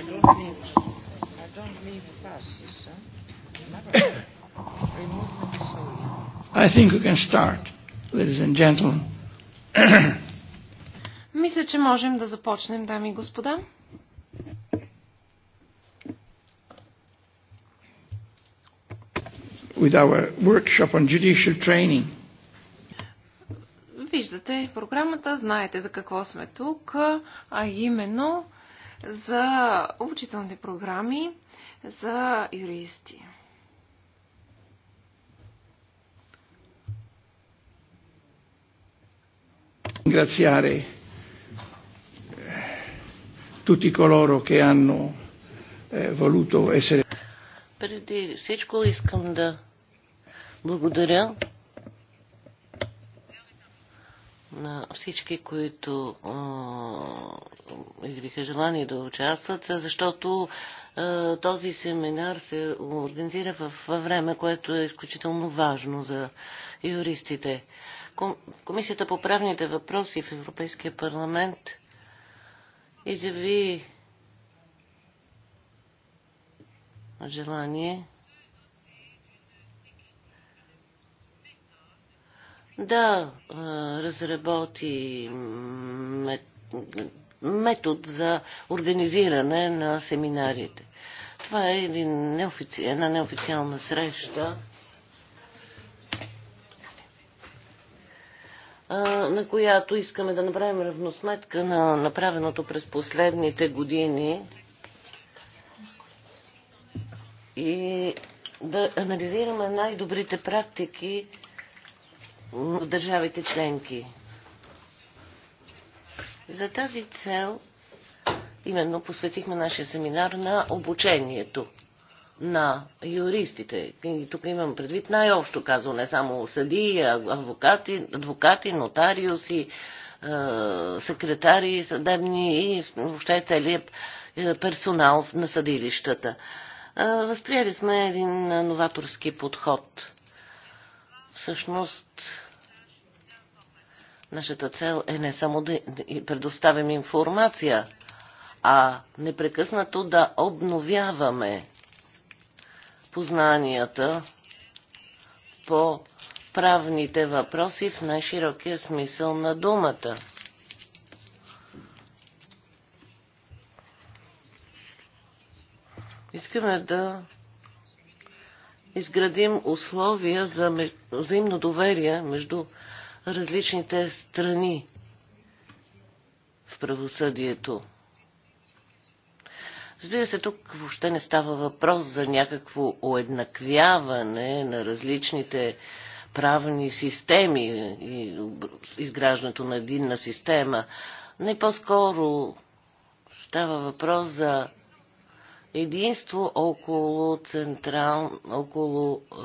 I don't need, I don't need passes. Huh? I think we can start, ladies and gentlemen. Мисля, че можем да започнем, дами и господа. With our workshop on judicial training. Виждате програмата, знаете за какво сме тук, а именно за обучителните програми за юристи. Ringraziare tutti coloro che hanno eh, voluto essere. Преди всичко искам да благодаря на всички, които а, извиха желание да участват, защото а, този семинар се организира в, във време, което е изключително важно за юристите. Ком, Комисията по правните въпроси в Европейския парламент изяви желание да разработи метод за организиране на семинарите. Това е един неофици... една неофициална среща, на която искаме да направим равносметка на направеното през последните години и да анализираме най-добрите практики в държавите членки. За тази цел именно посветихме нашия семинар на обучението на юристите. И тук имам предвид най-общо казано, не само съдии, адвокати, адвокати нотариуси, е, секретари, съдебни и въобще целият е, персонал на съдилищата. Е, възприели сме един новаторски подход. Всъщност, нашата цел е не само да предоставим информация, а непрекъснато да обновяваме познанията по правните въпроси в най-широкия смисъл на думата. Искаме да изградим условия за взаимно доверие между различните страни в правосъдието. Разбира се, тук въобще не става въпрос за някакво уеднаквяване на различните правни системи и изграждането на единна система. Не по-скоро става въпрос за единство около, централ, около е,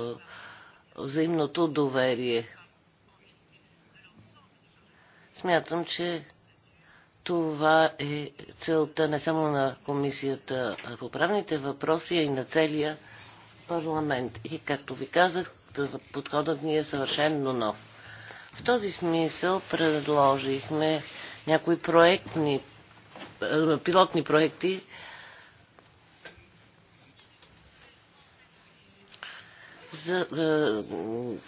взаимното доверие. Смятам, че това е целта не само на Комисията по правните въпроси, а и на целия парламент. И както ви казах, подходът ни е съвършенно нов. В този смисъл предложихме някои проектни, е, пилотни проекти за,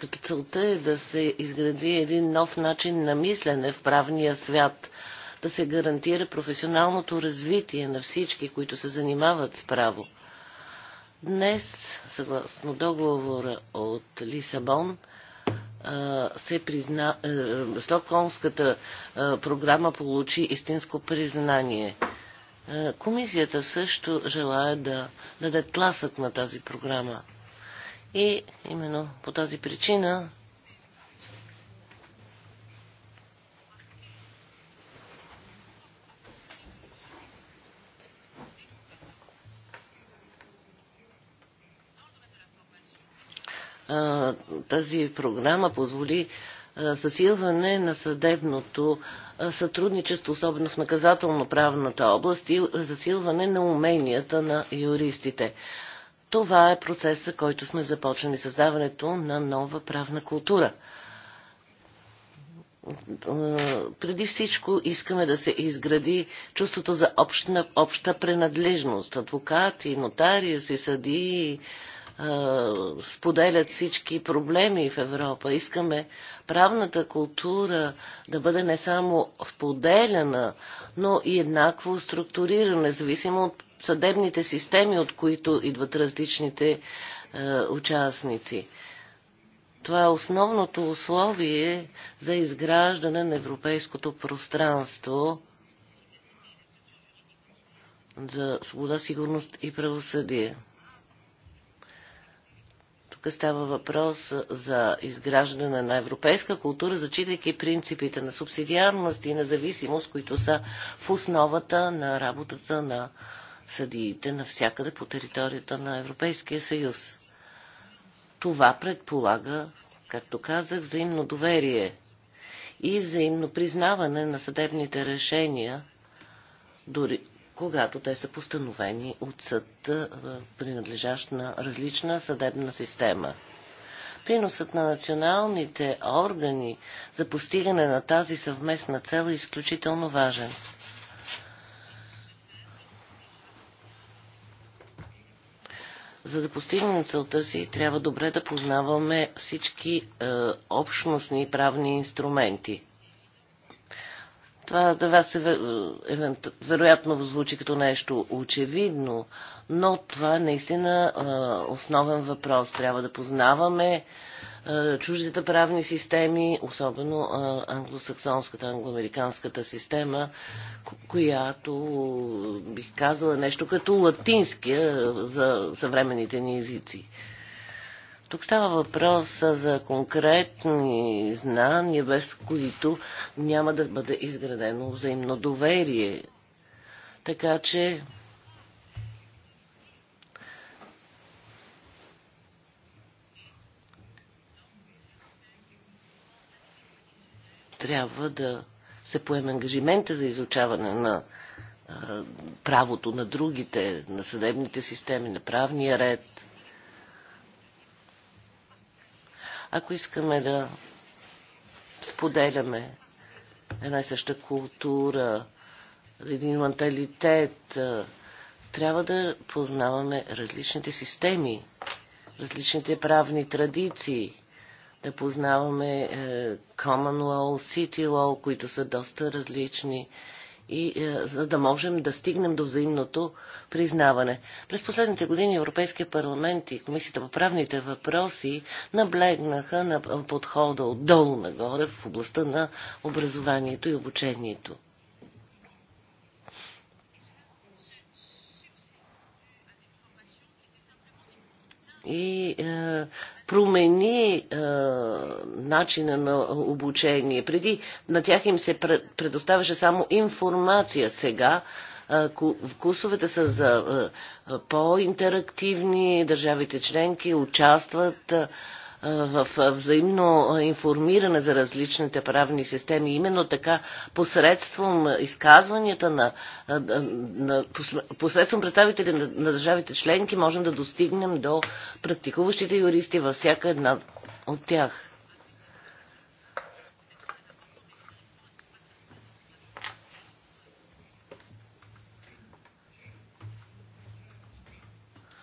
е, като целта е да се изгради един нов начин на мислене в правния свят, да се гарантира професионалното развитие на всички, които се занимават с право. Днес, съгласно договора от Лисабон, се призна... Е, Стокхолмската е, програма получи истинско признание. Е, комисията също желая да даде тласък на тази програма. И именно по тази причина тази програма позволи съсилване на съдебното сътрудничество, особено в наказателно-правната област и засилване на уменията на юристите. Това е процеса, който сме започнали създаването на нова правна култура. Преди всичко искаме да се изгради чувството за общна, обща принадлежност. Адвокати, нотариуси, съдии споделят всички проблеми в Европа. Искаме правната култура да бъде не само споделяна, но и еднакво структурирана, независимо от съдебните системи, от които идват различните е, участници. Това е основното условие за изграждане на европейското пространство за свобода, сигурност и правосъдие. Тук става въпрос за изграждане на европейска култура, зачитайки принципите на субсидиарност и независимост, които са в основата на работата на съдиите навсякъде по територията на Европейския съюз. Това предполага, както казах, взаимно доверие и взаимно признаване на съдебните решения, дори когато те са постановени от съд, принадлежащ на различна съдебна система. Приносът на националните органи за постигане на тази съвместна цел е изключително важен. За да постигнем целта си, трябва добре да познаваме всички е, общностни правни инструменти. Това за вас е, вероятно звучи като нещо очевидно, но това е наистина основен въпрос. Трябва да познаваме чуждите правни системи, особено англосаксонската, англоамериканската система, която бих казала е нещо като латинския за съвременните ни езици. Тук става въпрос за конкретни знания, без които няма да бъде изградено взаимно доверие. Така че трябва да се поеме ангажимента за изучаване на правото на другите, на съдебните системи, на правния ред. Ако искаме да споделяме една и съща култура, един менталитет, трябва да познаваме различните системи, различните правни традиции, да познаваме е, Common Law, City Law, които са доста различни и е, за да можем да стигнем до взаимното признаване. През последните години Европейския парламент и Комисията по правните въпроси наблегнаха на подхода отдолу нагоре в областта на образованието и обучението. и е, промени е, начина на обучение. Преди на тях им се предоставяше само информация. Сега е, курсовете са за е, е, по-интерактивни, държавите членки участват. Е, в взаимно информиране за различните правни системи. Именно така посредством изказванията на, на посредством представители на, на държавите членки можем да достигнем до практикуващите юристи във всяка една от тях.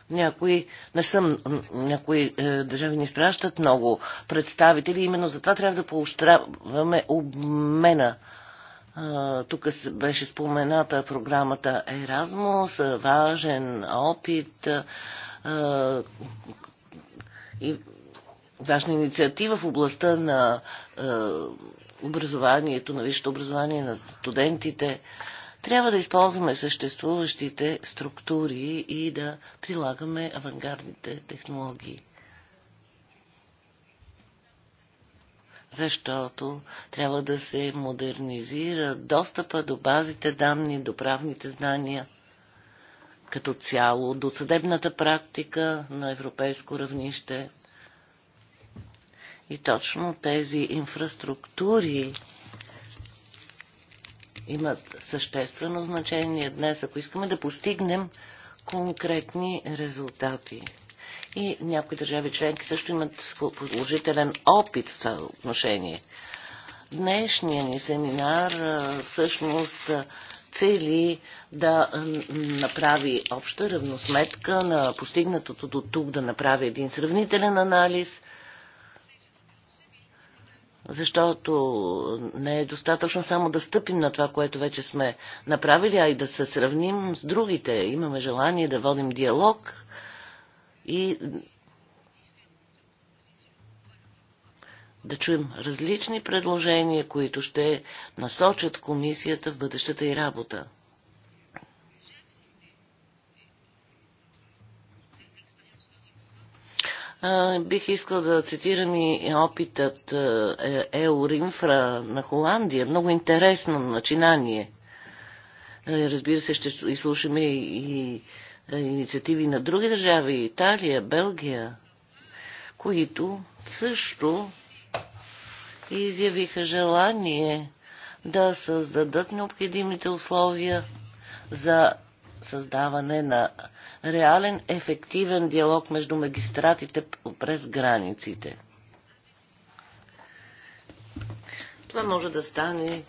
Някои, не съм, някои е, държави ни изпращат много представители. Именно затова трябва да поощряваме обмена. Е, тук беше спомената програмата Еразмус, важен опит е, и важна инициатива в областта на е, образованието, на висшето образование, на студентите. Е, трябва да използваме съществуващите структури и да прилагаме авангардните технологии. Защото трябва да се модернизира достъпа до базите данни, до правните знания като цяло, до съдебната практика на европейско равнище. И точно тези инфраструктури имат съществено значение днес, ако искаме да постигнем конкретни резултати. И някои държави членки също имат положителен опит в това отношение. Днешния ни семинар всъщност цели да направи обща равносметка на постигнатото до тук, да направи един сравнителен анализ – защото не е достатъчно само да стъпим на това, което вече сме направили, а и да се сравним с другите. Имаме желание да водим диалог и да чуем различни предложения, които ще насочат комисията в бъдещата и работа. Бих искал да цитирам и опитът Еуринфра на Холандия. Много интересно начинание. Е, разбира се, ще изслушаме и е, инициативи на други държави, Италия, Белгия, които също изявиха желание да създадат необходимите условия за създаване на реален ефективен диалог между магистратите през границите. Това може да стане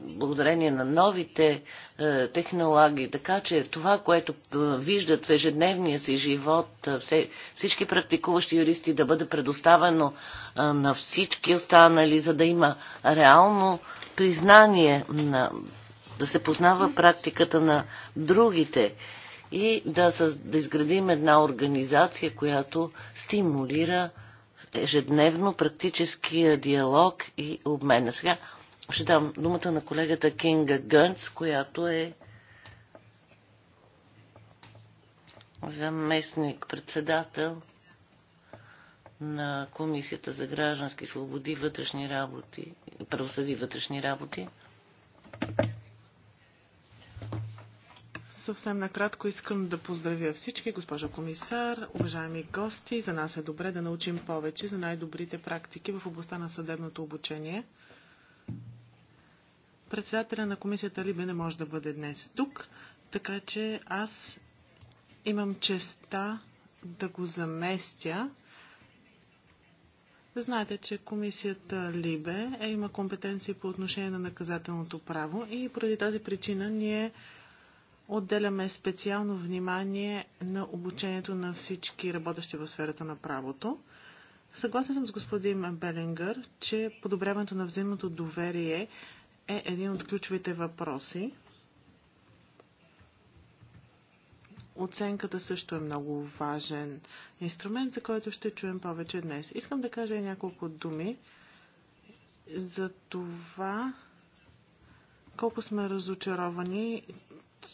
благодарение на новите е, технологии. Така че това, което е, виждат в ежедневния си живот е, все, всички практикуващи юристи да бъде предоставено е, на всички останали, за да има реално признание на да се познава практиката на другите и да, да изградим една организация, която стимулира ежедневно практическия диалог и обмена. Сега ще дам думата на колегата Кинга Гънц, която е заместник-председател на Комисията за граждански свободи, вътрешни работи, правосъди вътрешни работи. Съвсем накратко искам да поздравя всички, госпожа комисар, уважаеми гости. За нас е добре да научим повече за най-добрите практики в областта на съдебното обучение. Председателя на комисията Либе не може да бъде днес тук, така че аз имам честа да го заместя. Знаете, че комисията Либе е, има компетенции по отношение на наказателното право и поради тази причина ние отделяме специално внимание на обучението на всички работещи в сферата на правото. Съгласен съм с господин Белингър, че подобряването на взаимното доверие е един от ключовите въпроси. Оценката също е много важен инструмент, за който ще чуем повече днес. Искам да кажа и няколко думи за това, колко сме разочаровани,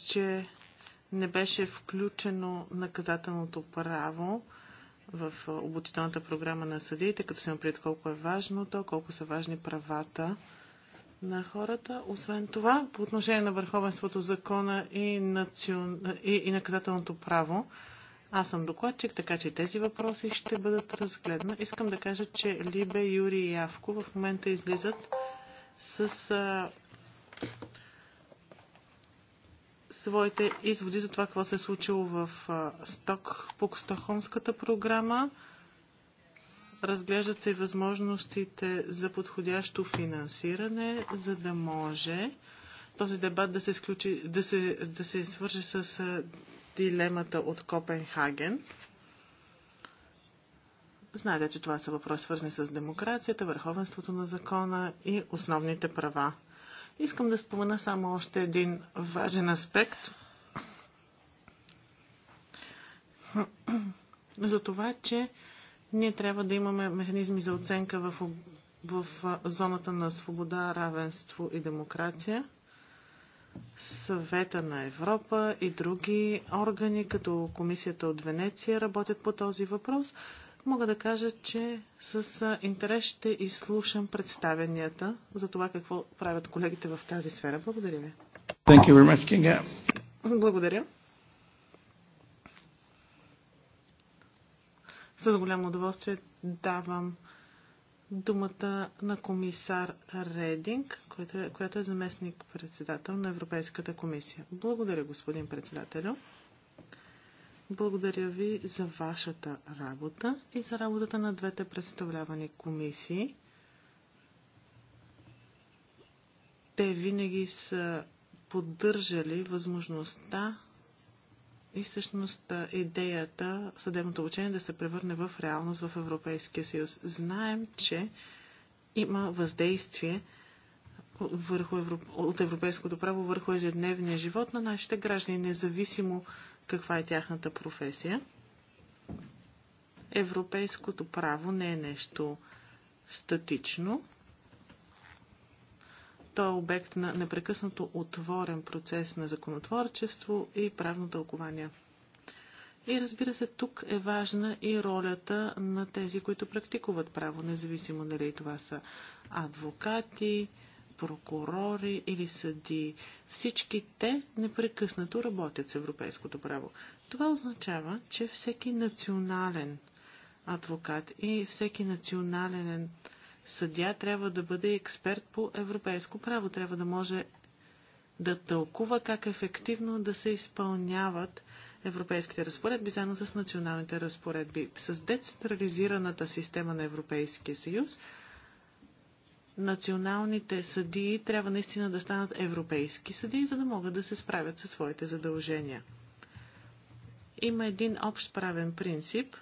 че не беше включено наказателното право в обучителната програма на съдиите, като се пред колко е важно то, колко са важни правата на хората. Освен това, по отношение на върховенството закона и, национ... и, и наказателното право, аз съм докладчик, така че тези въпроси ще бъдат разгледани. Искам да кажа, че Либе, Юри и Явко в момента излизат с а, своите изводи за това какво се е случило в Сток, по Стокхолмската програма. Разглеждат се и възможностите за подходящо финансиране, за да може този дебат да се, изключи, да се, да се свърже с дилемата от Копенхаген. Знаете, че това са въпроси свързани с демокрацията, върховенството на закона и основните права. Искам да спомена само още един важен аспект. За това, че ние трябва да имаме механизми за оценка в, в зоната на свобода, равенство и демокрация. Съвета на Европа и други органи, като Комисията от Венеция, работят по този въпрос мога да кажа, че с интерес ще изслушам представенията за това какво правят колегите в тази сфера. Благодаря ви. Thank you very much, Kinga. Благодаря. С голямо удоволствие давам думата на комисар Рединг, която е, която е заместник председател на Европейската комисия. Благодаря, господин председателю. Благодаря ви за вашата работа и за работата на двете представлявани комисии. Те винаги са поддържали възможността и всъщност идеята съдебното обучение да се превърне в реалност в Европейския съюз. Знаем, че има въздействие върху, от европейското право върху ежедневния живот на нашите граждани, независимо каква е тяхната професия. Европейското право не е нещо статично. То е обект на непрекъснато отворен процес на законотворчество и правно тълкование. И разбира се, тук е важна и ролята на тези, които практикуват право, независимо дали това са адвокати, прокурори или съди. Всички те непрекъснато работят с европейското право. Това означава, че всеки национален адвокат и всеки национален съдя трябва да бъде експерт по европейско право. Трябва да може да тълкува как ефективно да се изпълняват европейските разпоредби заедно с националните разпоредби. С децентрализираната система на Европейския съюз националните съдии трябва наистина да станат европейски съдии, за да могат да се справят със своите задължения. Има един общ правен принцип.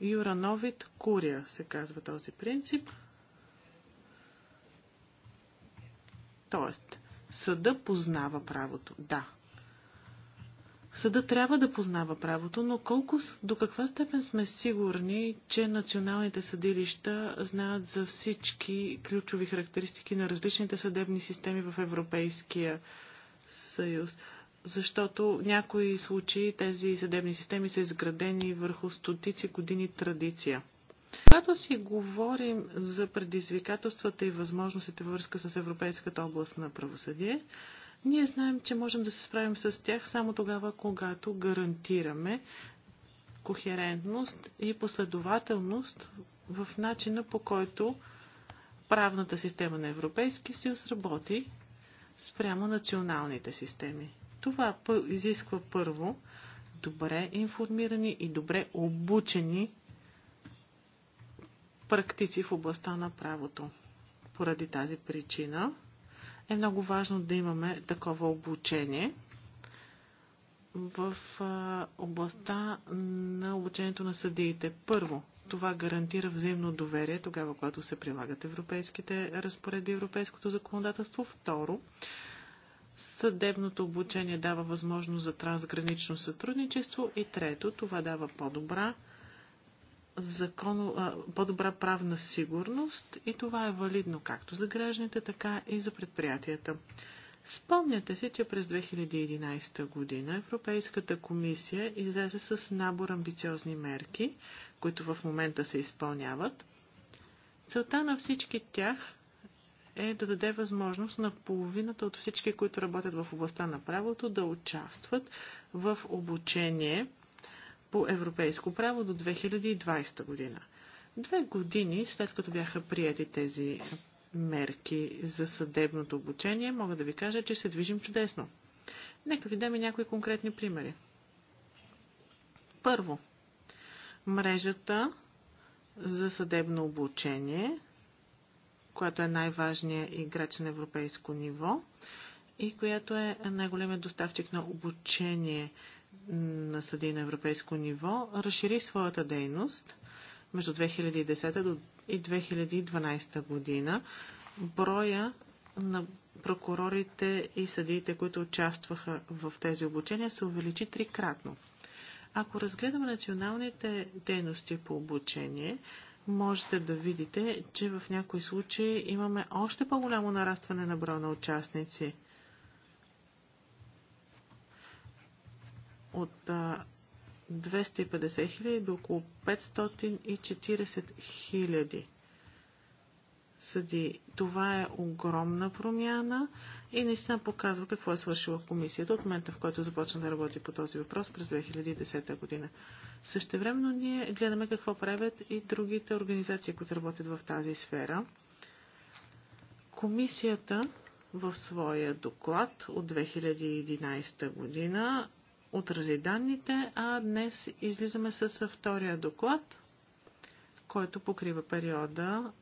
Юрановит Курия се казва този принцип. Тоест, съда познава правото. Да, Съда трябва да познава правото, но колко, до каква степен сме сигурни, че националните съдилища знаят за всички ключови характеристики на различните съдебни системи в Европейския съюз? Защото в някои случаи тези съдебни системи са изградени върху стотици години традиция. Когато си говорим за предизвикателствата и възможностите във връзка с Европейската област на правосъдие, ние знаем, че можем да се справим с тях само тогава, когато гарантираме кохерентност и последователност в начина по който правната система на Европейски съюз работи спрямо националните системи. Това изисква първо добре информирани и добре обучени практици в областта на правото. Поради тази причина е много важно да имаме такова обучение в областта на обучението на съдиите. Първо, това гарантира взаимно доверие тогава, когато се прилагат европейските разпоредби, европейското законодателство. Второ, съдебното обучение дава възможност за трансгранично сътрудничество. И трето, това дава по-добра законо, по-добра правна сигурност и това е валидно както за гражданите, така и за предприятията. Спомняте си, че през 2011 година Европейската комисия излезе с набор амбициозни мерки, които в момента се изпълняват. Целта на всички тях е да даде възможност на половината от всички, които работят в областта на правото, да участват в обучение по европейско право до 2020 година. Две години след като бяха прияти тези мерки за съдебното обучение, мога да ви кажа, че се движим чудесно. Нека ви дам и някои конкретни примери. Първо, мрежата за съдебно обучение, която е най-важният играч на европейско ниво и която е най-големият доставчик на обучение на съди на европейско ниво разшири своята дейност между 2010 и 2012 година. Броя на прокурорите и съдиите, които участваха в тези обучения, се увеличи трикратно. Ако разгледаме националните дейности по обучение, можете да видите, че в някои случаи имаме още по-голямо нарастване на броя на участници – от 250 хиляди до около 540 хиляди съди. Това е огромна промяна и наистина показва какво е свършила комисията от момента, в който започна да работи по този въпрос през 2010 година. Същевременно ние гледаме какво правят и другите организации, които работят в тази сфера. Комисията в своя доклад от 2011 година отрази данните, а днес излизаме с втория доклад, който покрива периода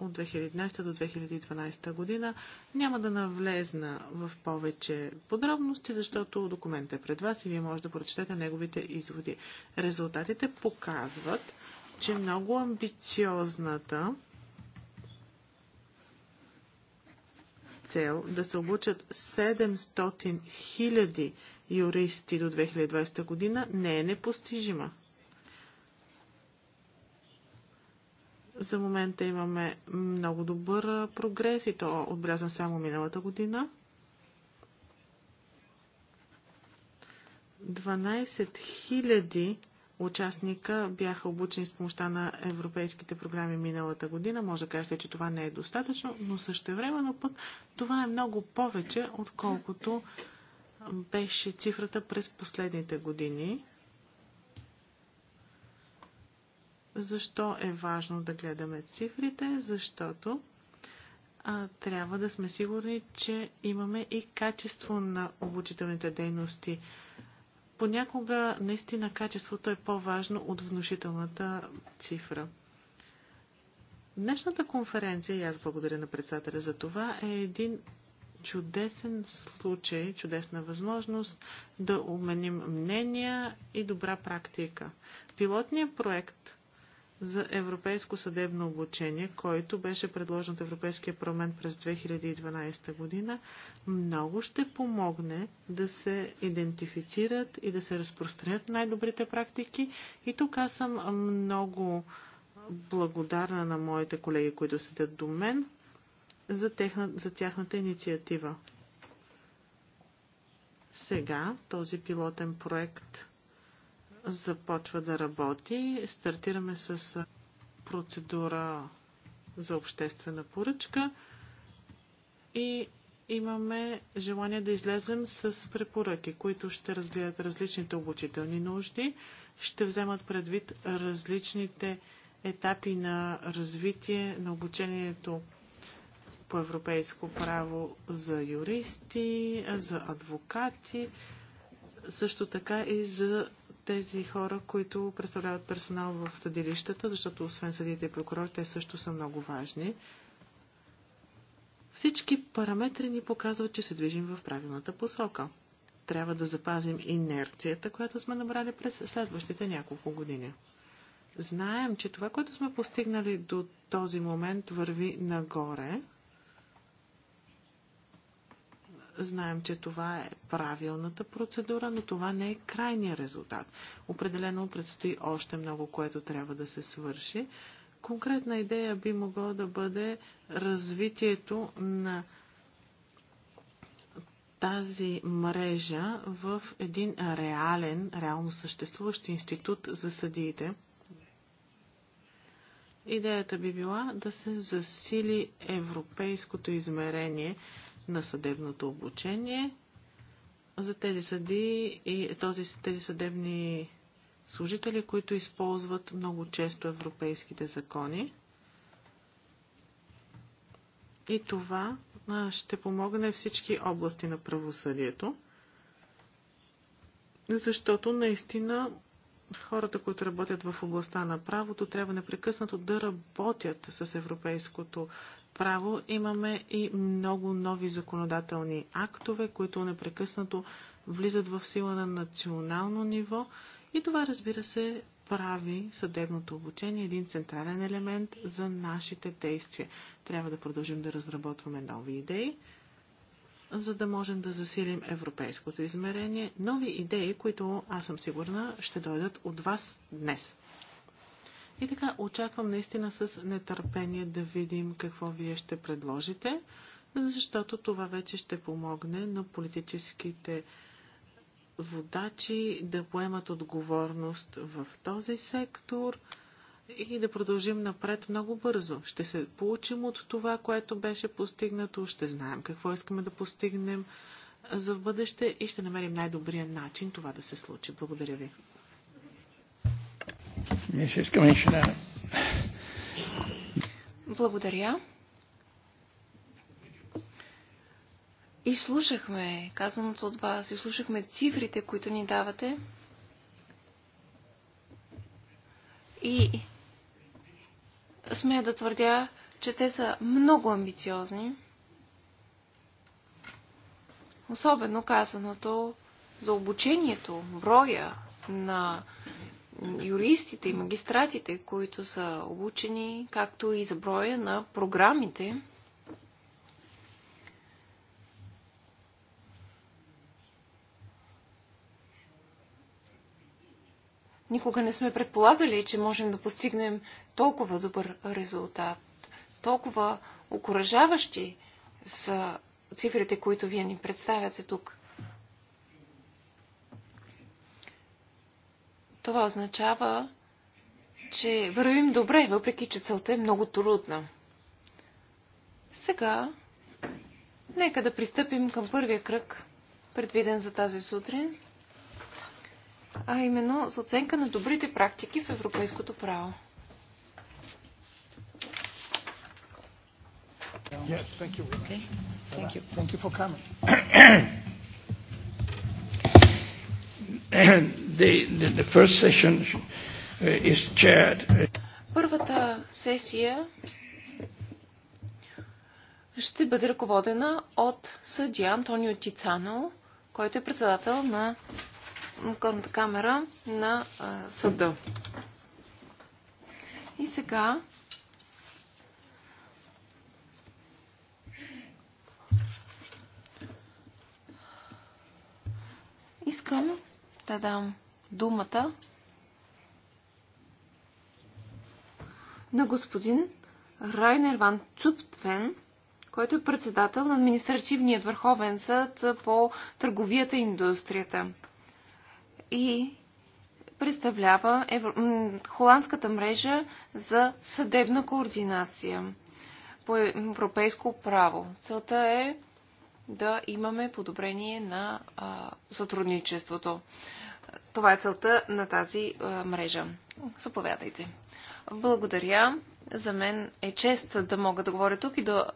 от 2011 до 2012 година. Няма да навлезна в повече подробности, защото документът е пред вас и вие може да прочетете неговите изводи. Резултатите показват, че много амбициозната цел да се обучат 700 хиляди юристи до 2020 година не е непостижима. За момента имаме много добър прогрес и то отбелязан само миналата година. 12 000 участника бяха обучени с помощта на европейските програми миналата година. Може да кажете, че това не е достатъчно, но същевременно пък това е много повече, отколкото беше цифрата през последните години. Защо е важно да гледаме цифрите? Защото а, трябва да сме сигурни, че имаме и качество на обучителните дейности понякога наистина качеството е по-важно от внушителната цифра. Днешната конференция, и аз благодаря на председателя за това, е един чудесен случай, чудесна възможност да обменим мнения и добра практика. Пилотният проект за европейско съдебно обучение, който беше предложен от Европейския парламент през 2012 година, много ще помогне да се идентифицират и да се разпространят най-добрите практики. И тук аз съм много благодарна на моите колеги, които седят до мен, за, техна, за тяхната инициатива. Сега този пилотен проект – започва да работи. Стартираме с процедура за обществена поръчка и имаме желание да излезем с препоръки, които ще разгледат различните обучителни нужди, ще вземат предвид различните етапи на развитие на обучението по европейско право за юристи, за адвокати, също така и за тези хора, които представляват персонал в съдилищата, защото освен съдите и прокурори, те също са много важни. Всички параметри ни показват, че се движим в правилната посока. Трябва да запазим инерцията, която сме набрали през следващите няколко години. Знаем, че това, което сме постигнали до този момент, върви нагоре – Знаем, че това е правилната процедура, но това не е крайният резултат. Определено предстои още много, което трябва да се свърши. Конкретна идея би могло да бъде развитието на тази мрежа в един реален, реално съществуващ институт за съдиите. Идеята би била да се засили европейското измерение – на съдебното обучение за тези съди и този, тези съдебни служители, които използват много често европейските закони. И това ще помогне всички области на правосъдието, защото наистина хората, които работят в областта на правото, трябва непрекъснато да работят с европейското право имаме и много нови законодателни актове, които непрекъснато влизат в сила на национално ниво и това, разбира се, прави съдебното обучение един централен елемент за нашите действия. Трябва да продължим да разработваме нови идеи, за да можем да засилим европейското измерение. Нови идеи, които аз съм сигурна ще дойдат от вас днес. И така, очаквам наистина с нетърпение да видим какво вие ще предложите, защото това вече ще помогне на политическите водачи да поемат отговорност в този сектор и да продължим напред много бързо. Ще се получим от това, което беше постигнато, ще знаем какво искаме да постигнем за в бъдеще и ще намерим най-добрия начин това да се случи. Благодаря ви. Благодаря. И слушахме казаното от вас, и слушахме цифрите, които ни давате. И смея да твърдя, че те са много амбициозни. Особено казаното за обучението, броя на юристите и магистратите, които са обучени, както и за броя на програмите, Никога не сме предполагали, че можем да постигнем толкова добър резултат, толкова окоръжаващи са цифрите, които вие ни представяте тук. Това означава, че вървим добре, въпреки че целта е много трудна. Сега, нека да пристъпим към първия кръг, предвиден за тази сутрин, а именно за оценка на добрите практики в европейското право. Yes, thank you. Okay. Thank you. Thank you for coming. Uh, uh, Първата сесия ще бъде ръководена от съдия Антонио Тицано, който е председател на Горната камера на а, съда. И сега искам да дам думата на господин Райнер Ван Цуптвен, който е председател на Административният върховен съд по търговията и индустрията и представлява евро... холандската мрежа за съдебна координация по европейско право. Целта е да имаме подобрение на а, сътрудничеството. Това е целта на тази а, мрежа. Заповядайте. Благодаря. За мен е чест да мога да говоря тук и да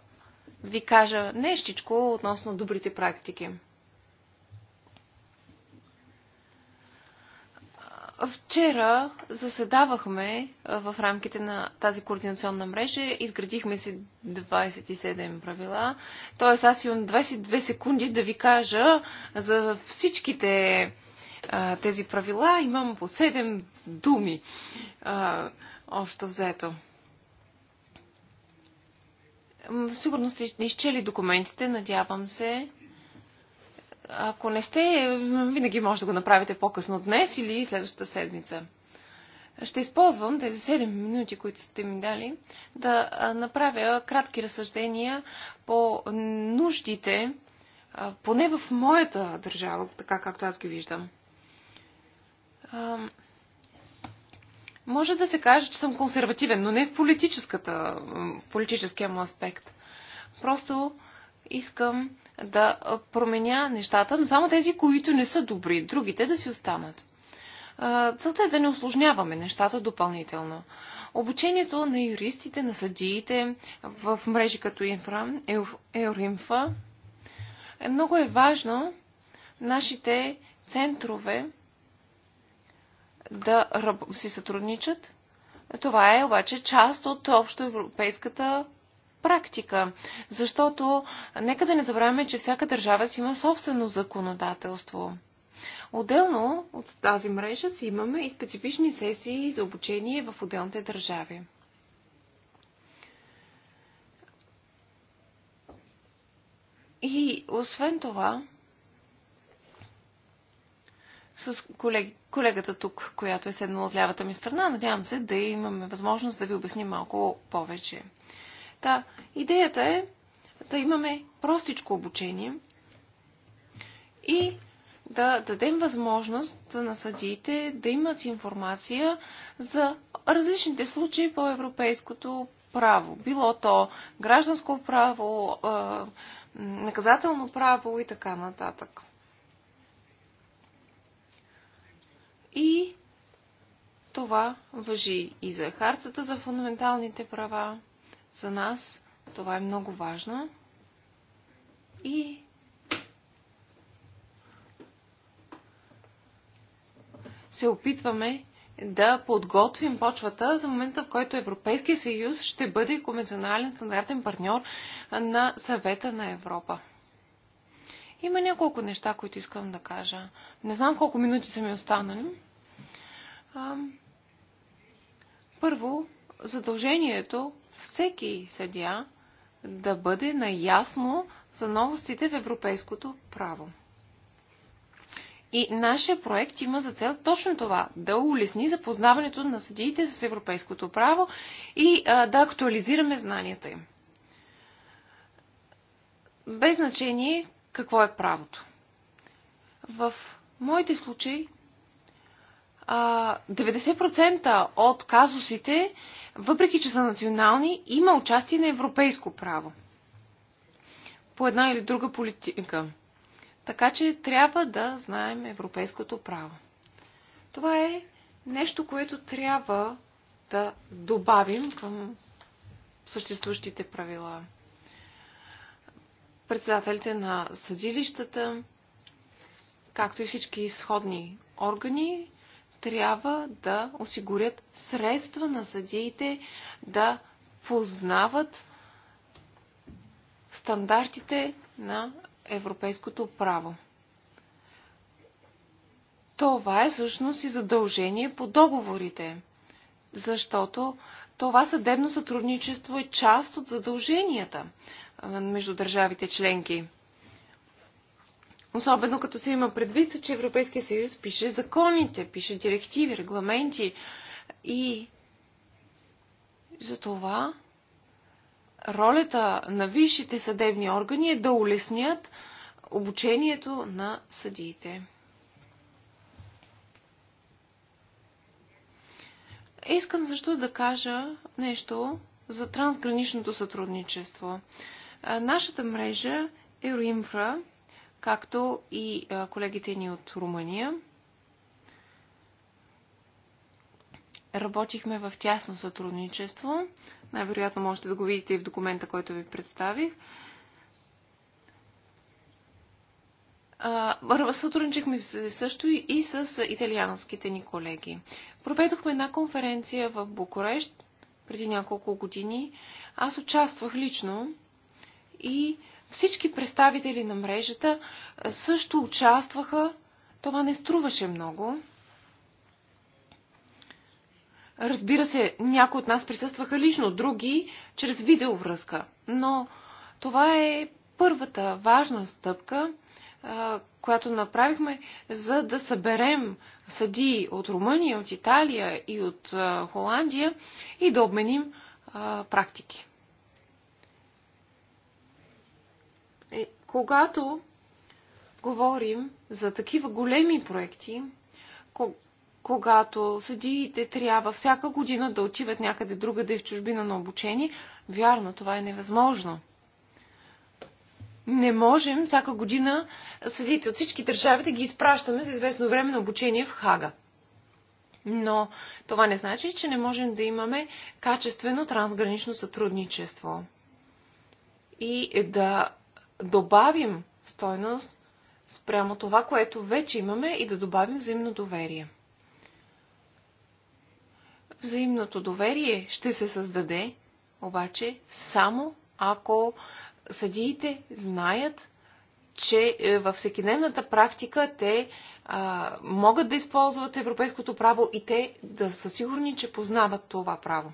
ви кажа нещичко относно добрите практики. Вчера заседавахме в рамките на тази координационна мрежа, изградихме си 27 правила, Тоест, аз имам 22 секунди да ви кажа за всичките тези правила, имам по 7 думи общо взето. Сигурно сте не изчели документите, надявам се. Ако не сте, винаги може да го направите по-късно днес или следващата седмица. Ще използвам тези 7 минути, които сте ми дали, да направя кратки разсъждения по нуждите, поне в моята държава, така както аз ги виждам. Може да се каже, че съм консервативен, но не в политическата, политическия му аспект. Просто искам да променя нещата, но само тези, които не са добри, другите да си останат. Целта е да не осложняваме нещата допълнително. Обучението на юристите, на съдиите в мрежи като Инфра, Еоринфа е много е важно нашите центрове да си сътрудничат. Това е обаче част от общоевропейската практика. Защото нека да не забравяме, че всяка държава си има собствено законодателство. Отделно от тази мрежа си имаме и специфични сесии за обучение в отделните държави. И освен това, с колег... колегата тук, която е седнала от лявата ми страна, надявам се да имаме възможност да ви обясним малко повече. Та, идеята е да имаме простичко обучение и да дадем възможност на съдиите да имат информация за различните случаи по европейското право. Било то гражданско право, наказателно право и така нататък. И това въжи и за хартата за фундаменталните права, за нас това е много важно. И се опитваме да подготвим почвата за момента, в който Европейския съюз ще бъде конвенционален стандартен партньор на съвета на Европа. Има няколко неща, които искам да кажа. Не знам колко минути са ми останали. първо, задължението всеки съдия да бъде наясно за новостите в европейското право. И нашия проект има за цел точно това да улесни запознаването на съдиите с европейското право и а, да актуализираме знанията им. Без значение какво е правото. В моите случаи а, 90% от казусите въпреки че са национални, има участие на европейско право по една или друга политика. Така че трябва да знаем европейското право. Това е нещо, което трябва да добавим към съществуващите правила. Председателите на съдилищата, както и всички сходни органи, трябва да осигурят средства на съдиите да познават стандартите на европейското право. Това е всъщност и задължение по договорите, защото това съдебно сътрудничество е част от задълженията между държавите членки. Особено като се има предвид, че Европейския съюз пише законите, пише директиви, регламенти и за това ролята на висшите съдебни органи е да улеснят обучението на съдиите. Искам също да кажа нещо за трансграничното сътрудничество. Е, нашата мрежа Euroinfra както и колегите ни от Румъния. Работихме в тясно сътрудничество. Най-вероятно можете да го видите и в документа, който ви представих. Сътрудничихме също и с италианските ни колеги. Проведохме една конференция в Букурещ преди няколко години. Аз участвах лично и всички представители на мрежата също участваха. Това не струваше много. Разбира се, някои от нас присъстваха лично, други чрез видеовръзка. Но това е първата важна стъпка, която направихме, за да съберем съдии от Румъния, от Италия и от Холандия и да обменим практики. Когато говорим за такива големи проекти, когато съдиите трябва всяка година да отиват някъде друга да е в чужбина на обучение, вярно, това е невъзможно. Не можем всяка година съдиите от всички държави да ги изпращаме за известно време на обучение в Хага. Но това не значи, че не можем да имаме качествено трансгранично сътрудничество и да добавим стойност спрямо това, което вече имаме и да добавим взаимно доверие. Взаимното доверие ще се създаде, обаче, само ако съдиите знаят, че е, във всекидневната практика те а, могат да използват европейското право и те да са сигурни, че познават това право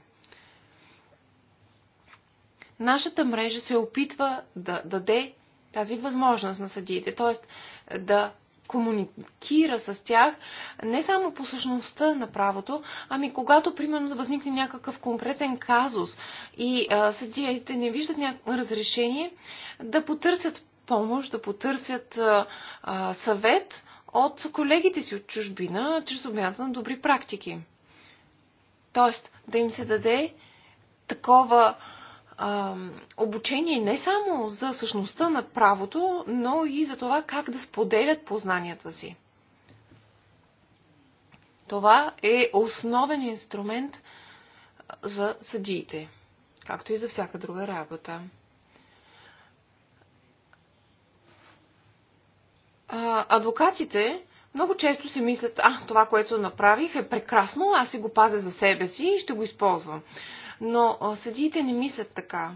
нашата мрежа се опитва да даде тази възможност на съдиите, т.е. да комуникира с тях не само по същността на правото, ами когато, примерно, възникне някакъв конкретен казус и а, съдиите не виждат някакво разрешение, да потърсят помощ, да потърсят а, а, съвет от колегите си от чужбина, чрез обмяната на добри практики. Тоест, да им се даде такова а, обучение не само за същността на правото, но и за това как да споделят познанията си. Това е основен инструмент за съдиите, както и за всяка друга работа. адвокатите много често си мислят, а, това, което направих е прекрасно, аз си го пазя за себе си и ще го използвам. Но съдиите не мислят така.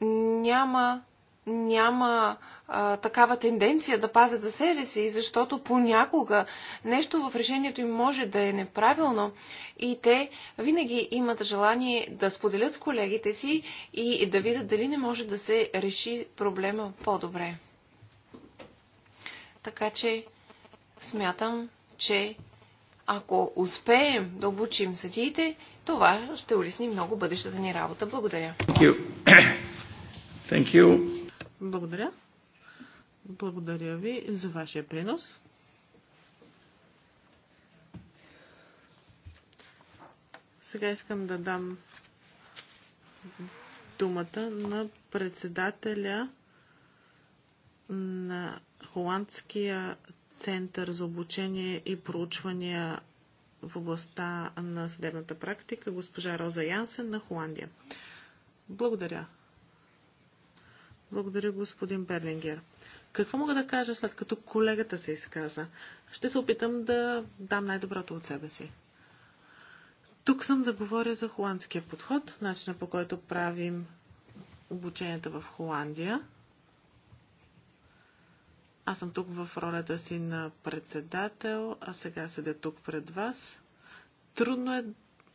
Няма, няма а, такава тенденция да пазят за себе си, защото понякога нещо в решението им може да е неправилно и те винаги имат желание да споделят с колегите си и да видят дали не може да се реши проблема по-добре. Така че смятам, че ако успеем да обучим съдиите, това ще улесни много бъдещата ни работа. Благодаря. Thank you. Thank you. Благодаря. Благодаря ви за вашия принос. Сега искам да дам думата на председателя на Холандския център за обучение и проучвания в областта на съдебната практика, госпожа Роза Янсен на Холандия. Благодаря. Благодаря, господин Берлингер. Какво мога да кажа след като колегата се изказа? Ще се опитам да дам най-доброто от себе си. Тук съм да говоря за холандския подход, начина по който правим обученията в Холандия. Аз съм тук в ролята си на председател, а сега седя тук пред вас. Трудно е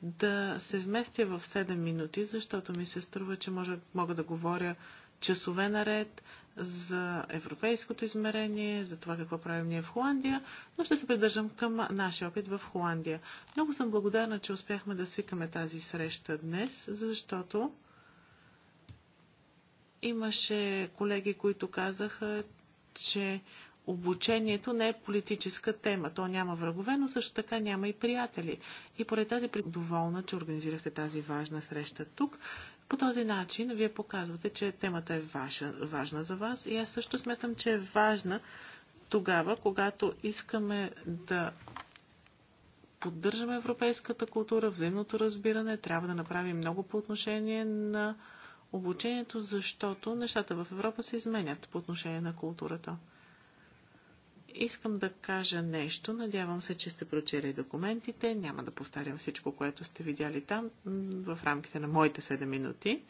да се вместя в 7 минути, защото ми се струва, че може, мога да говоря часове наред за европейското измерение, за това какво правим ние в Холандия, но ще се придържам към нашия опит в Холандия. Много съм благодарна, че успяхме да свикаме тази среща днес, защото имаше колеги, които казаха, че обучението не е политическа тема. То няма врагове, но също така няма и приятели. И поред тази доволна, че организирахте тази важна среща тук. По този начин вие показвате, че темата е ваша, важна за вас и аз също смятам, че е важна тогава, когато искаме да поддържаме европейската култура, взаимното разбиране, трябва да направим много по отношение на обучението, защото нещата в Европа се изменят по отношение на културата. Искам да кажа нещо. Надявам се, че сте прочели документите. Няма да повтарям всичко, което сте видяли там в рамките на моите 7 минути.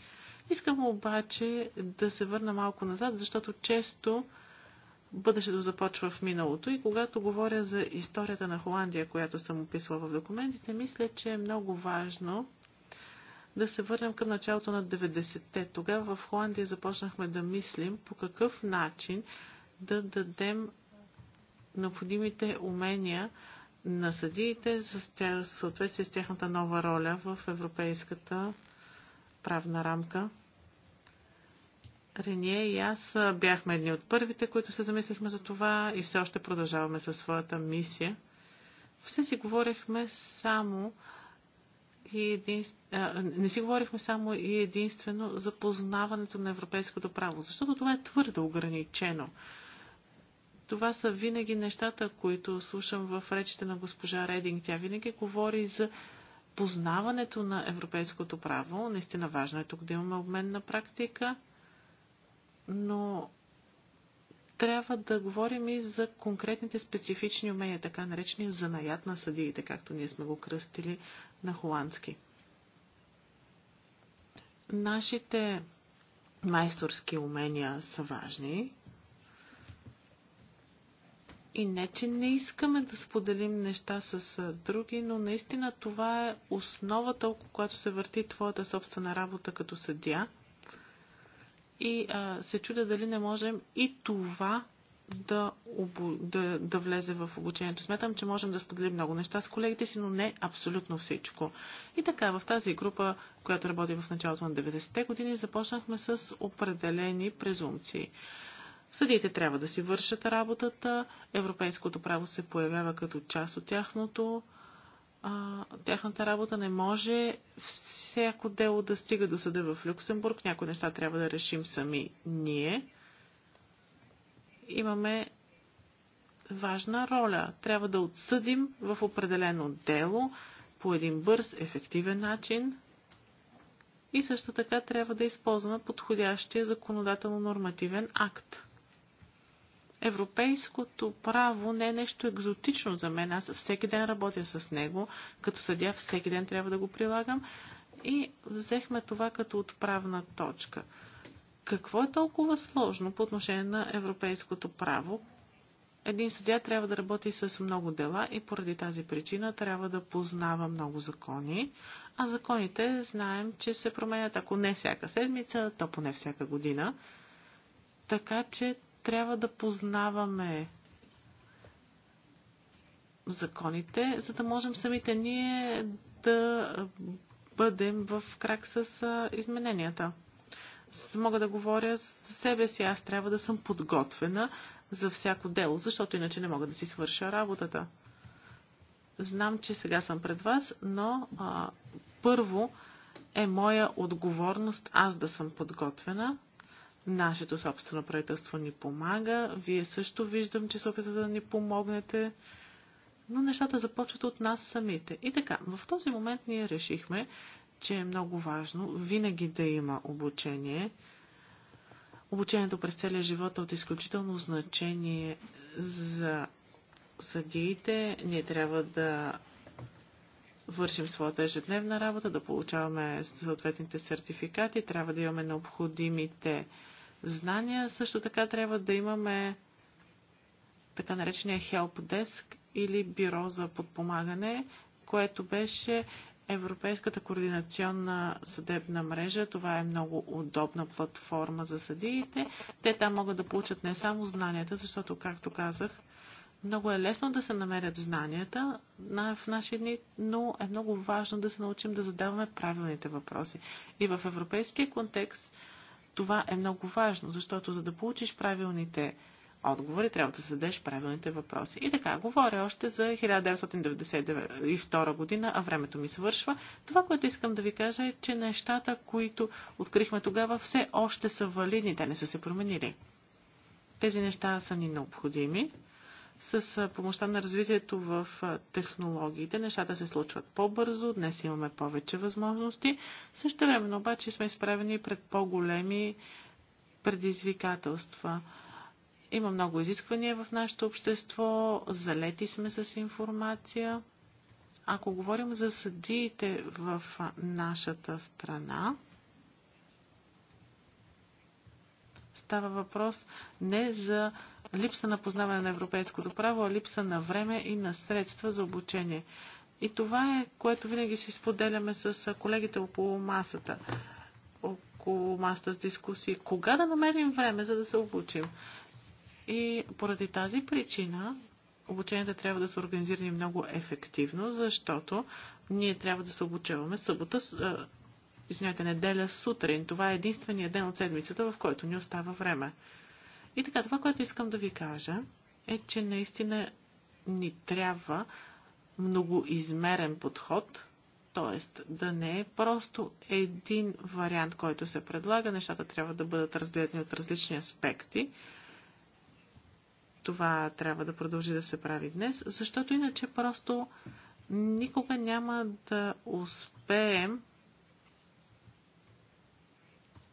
Искам обаче да се върна малко назад, защото често бъдещето започва в миналото и когато говоря за историята на Холандия, която съм описала в документите, мисля, че е много важно да се върнем към началото на 90-те. Тогава в Холандия започнахме да мислим по какъв начин да дадем необходимите умения на съдиите за съответствие с тяхната нова роля в европейската правна рамка. Рение и аз бяхме едни от първите, които се замислихме за това и все още продължаваме със своята мисия. Все си говорихме само и единствено не си говорихме само и единствено за познаването на европейското право, защото това е твърде ограничено. Това са винаги нещата, които слушам в речите на госпожа Рединг. Тя винаги говори за познаването на европейското право. Наистина важно е тук да имаме обмен на практика, но трябва да говорим и за конкретните специфични умения, така наречени занаят на съдиите, както ние сме го кръстили на холандски. Нашите майсторски умения са важни. И не, че не искаме да споделим неща с други, но наистина това е основата, около която се върти твоята собствена работа като съдия – и а, се чудя дали не можем и това да, обу... да, да влезе в обучението. Смятам, че можем да споделим много неща с колегите си, но не абсолютно всичко. И така, в тази група, която работи в началото на 90-те години, започнахме с определени презумпции. Съдиите трябва да си вършат работата, европейското право се появява като част от тяхното а, тяхната работа не може всяко дело да стига до съда в Люксембург. Някои неща трябва да решим сами ние. Имаме важна роля. Трябва да отсъдим в определено дело по един бърз, ефективен начин и също така трябва да използваме подходящия законодателно-нормативен акт. Европейското право не е нещо екзотично за мен. Аз всеки ден работя с него. Като съдя всеки ден трябва да го прилагам. И взехме това като отправна точка. Какво е толкова сложно по отношение на европейското право? Един съдя трябва да работи с много дела и поради тази причина трябва да познава много закони, а законите знаем, че се променят ако не всяка седмица, то поне всяка година. Така че трябва да познаваме законите, за да можем самите ние да бъдем в крак с измененията. мога да говоря за себе си, аз трябва да съм подготвена за всяко дело, защото иначе не мога да си свърша работата. Знам, че сега съм пред вас, но а, първо е моя отговорност аз да съм подготвена, Нашето собствено правителство ни помага. Вие също виждам, че се опитвате да ни помогнете. Но нещата започват от нас самите. И така, в този момент ние решихме, че е много важно винаги да има обучение. Обучението през целия живот е от изключително значение за съдиите. Ние трябва да вършим своята ежедневна работа, да получаваме съответните сертификати, трябва да имаме необходимите знания. Също така трябва да имаме така наречения Help Desk или бюро за подпомагане, което беше Европейската координационна съдебна мрежа. Това е много удобна платформа за съдиите. Те там могат да получат не само знанията, защото, както казах, много е лесно да се намерят знанията в наши дни, но е много важно да се научим да задаваме правилните въпроси. И в европейския контекст това е много важно, защото за да получиш правилните отговори, трябва да зададеш правилните въпроси. И така, говоря още за 1992 година, а времето ми свършва. Това, което искам да ви кажа е, че нещата, които открихме тогава, все още са валидни, те не са се променили. Тези неща са ни необходими с помощта на развитието в технологиите нещата се случват по-бързо, днес имаме повече възможности. Също време обаче сме изправени пред по-големи предизвикателства. Има много изисквания в нашето общество, залети сме с информация. Ако говорим за съдиите в нашата страна, Става въпрос не за липса на познаване на европейското право, а липса на време и на средства за обучение. И това е, което винаги си споделяме с колегите около масата, около масата с дискусии. Кога да намерим време, за да се обучим? И поради тази причина обученията трябва да са организирани много ефективно, защото ние трябва да се обучаваме събота, извинете, неделя сутрин. Това е единствения ден от седмицата, в който ни остава време. И така, това, което искам да ви кажа, е, че наистина ни трябва многоизмерен подход, т.е. да не е просто един вариант, който се предлага. Нещата трябва да бъдат разгледани от различни аспекти. Това трябва да продължи да се прави днес, защото иначе просто никога няма да успеем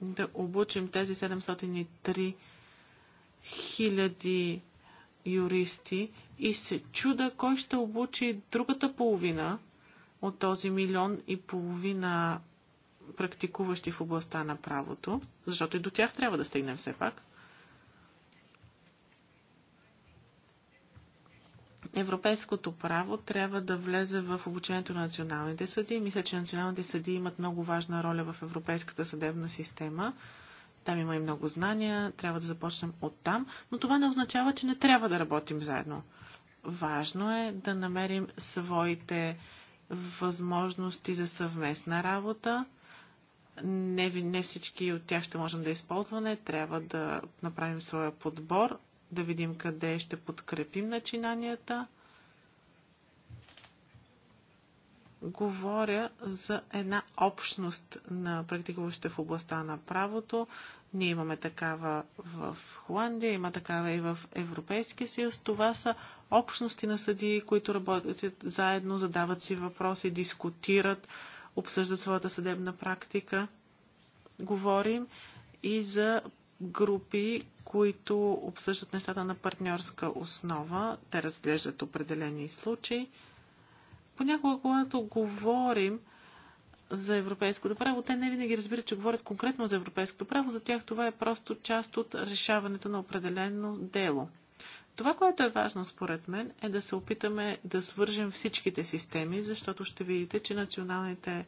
да обучим тези 703 хиляди юристи и се чуда кой ще обучи другата половина от този милион и половина практикуващи в областта на правото, защото и до тях трябва да стигнем все пак. европейското право трябва да влезе в обучението на националните съди. Мисля, че националните съди имат много важна роля в европейската съдебна система. Там има и много знания, трябва да започнем от там, но това не означава, че не трябва да работим заедно. Важно е да намерим своите възможности за съвместна работа. Не, не всички от тях ще можем да използваме. Трябва да направим своя подбор да видим къде ще подкрепим начинанията. Говоря за една общност на практикуващите в областта на правото. Ние имаме такава в Холандия, има такава и в Европейския съюз. Това са общности на съдии, които работят заедно, задават си въпроси, дискутират, обсъждат своята съдебна практика. Говорим и за групи, които обсъждат нещата на партньорска основа. Те разглеждат определени случаи. Понякога, когато говорим за европейското право, те не винаги разбират, че говорят конкретно за европейското право. За тях това е просто част от решаването на определено дело. Това, което е важно според мен, е да се опитаме да свържем всичките системи, защото ще видите, че националните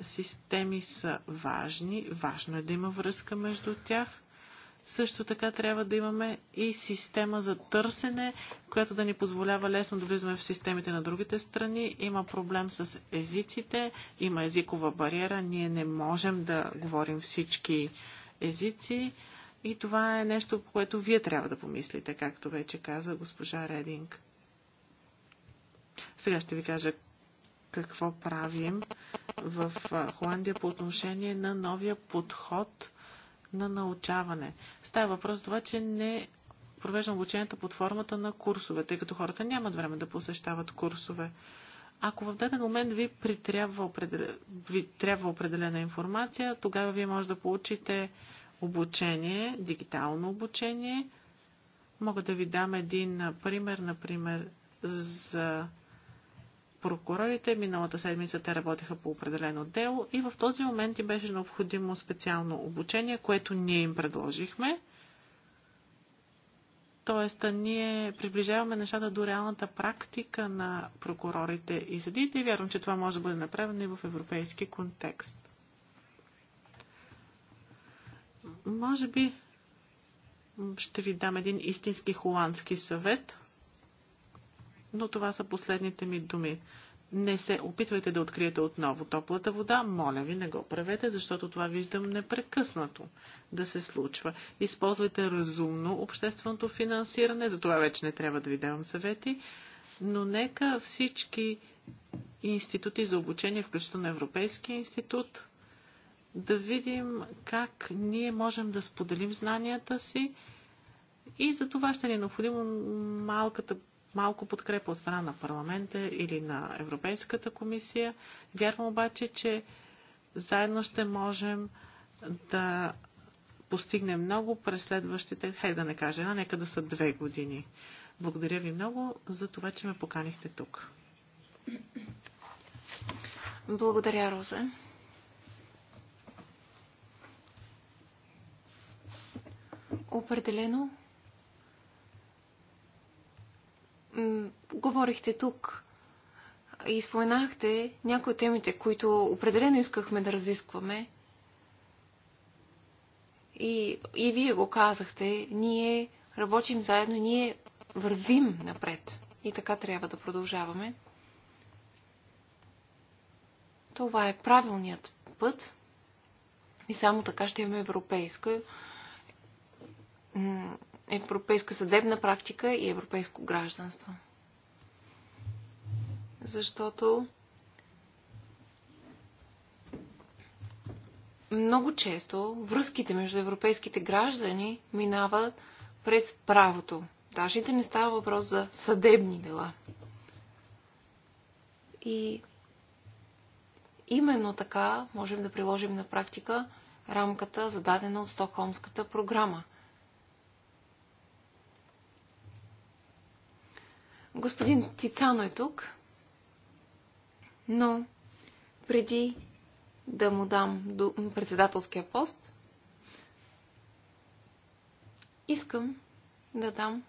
системи са важни, важно е да има връзка между тях. Също така трябва да имаме и система за търсене, която да ни позволява лесно да влизаме в системите на другите страни. Има проблем с езиците, има езикова бариера, ние не можем да говорим всички езици. И това е нещо, по което вие трябва да помислите, както вече каза госпожа Рединг. Сега ще ви кажа какво правим в Холандия по отношение на новия подход на научаване. Става въпрос за това, че не провеждам обученията под формата на курсове, тъй като хората нямат време да посещават курсове. Ако в даден момент ви, притрябва, ви трябва определена информация, тогава вие може да получите обучение, дигитално обучение. Мога да ви дам един пример, например, за прокурорите. Миналата седмица те работеха по определено дело и в този момент им беше необходимо специално обучение, което ние им предложихме. Тоест, ние приближаваме нещата до реалната практика на прокурорите и съдиите и вярвам, че това може да бъде направено и в европейски контекст. Може би ще ви дам един истински холандски съвет – но това са последните ми думи. Не се опитвайте да откриете отново топлата вода, моля ви, не го правете, защото това виждам непрекъснато да се случва. Използвайте разумно общественото финансиране, за това вече не трябва да ви давам съвети, но нека всички институти за обучение, включително Европейския институт, да видим как ние можем да споделим знанията си и за това ще ни е необходимо малката малко подкрепа от страна на парламента или на Европейската комисия. Вярвам обаче, че заедно ще можем да постигнем много през следващите, хай да не кажа, една, нека да са две години. Благодаря ви много за това, че ме поканихте тук. Благодаря, Роза. Определено говорихте тук и споменахте някои от темите, които определено искахме да разискваме. И, и вие го казахте, ние работим заедно, ние вървим напред. И така трябва да продължаваме. Това е правилният път. И само така ще имаме европейска европейска съдебна практика и европейско гражданство. Защото много често връзките между европейските граждани минават през правото. Даже и да не става въпрос за съдебни дела. И именно така можем да приложим на практика рамката, зададена от Стокхолмската програма. Господин Тицано е тук, но преди да му дам до председателския пост, искам да дам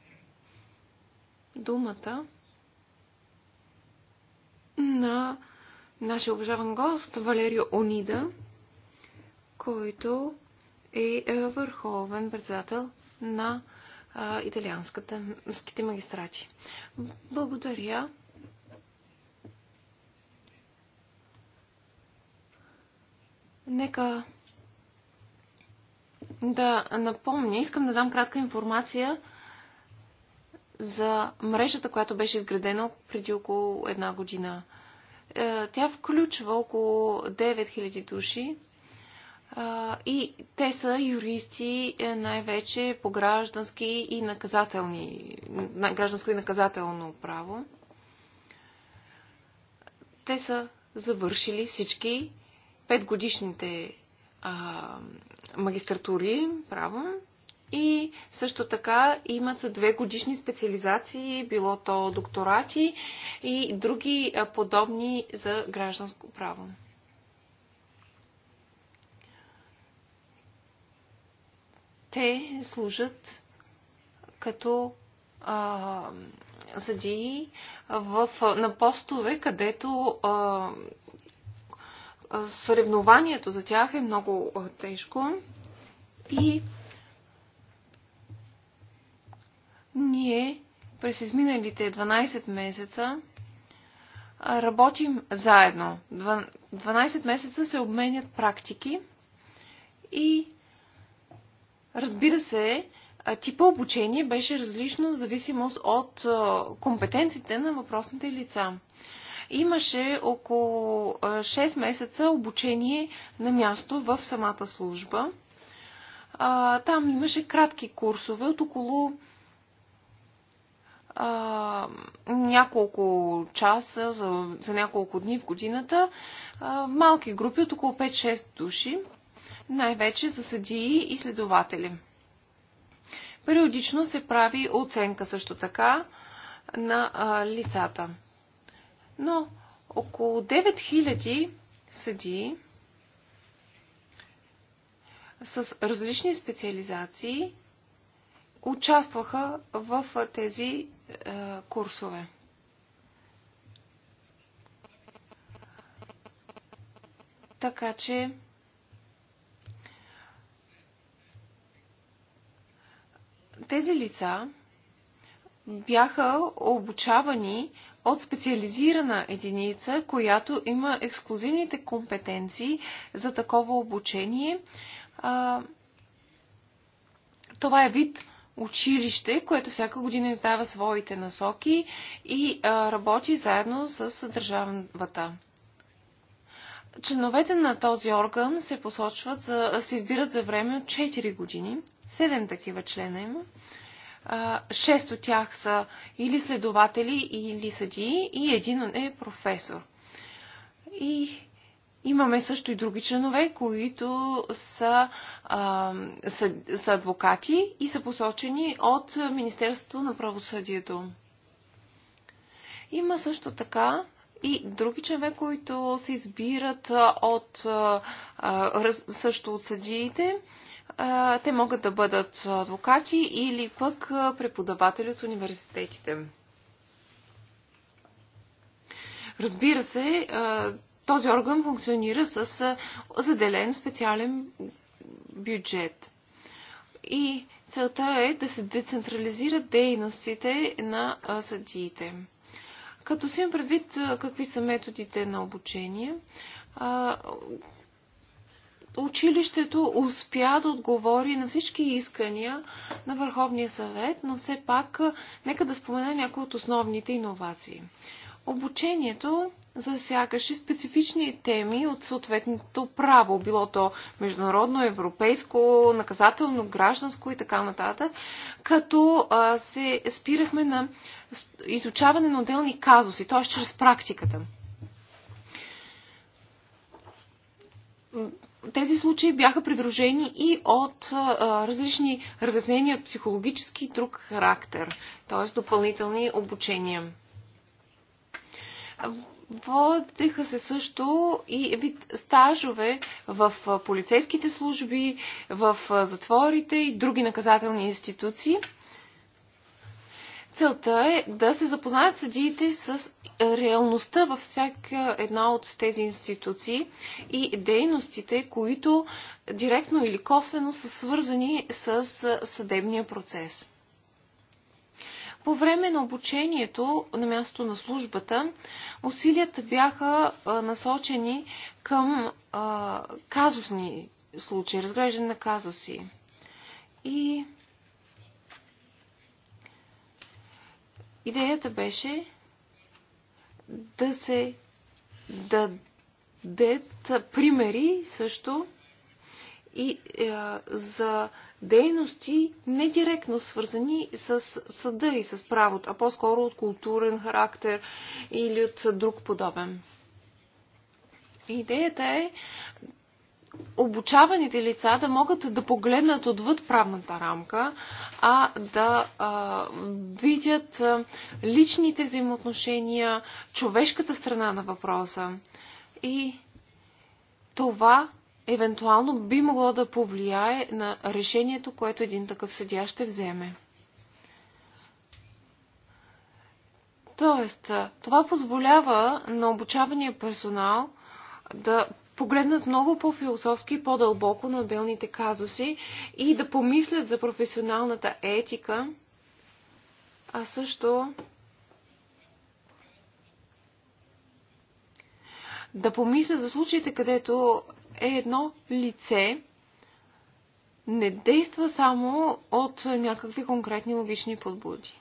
думата на нашия уважаван гост Валерио Онида, който е, е върховен председател на италианските магистрати. Благодаря. Нека да напомня, искам да дам кратка информация за мрежата, която беше изградена преди около една година. Е, тя включва около 9000 души, и те са юристи е, най-вече по граждански и наказателни, гражданско и наказателно право. Те са завършили всички петгодишните магистратури право и също така имат две годишни специализации, било то докторати и други подобни за гражданско право. те служат като а, съдии в, на постове, където а, съревнованието за тях е много а, тежко и ние през изминалите 12 месеца работим заедно. 12 месеца се обменят практики и Разбира се, типа обучение беше различно в зависимост от компетенциите на въпросните лица. Имаше около 6 месеца обучение на място в самата служба. Там имаше кратки курсове от около няколко часа, за, за няколко дни в годината, малки групи от около 5-6 души най-вече за съдии и следователи. Периодично се прави оценка също така на а, лицата. Но около 9000 съдии с различни специализации участваха в тези е, курсове. Така че тези лица бяха обучавани от специализирана единица, която има ексклюзивните компетенции за такова обучение. Това е вид училище, което всяка година издава своите насоки и работи заедно с държавата. Членовете на този орган се посочват, за, се избират за време от 4 години. 7 такива члена има. 6 от тях са или следователи, или съдии, и един е професор. И имаме също и други членове, които са, а, са, са адвокати и са посочени от Министерството на правосъдието. Има също така и други членове, които се избират от, също от съдиите. Те могат да бъдат адвокати или пък преподаватели от университетите. Разбира се, този орган функционира с заделен специален бюджет. И целта е да се децентрализират дейностите на съдиите. Като си предвид какви са методите на обучение, училището успя да отговори на всички искания на Върховния съвет, но все пак нека да спомена някои от основните иновации. Обучението засягаше специфични теми от съответното право, било то международно, европейско, наказателно, гражданско и така нататък, като се спирахме на изучаване на отделни казуси, т.е. чрез практиката. Тези случаи бяха придружени и от а, различни разяснения от психологически и друг характер, т.е. допълнителни обучения. Водеха се също и вид стажове в полицейските служби, в затворите и други наказателни институции. Целта е да се запознаят съдиите с реалността във всяка една от тези институции и дейностите, които директно или косвено са свързани с съдебния процес. По време на обучението на мястото на службата усилията бяха насочени към а, казусни случаи, разглеждане на казуси. И идеята беше да се дадат примери също и а, за дейности, не директно свързани с съда и с правото, а по-скоро от културен характер или от друг подобен. Идеята е обучаваните лица да могат да погледнат отвъд правната рамка, а да а, видят личните взаимоотношения, човешката страна на въпроса. И това евентуално би могло да повлияе на решението, което един такъв съдя ще вземе. Тоест, това позволява на обучавания персонал да погледнат много по-философски и по-дълбоко на отделните казуси и да помислят за професионалната етика, а също да помислят за случаите, където е едно лице, не действа само от някакви конкретни логични подбуди.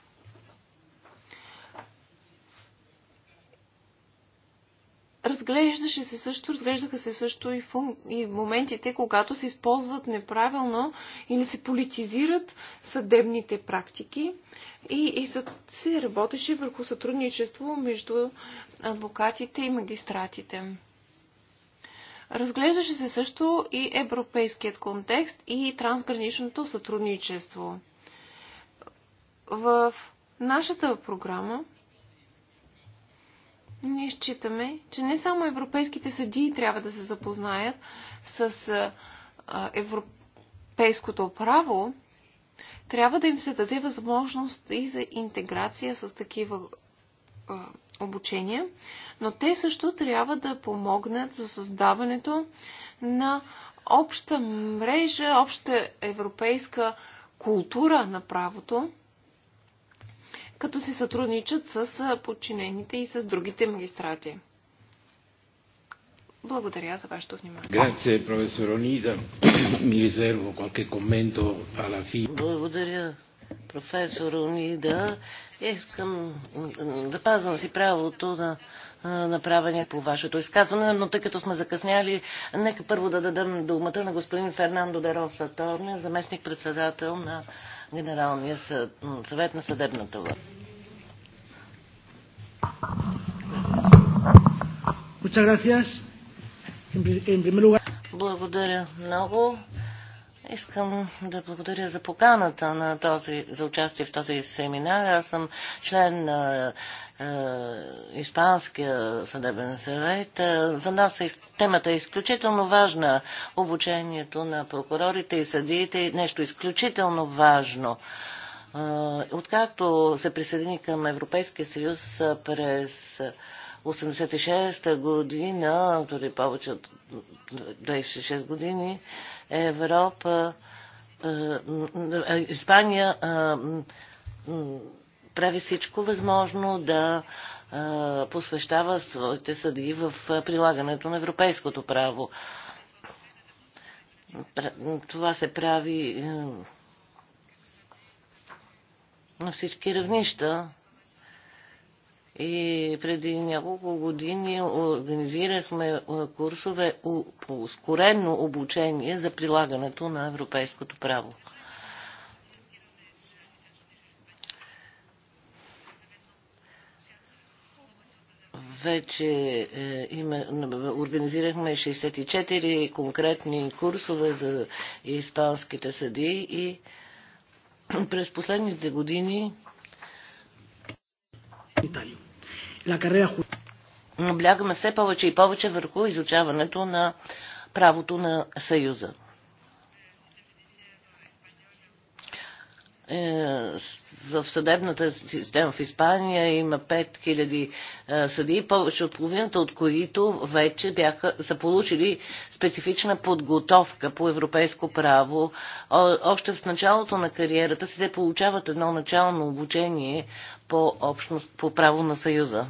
Разглеждаше се също, разглеждаха се също и, фун... и моментите, когато се използват неправилно или се политизират съдебните практики и, и се работеше върху сътрудничество между адвокатите и магистратите. Разглеждаше се също и европейският контекст и трансграничното сътрудничество. В нашата програма ние считаме, че не само европейските съдии трябва да се запознаят с европейското право, трябва да им се даде възможност и за интеграция с такива обучение, но те също трябва да помогнат за създаването на обща мрежа, обща европейска култура на правото, като се сътрудничат с подчинените и с другите магистрати. Благодаря за вашето внимание. професор Онида. Ми резерво qualche commento alla fine. Благодаря, професор Унида. Искам да пазвам си правото да направя по вашето изказване, но тъй като сме закъсняли, нека първо да дадем думата на господин Фернандо де Торне, заместник-председател на Генералния съвет на съдебната власт. Благодаря много. Искам да благодаря за поканата на този, за участие в този семинар. Аз съм член на е, Испанския съдебен съвет. Е, за нас е, темата е изключително важна. Обучението на прокурорите и съдиите е нещо изключително важно. Е, откакто се присъедини към Европейския съюз е, през 86-та година, дори повече от 26 години, Европа, е, е, е Испания е, прави всичко възможно да е, посвещава своите съдии в прилагането на европейското право. Това се прави е, на всички равнища и преди няколко години организирахме е, курсове по ускорено обучение за прилагането на европейското право. вече е, има, организирахме 64 конкретни курсове за испанските съди и през последните години Италия карера carrera Наблягаме все повече и повече върху изучаването на правото на Съюза. Е, в съдебната система в Испания има 5000 е, съдии, повече от половината от които вече бяха, са получили специфична подготовка по европейско право. Още в началото на кариерата си те получават едно начално обучение по, общност, по право на Съюза.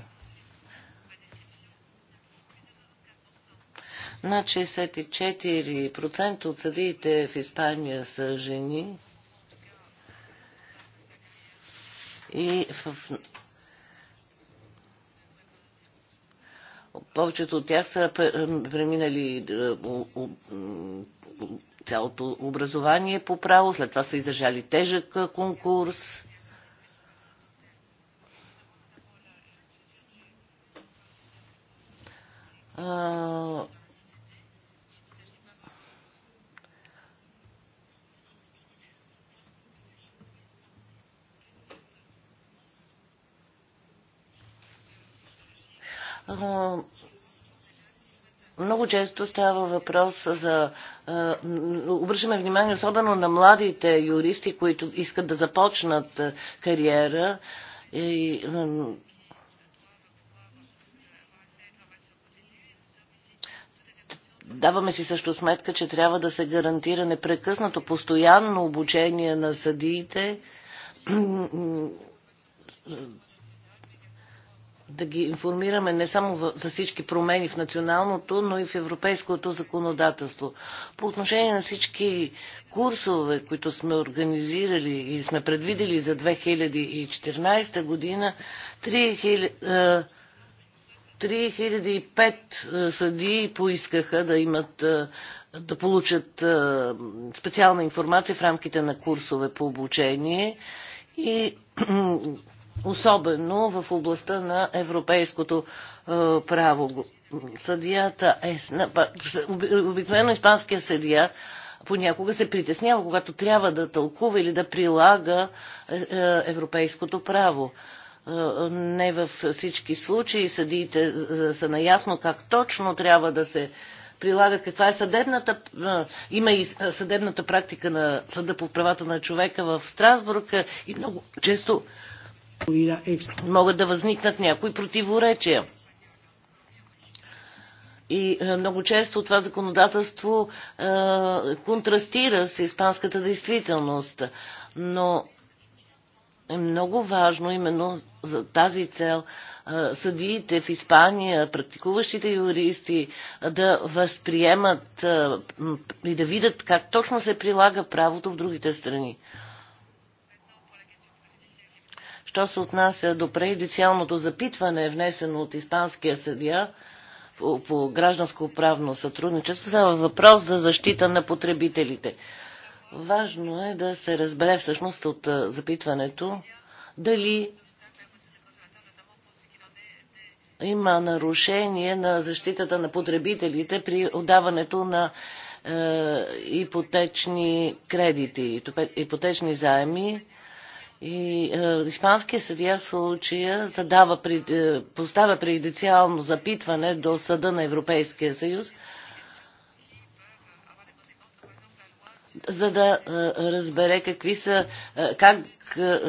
Над 64% от съдиите в Испания са жени. И в повечето от тях са преминали е, е, цялото образование по право, след това са издържали тежък е, конкурс. А, много често става въпрос за... Обръщаме внимание особено на младите юристи, които искат да започнат кариера. И, Даваме си също сметка, че трябва да се гарантира непрекъснато, постоянно обучение на съдиите да ги информираме не само за всички промени в националното, но и в европейското законодателство. По отношение на всички курсове, които сме организирали и сме предвидели за 2014 година, 3005 е, е, съдии поискаха да имат е, да получат специална информация в рамките на курсове по обучение и особено в областта на европейското е, право. Съдията е... Обикновено испанския съдия понякога се притеснява, когато трябва да тълкува или да прилага е, е, европейското право. Не във всички случаи съдиите са наясно как точно трябва да се прилагат, каква е съдебната, има и съдебната практика на Съда по правата на човека в Страсбург и много често могат да възникнат някои противоречия. И е, много често това законодателство е, контрастира с испанската действителност. Но е много важно именно за тази цел е, съдиите в Испания, практикуващите юристи е, да възприемат и да видят как точно се прилага правото в другите страни. Що се отнася до преюдициалното запитване, внесено от испанския съдия по, по гражданско-правно сътрудничество, става въпрос за защита на потребителите. Важно е да се разбере всъщност от запитването дали има нарушение на защитата на потребителите при отдаването на е, ипотечни кредити, ипотечни заеми и е, испанския съдия случая задава, е, поставя преюдициално запитване до съда на Европейския съюз, за да е, разбере какви са, е, как е, е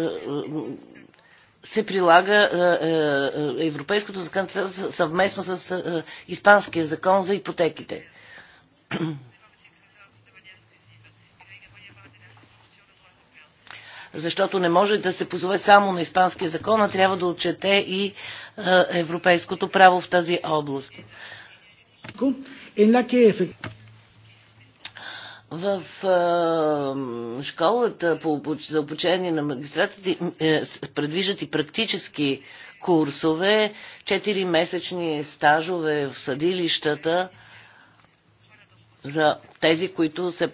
се прилага е, е, европейското закон съвместно с е, е, испанския закон за ипотеките. защото не може да се позове само на испанския закон, а трябва да отчете и е, европейското право в тази област. В е, школата за обучение на магистратите е, предвиждат и практически курсове, 4-месечни стажове в съдилищата за тези, които се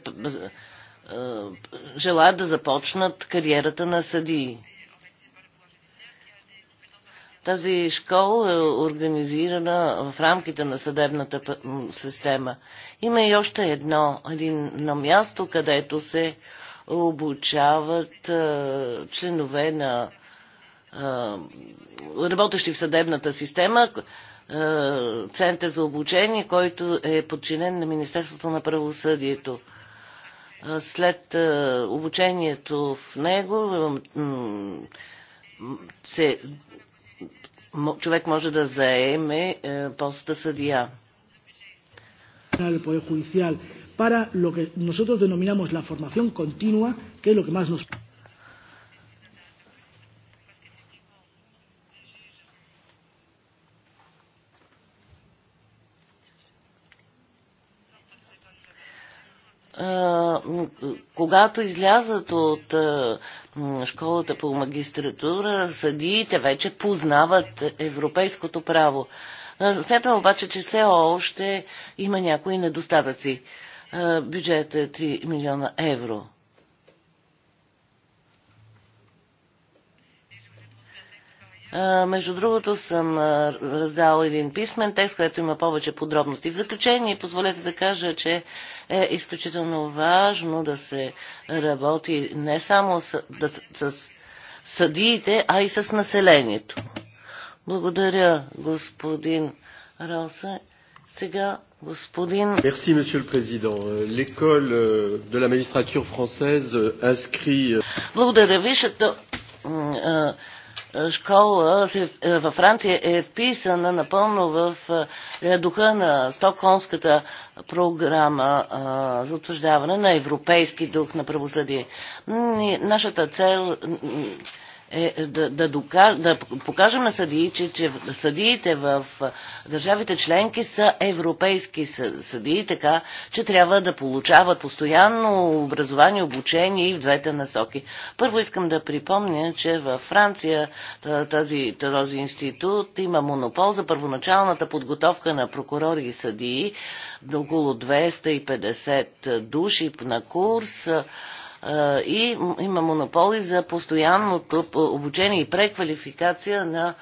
желаят да започнат кариерата на съдии. Тази школа е организирана в рамките на съдебната система. Има и още едно, едно място, където се обучават членове на работещи в съдебната система, център за обучение, който е подчинен на Министерството на правосъдието. След обучението в него се, човек може да заеме поста съдия. para lo que nosotros denominamos la formación continua, que es lo que más nos. Когато излязат от е, школата по магистратура, съдиите вече познават европейското право. Е, смятам обаче, че все още има някои недостатъци. Е, бюджетът е 3 милиона евро. Между другото съм раздал един писмен текст, където има повече подробности. В заключение, позволете да кажа, че е изключително важно да се работи не само с, да, с съдиите, а и с населението. Благодаря, господин Росе. Сега господин... Merci, monsieur le président. L'école euh, de la magistrature française euh, inscrit... Euh- Благодаря. Uh, школа е, във Франция е вписана напълно в е, духа на Стокхолмската програма за утвърждаване на европейски дух на правосъдие. Нашата цел е да, да, докаж, да покажем на съдиите, че съдиите в държавите членки са европейски съдии, така че трябва да получават постоянно образование, обучение и в двете насоки. Първо искам да припомня, че във Франция тази, този институт има монопол за първоначалната подготовка на прокурори и съдии, до около 250 души на курс и има монополи за постоянното обучение и преквалификация на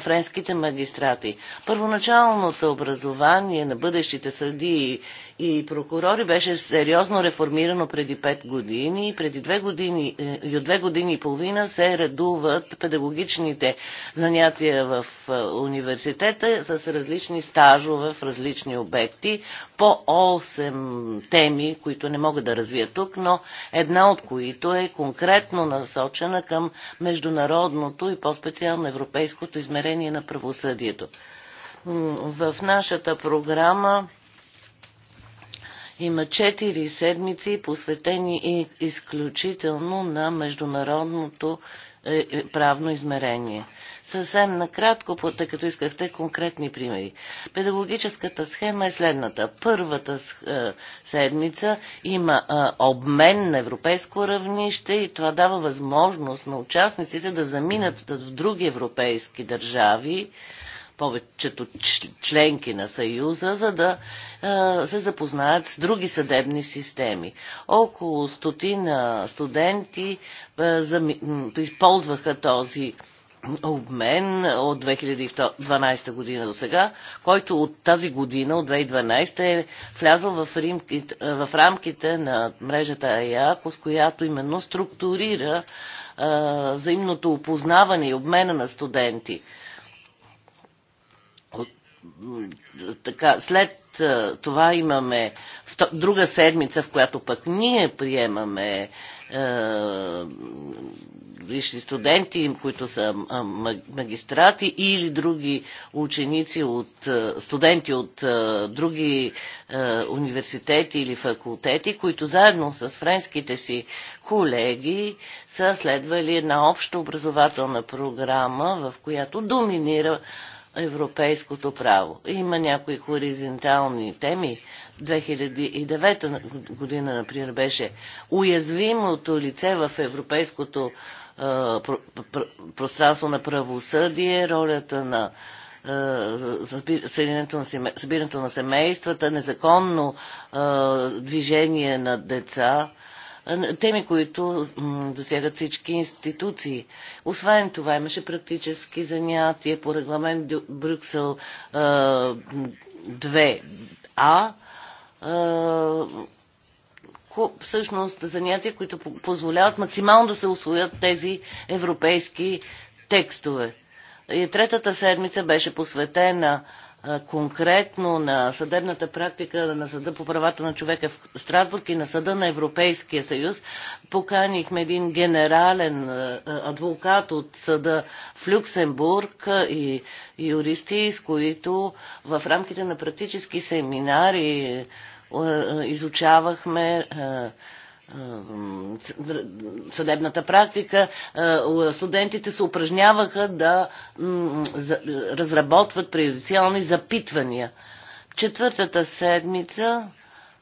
френските магистрати. Първоначалното образование на бъдещите съди и и прокурори беше сериозно реформирано преди 5 години и преди 2 години е, и от 2 години и половина се редуват педагогичните занятия в е, университета с различни стажове в различни обекти по 8 теми, които не мога да развия тук, но една от които е конкретно насочена към международното и по-специално европейското измерение на правосъдието. В нашата програма има четири седмици, посветени изключително на международното е, е, правно измерение. Съвсем накратко, тъй като искахте конкретни примери. Педагогическата схема е следната. Първата е, седмица има обмен на европейско равнище и това дава възможност на участниците да заминат в други европейски държави повечето членки на Съюза, за да се запознаят с други съдебни системи. Около стотина студенти използваха този обмен от 2012 година до сега, който от тази година, от 2012, е влязъл в, римките, в рамките на мрежата АЯКО, с която именно структурира а, взаимното опознаване и обмена на студенти така, след това имаме друга седмица, в която пък ние приемаме е, висши студенти, които са магистрати или други ученици от студенти от е, други е, университети или факултети, които заедно с френските си колеги са следвали една обща образователна програма, в която доминира европейското право. Има някои хоризонтални теми. 2009 година, например, беше уязвимото лице в европейското е, про, про, пространство на правосъдие, ролята на е, събирането, на семействата, незаконно е, движение на деца теми, които засягат всички институции. Освен това, имаше практически занятия по регламент Брюксел 2А, всъщност занятия, които позволяват максимално да се освоят тези европейски текстове. И третата седмица беше посветена конкретно на съдебната практика на Съда по правата на човека в Страсбург и на Съда на Европейския съюз. Поканихме един генерален адвокат от Съда в Люксембург и юристи, с които в рамките на практически семинари изучавахме съдебната практика, студентите се упражняваха да разработват приоритетни запитвания. Четвъртата седмица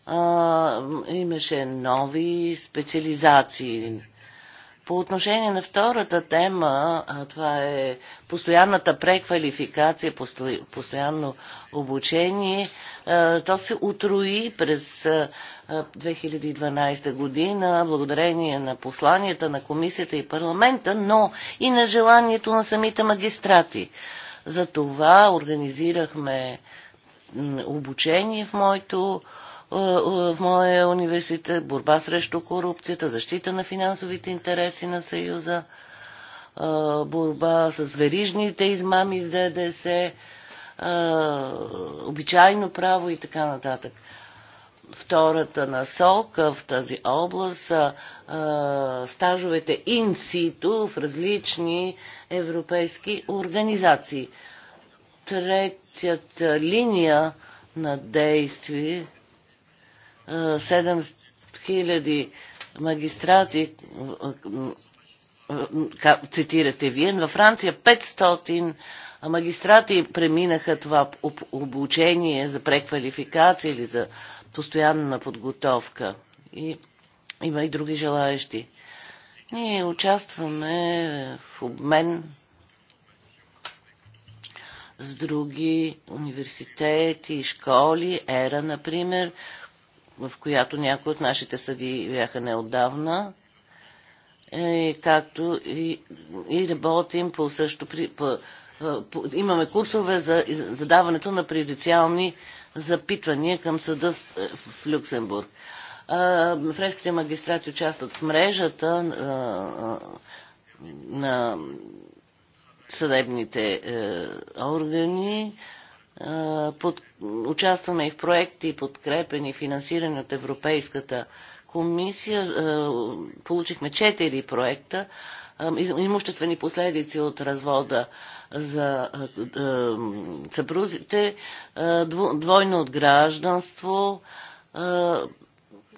а, имаше нови специализации. По отношение на втората тема, а това е постоянната преквалификация, постоянно обучение, то се утрои през 2012 година, благодарение на посланията на комисията и парламента, но и на желанието на самите магистрати. За това организирахме обучение в моето е, е, в моя университет, борба срещу корупцията, защита на финансовите интереси на Съюза, е, борба с верижните измами с ДДС, обичайно право и така нататък. Втората насока в тази област са стажовете инсито в различни европейски организации. Третята линия на действие 7000 магистрати, цитирате вие, във Франция 500 магистрати преминаха това обучение за преквалификация или за постоянна подготовка. И има и други желаящи. Ние участваме в обмен с други университети и школи, ЕРА, например, в която някои от нашите съди бяха неотдавна, и е, както и, и работим по също при, по, по, имаме курсове за задаването на приорициални запитвания към съда в, в Люксембург. А, френските магистрати участват в мрежата а, на съдебните е, органи. А, под, участваме и в проекти, подкрепени, финансирани от Европейската комисия. Получихме четири проекта. Имуществени последици от развода за съпрузите, двойно от гражданство,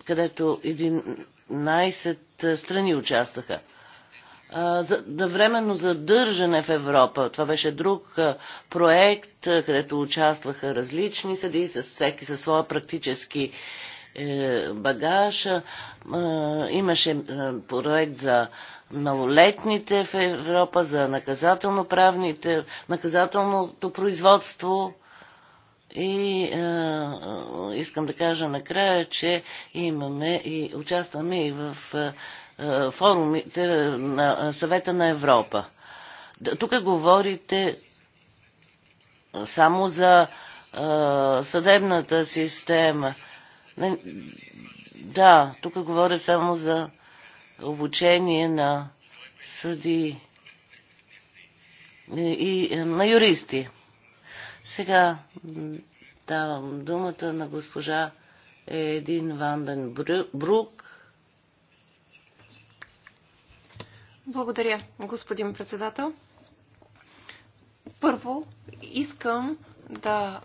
където 11 страни участваха за временно задържане в Европа. Това беше друг проект, където участваха различни съди, със всеки със своя практически е, багаж. Имаше проект за малолетните в Европа, за наказателно-правните, наказателното производство. И е, е искам да кажа накрая, че имаме и участваме и в е, е, форумите на съвета на Европа. Тук говорите само за е, съдебната система. Да, тук говоря само за обучение на съди и е, на юристи. Сега давам думата на госпожа Един Ванден Брук, Благодаря, господин председател. Първо, искам да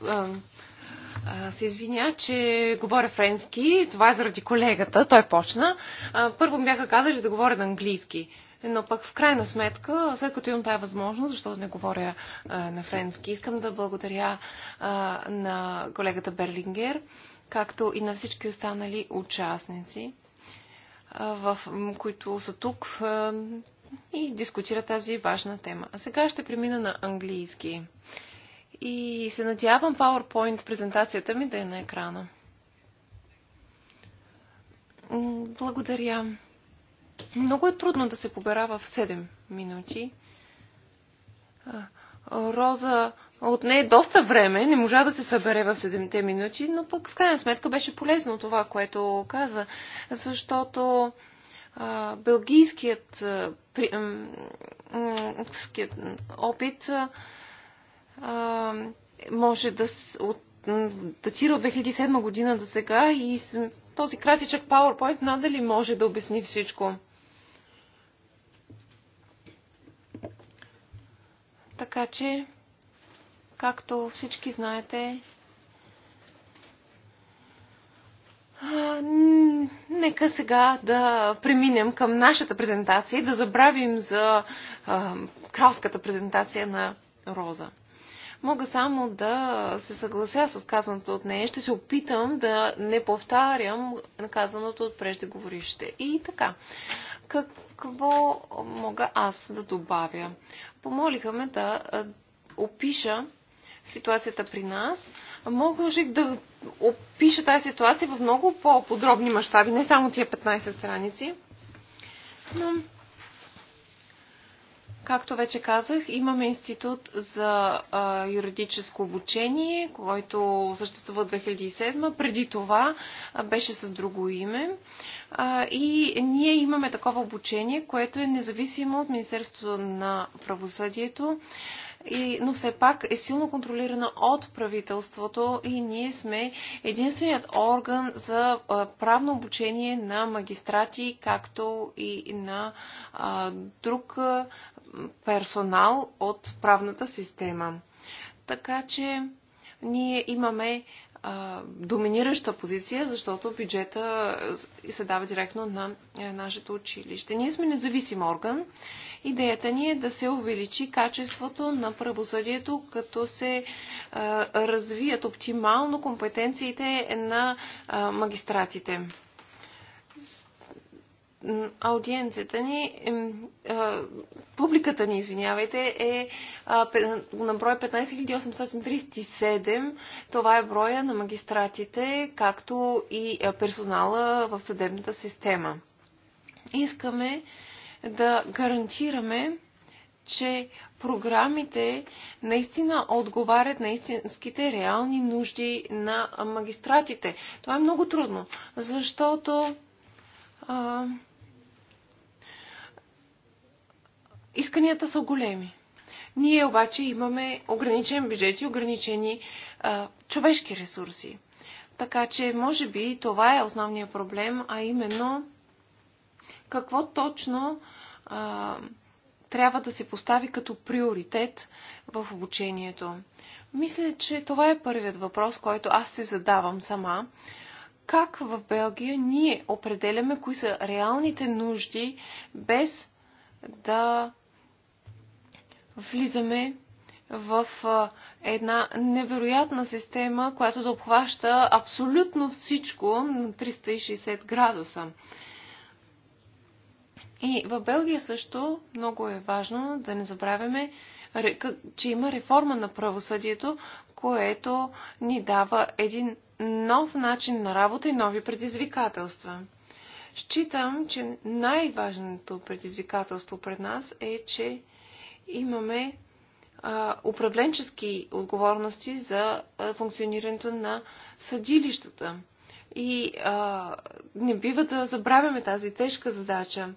се извиня, че говоря френски. Това е заради колегата. Той почна. Първо ми бяха казали да говоря на английски. Но пък в крайна сметка, след като имам тази възможност, защото не говоря а, на френски, искам да благодаря а, на колегата Берлингер, както и на всички останали участници в, които са тук и дискутира тази важна тема. А сега ще премина на английски. И се надявам PowerPoint презентацията ми да е на екрана. Благодаря. Много е трудно да се побера в 7 минути. Роза отне доста време, не можа да се събере в 7-те минути, но пък в крайна сметка беше полезно това, което каза, защото а, белгийският а, при, а, опит а, може да от, датира от 2007 година до сега и този кратичък PowerPoint надали може да обясни всичко. Така че Както всички знаете, Нека сега да преминем към нашата презентация и да забравим за а, кралската презентация на Роза. Мога само да се съглася с казаното от нея. Ще се опитам да не повтарям казаното от преждеговорище. И така, какво мога аз да добавя? Помолиха ме да опиша ситуацията при нас, можех да опиша тази ситуация в много по-подробни мащаби, не само тия 15 страници. Но, както вече казах, имаме институт за а, юридическо обучение, който съществува от 2007. Преди това а, беше с друго име. А, и ние имаме такова обучение, което е независимо от Министерството на правосъдието. А, и, но все пак е силно контролирана от правителството и ние сме единственият орган за правно обучение на магистрати, както и на а, друг персонал от правната система. Така че ние имаме а, доминираща позиция, защото бюджета се дава директно на е, нашето училище. Ние сме независим орган. Идеята ни е да се увеличи качеството на правосъдието, като се а, е, развият оптимално компетенциите на а, е, магистратите аудиенцията ни, публиката ни, извинявайте, е на брой 15837. Това е броя на магистратите, както и персонала в съдебната система. Искаме да гарантираме, че програмите наистина отговарят на истинските реални нужди на магистратите. Това е много трудно, защото а, исканията са големи. Ние обаче имаме ограничен бюджет и ограничени а, човешки ресурси. Така че, може би, това е основният проблем, а именно какво точно а, трябва да се постави като приоритет в обучението. Мисля, че това е първият въпрос, който аз се задавам сама. Как в Белгия ние определяме кои са реалните нужди, без да влизаме в една невероятна система, която да обхваща абсолютно всичко на 360 градуса. И в Белгия също много е важно да не забравяме, че има реформа на правосъдието, което ни дава един нов начин на работа и нови предизвикателства. Считам, че най-важното предизвикателство пред нас е, че имаме управленчески отговорности за функционирането на съдилищата. И а, не бива да забравяме тази тежка задача.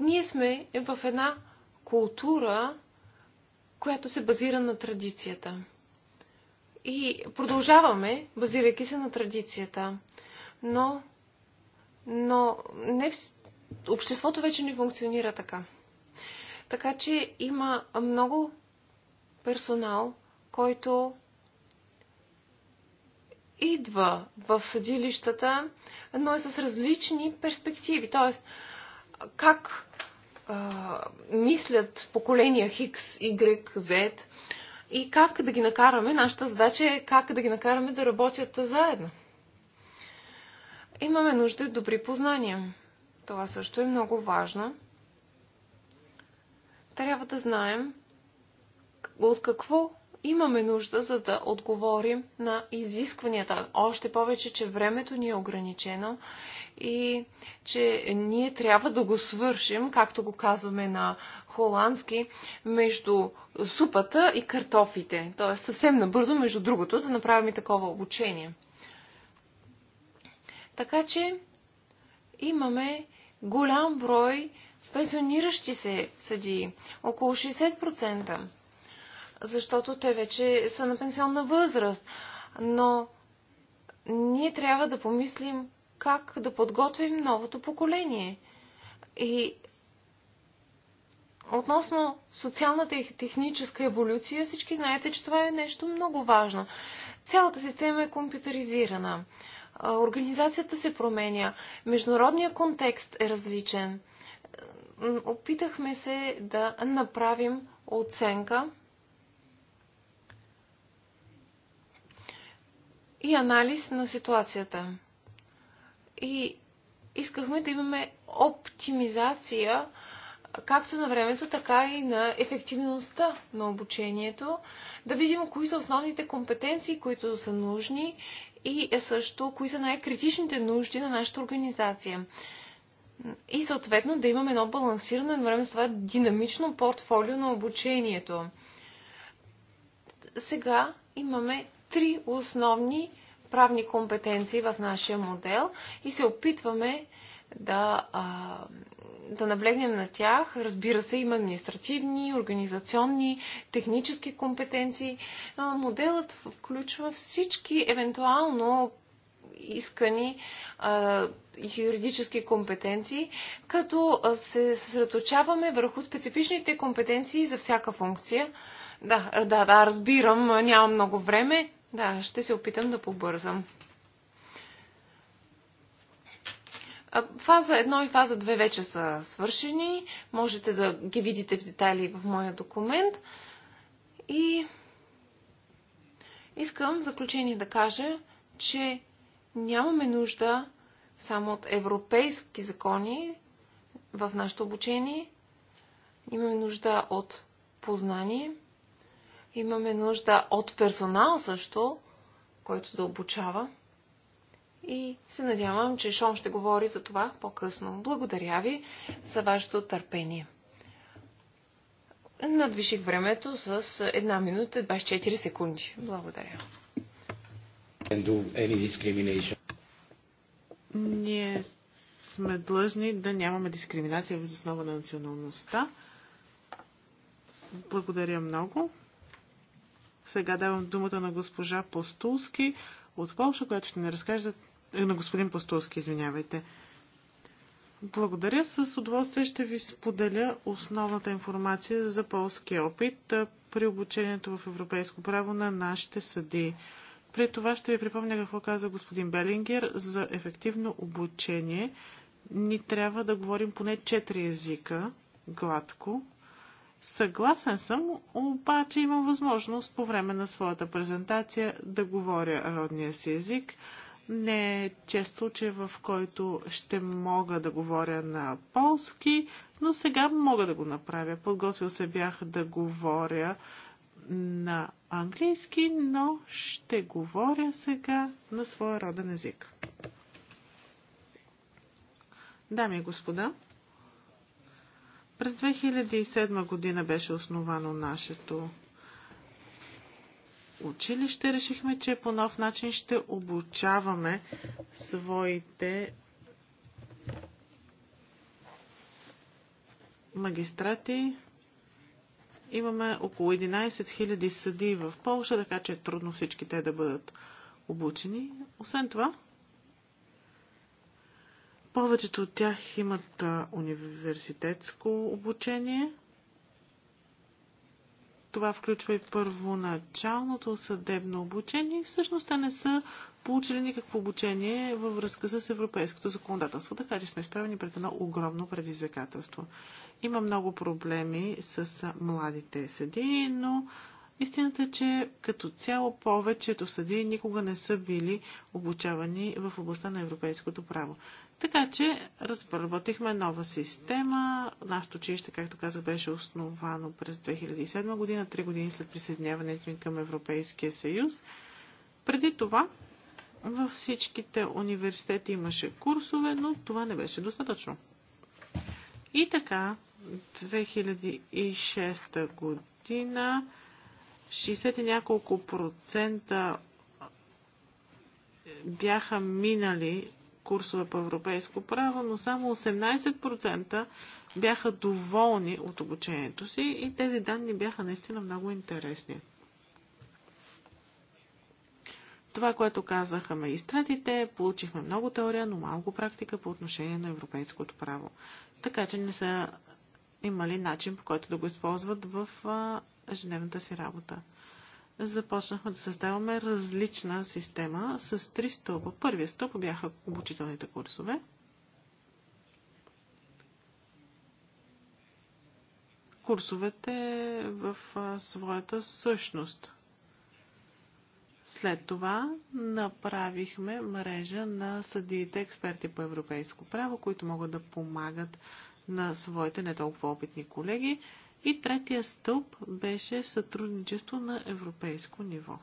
Ние сме в една култура, която се базира на традицията. И продължаваме, базирайки се на традицията. Но, но не в... обществото вече не функционира така. Така че има много персонал, който идва в съдилищата, но е с различни перспективи. Тоест, как а, мислят поколения Хикс, Y, Z и как да ги накараме, нашата задача е как да ги накараме да работят заедно. Имаме нужда от добри познания. Това също е много важно. Трябва да знаем от какво имаме нужда, за да отговорим на изискванията. Още повече, че времето ни е ограничено и че ние трябва да го свършим, както го казваме на холандски между супата и картофите. Тоест съвсем набързо, между другото, да направим и такова обучение. Така че имаме голям брой пенсиониращи се съдии, около 60%, защото те вече са на пенсионна възраст. Но ние трябва да помислим как да подготвим новото поколение. И Относно социалната и техническа еволюция, всички знаете, че това е нещо много важно. Цялата система е компютъризирана. Организацията се променя. Международният контекст е различен. Опитахме се да направим оценка и анализ на ситуацията. И искахме да имаме оптимизация както на времето, така и на ефективността на обучението, да видим кои са основните компетенции, които са нужни и е също кои са най-критичните нужди на нашата организация. И съответно да имаме едно балансирано, време с това динамично портфолио на обучението. Сега имаме три основни правни компетенции в нашия модел и се опитваме да а, да наблегнем на тях. Разбира се, има административни, организационни, технически компетенции. Моделът включва всички евентуално искани а, юридически компетенции, като се съсредоточаваме върху специфичните компетенции за всяка функция. Да, да, да, разбирам, нямам много време. Да, ще се опитам да побързам. Фаза 1 и фаза 2 вече са свършени. Можете да ги видите в детайли в моя документ. И искам в заключение да кажа, че нямаме нужда само от европейски закони в нашето обучение. Имаме нужда от познание. Имаме нужда от персонал също, който да обучава и се надявам, че Шон ще говори за това по-късно. Благодаря ви за вашето търпение. Надвиших времето с една минута и 24 секунди. Благодаря. Ние сме длъжни да нямаме дискриминация въз основа на националността. Благодаря много. Сега давам думата на госпожа Постулски от Польша, която ще ни разкаже за е, на господин Пастулски, извинявайте. Благодаря. С удоволствие ще ви споделя основната информация за полския опит при обучението в европейско право на нашите съди. При това ще ви припомня какво каза господин Белингер за ефективно обучение. Ни трябва да говорим поне четири езика гладко. Съгласен съм, обаче имам възможност по време на своята презентация да говоря родния си език – не е чест случай, в който ще мога да говоря на полски, но сега мога да го направя. Подготвил се бях да говоря на английски, но ще говоря сега на своя роден език. Дами и господа, през 2007 година беше основано нашето училище, решихме, че по нов начин ще обучаваме своите магистрати. Имаме около 11 000 съди в Польша, така че е трудно всички те да бъдат обучени. Освен това, повечето от тях имат университетско обучение – това включва и първоначалното съдебно обучение. Всъщност те не са получили никакво обучение във връзка с европейското законодателство, така че сме изправени пред едно огромно предизвикателство. Има много проблеми с младите съдии, но истината е, че като цяло повечето съдии никога не са били обучавани в областта на европейското право. Така че разработихме нова система. Нашето училище, както казах, беше основано през 2007 година, три години след присъединяването ни към Европейския съюз. Преди това във всичките университети имаше курсове, но това не беше достатъчно. И така, 2006 година 60 и няколко процента бяха минали курсове по европейско право, но само 18% бяха доволни от обучението си и тези данни бяха наистина много интересни. Това, което казаха магистратите, получихме много теория, но малко практика по отношение на европейското право. Така че не са имали начин по който да го използват в ежедневната си работа започнахме да създаваме различна система с три стълба. Първият стълб бяха обучителните курсове. Курсовете в своята същност. След това направихме мрежа на съдиите експерти по европейско право, които могат да помагат на своите не толкова опитни колеги и третия стълб беше сътрудничество на европейско ниво.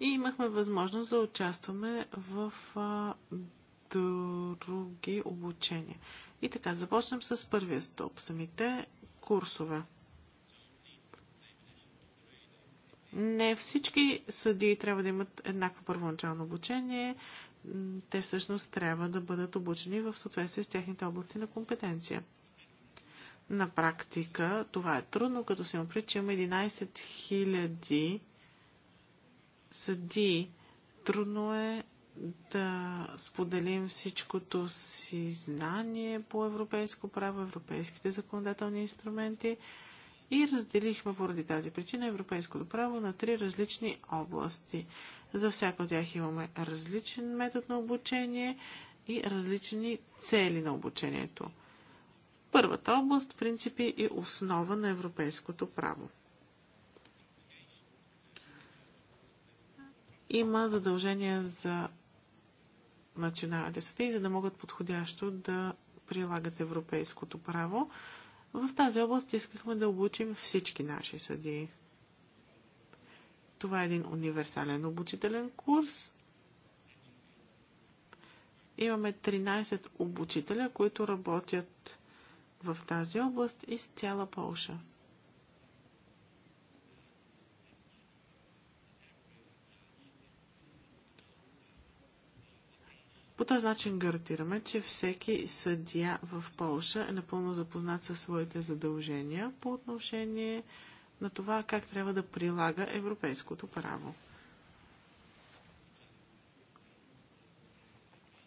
И имахме възможност да участваме в а, други обучения. И така, започнем с първия стълб, самите курсове. Не всички съдии трябва да имат еднакво първоначално обучение. Те всъщност трябва да бъдат обучени в съответствие с техните области на компетенция. На практика това е трудно, като се има че има 11 000 съдии. Трудно е да споделим всичкото си знание по европейско право, европейските законодателни инструменти и разделихме поради тази причина европейското право на три различни области. За всяко от тях имаме различен метод на обучение и различни цели на обучението. Първата област – принципи и основа на европейското право. Има задължения за националните съди, за да могат подходящо да прилагат европейското право. В тази област искахме да обучим всички наши съдии. Това е един универсален обучителен курс. Имаме 13 обучителя, които работят в тази област из цяла Полша. този начин гарантираме, че всеки съдия в Полша е напълно запознат със своите задължения по отношение на това как трябва да прилага европейското право.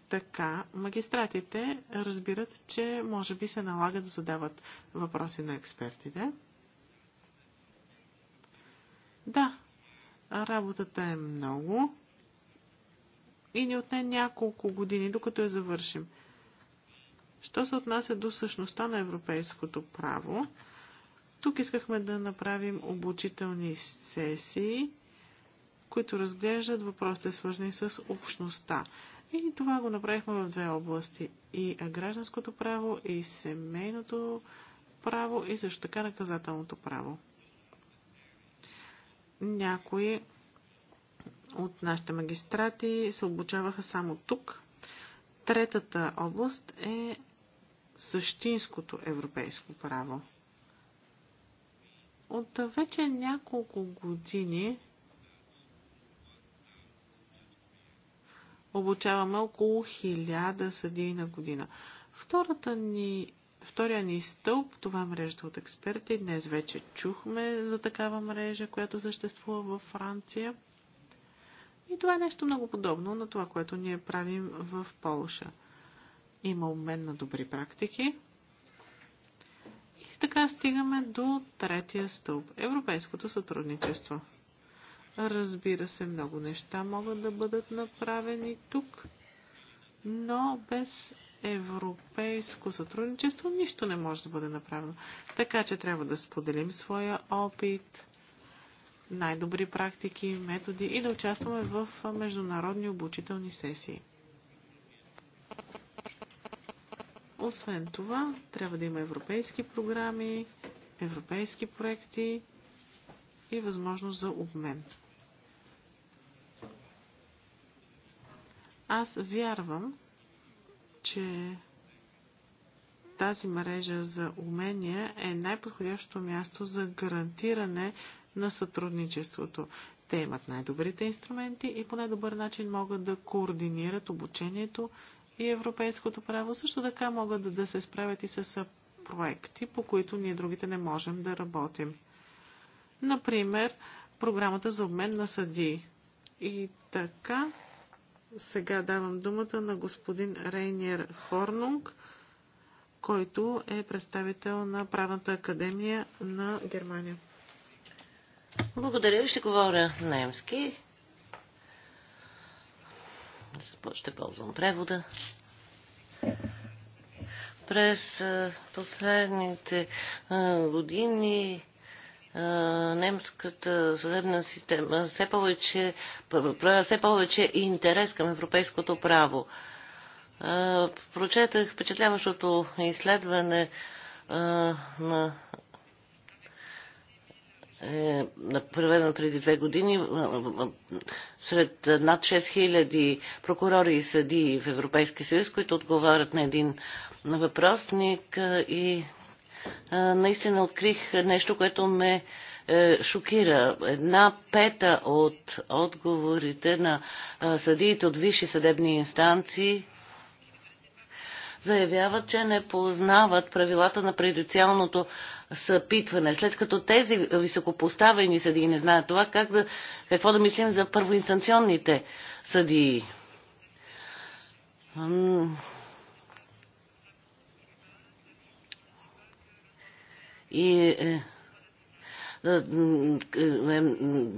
Така, магистратите разбират, че може би се налага да задават въпроси на експертите. Да, работата е много и ни отне няколко години, докато я завършим. Що се отнася до същността на европейското право, тук искахме да направим обучителни сесии, които разглеждат въпросите свързани с общността. И това го направихме в две области. И гражданското право, и семейното право, и също така наказателното право. Някои от нашите магистрати се обучаваха само тук. Третата област е същинското европейско право. От вече няколко години обучаваме около 1000 съдии на година. Втората ни, втория ни стълб, това е мрежата от експерти. Днес вече чухме за такава мрежа, която съществува във Франция – и това е нещо много подобно на това, което ние правим в Полша. Има обмен на добри практики. И така стигаме до третия стълб – европейското сътрудничество. Разбира се, много неща могат да бъдат направени тук, но без европейско сътрудничество нищо не може да бъде направено. Така че трябва да споделим своя опит, най-добри практики, методи и да участваме в международни обучителни сесии. Освен това, трябва да има европейски програми, европейски проекти и възможност за обмен. Аз вярвам, че тази мрежа за умения е най-подходящото място за гарантиране на сътрудничеството. Те имат най-добрите инструменти и по най-добър начин могат да координират обучението и европейското право. Също така могат да, се справят и с проекти, по които ние другите не можем да работим. Например, програмата за обмен на съдии. И така, сега давам думата на господин Рейнер Форнунг, който е представител на Правната академия на Германия. Благодаря ви, ще говоря немски. Ще ползвам превода. През последните години немската съдебна система все повече, все повече интерес към европейското право. Прочетах впечатляващото изследване на е проведено преди две години е, е, сред над 6000 прокурори и съдии в Европейския съюз, които отговарят на един въпросник е, и наистина открих нещо, което ме шокира. Една пета от отговорите на съдиите от висши съдебни инстанции заявяват, че не познават правилата на предициалното съпитване. След като тези високопоставени съдии не знаят това, как да, какво да мислим за първоинстанционните съдии? И е, е,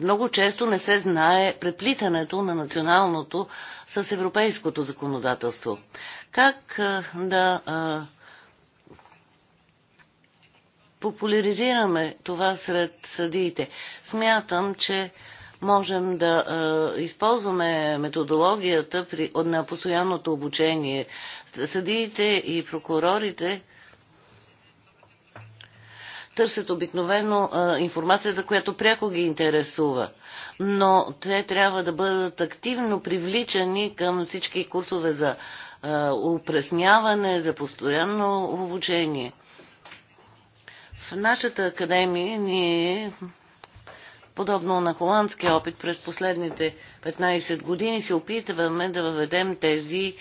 много често не се знае преплитането на националното с европейското законодателство. Как е, да е, популяризираме това сред съдиите? Смятам, че можем да използваме методологията на постоянното обучение. Съдиите и прокурорите търсят обикновено а, информацията, която пряко ги интересува. Но те трябва да бъдат активно привличани към всички курсове за упресняване, за постоянно обучение. В нашата академия ние, подобно на холандския опит през последните 15 години, се опитваме да въведем тези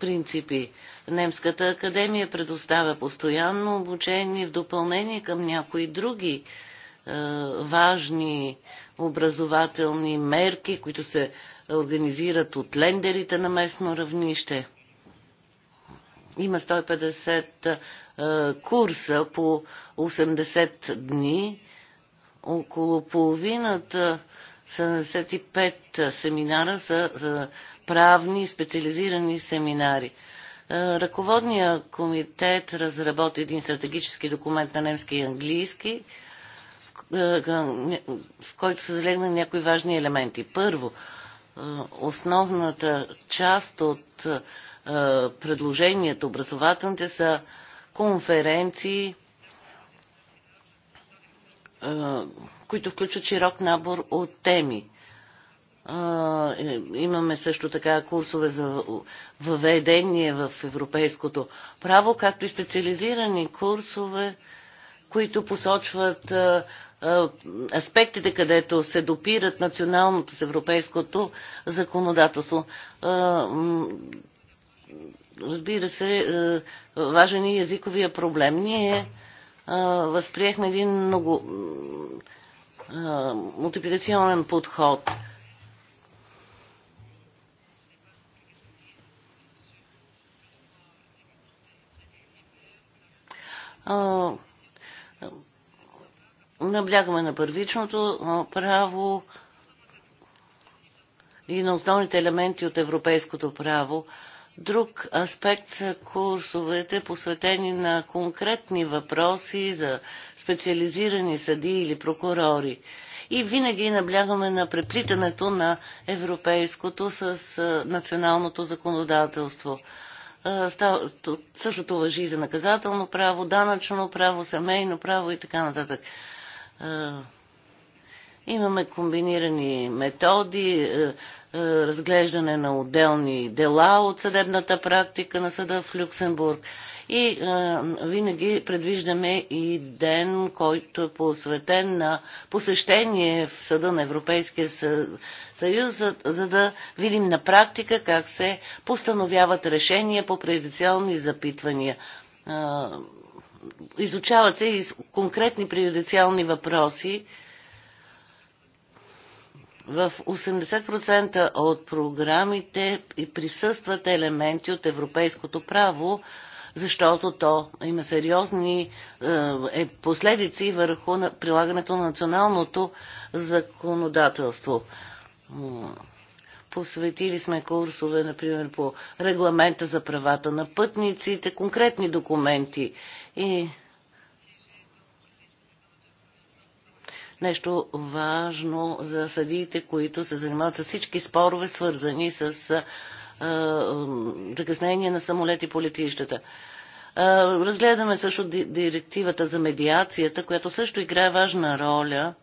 принципи. Немската академия предоставя постоянно обучение в допълнение към някои други важни образователни мерки, които се организират от лендерите на местно равнище. Има 150 курса по 80 дни. Около половината 75 семинара са за правни специализирани семинари. Е, Ръководният комитет разработи един стратегически документ на немски и английски, е, в който са залегнали някои важни елементи. Първо, е, основната част от предложението, образователните са конференции, които включват широк набор от теми. Е, имаме също така курсове за въведение в европейското право, както и специализирани курсове, които посочват аспектите, където се допират националното с европейското законодателство. разбира се, важен е и езиковия проблем. Ние възприехме един много мултипликационен подход – а, наблягаме на първичното право и на основните елементи от европейското право. Друг аспект са курсовете, посветени на конкретни въпроси за специализирани съди или прокурори. И винаги наблягаме на преплитането на европейското с националното законодателство. Същото въжи и за наказателно право, данъчно право, семейно право и така нататък. Имаме комбинирани методи, е, разглеждане на отделни дела от съдебната практика на съда в Люксембург. И а, е, винаги предвиждаме и ден, който е посветен на посещение в Съда на Европейския съюз, за, за да видим на практика как се постановяват решения по преюдициални запитвания. А, е, изучават се и конкретни преюдициални въпроси, в 80% от програмите присъстват елементи от европейското право, защото то има сериозни е, е, последици върху на прилагането на националното законодателство. Посветили сме курсове, например, по регламента за правата на пътниците, конкретни документи и нещо важно за съдиите, които се занимават с всички спорове, свързани с закъснение на самолети по летищата. Разгледаме също директивата за медиацията, която също играе важна роля.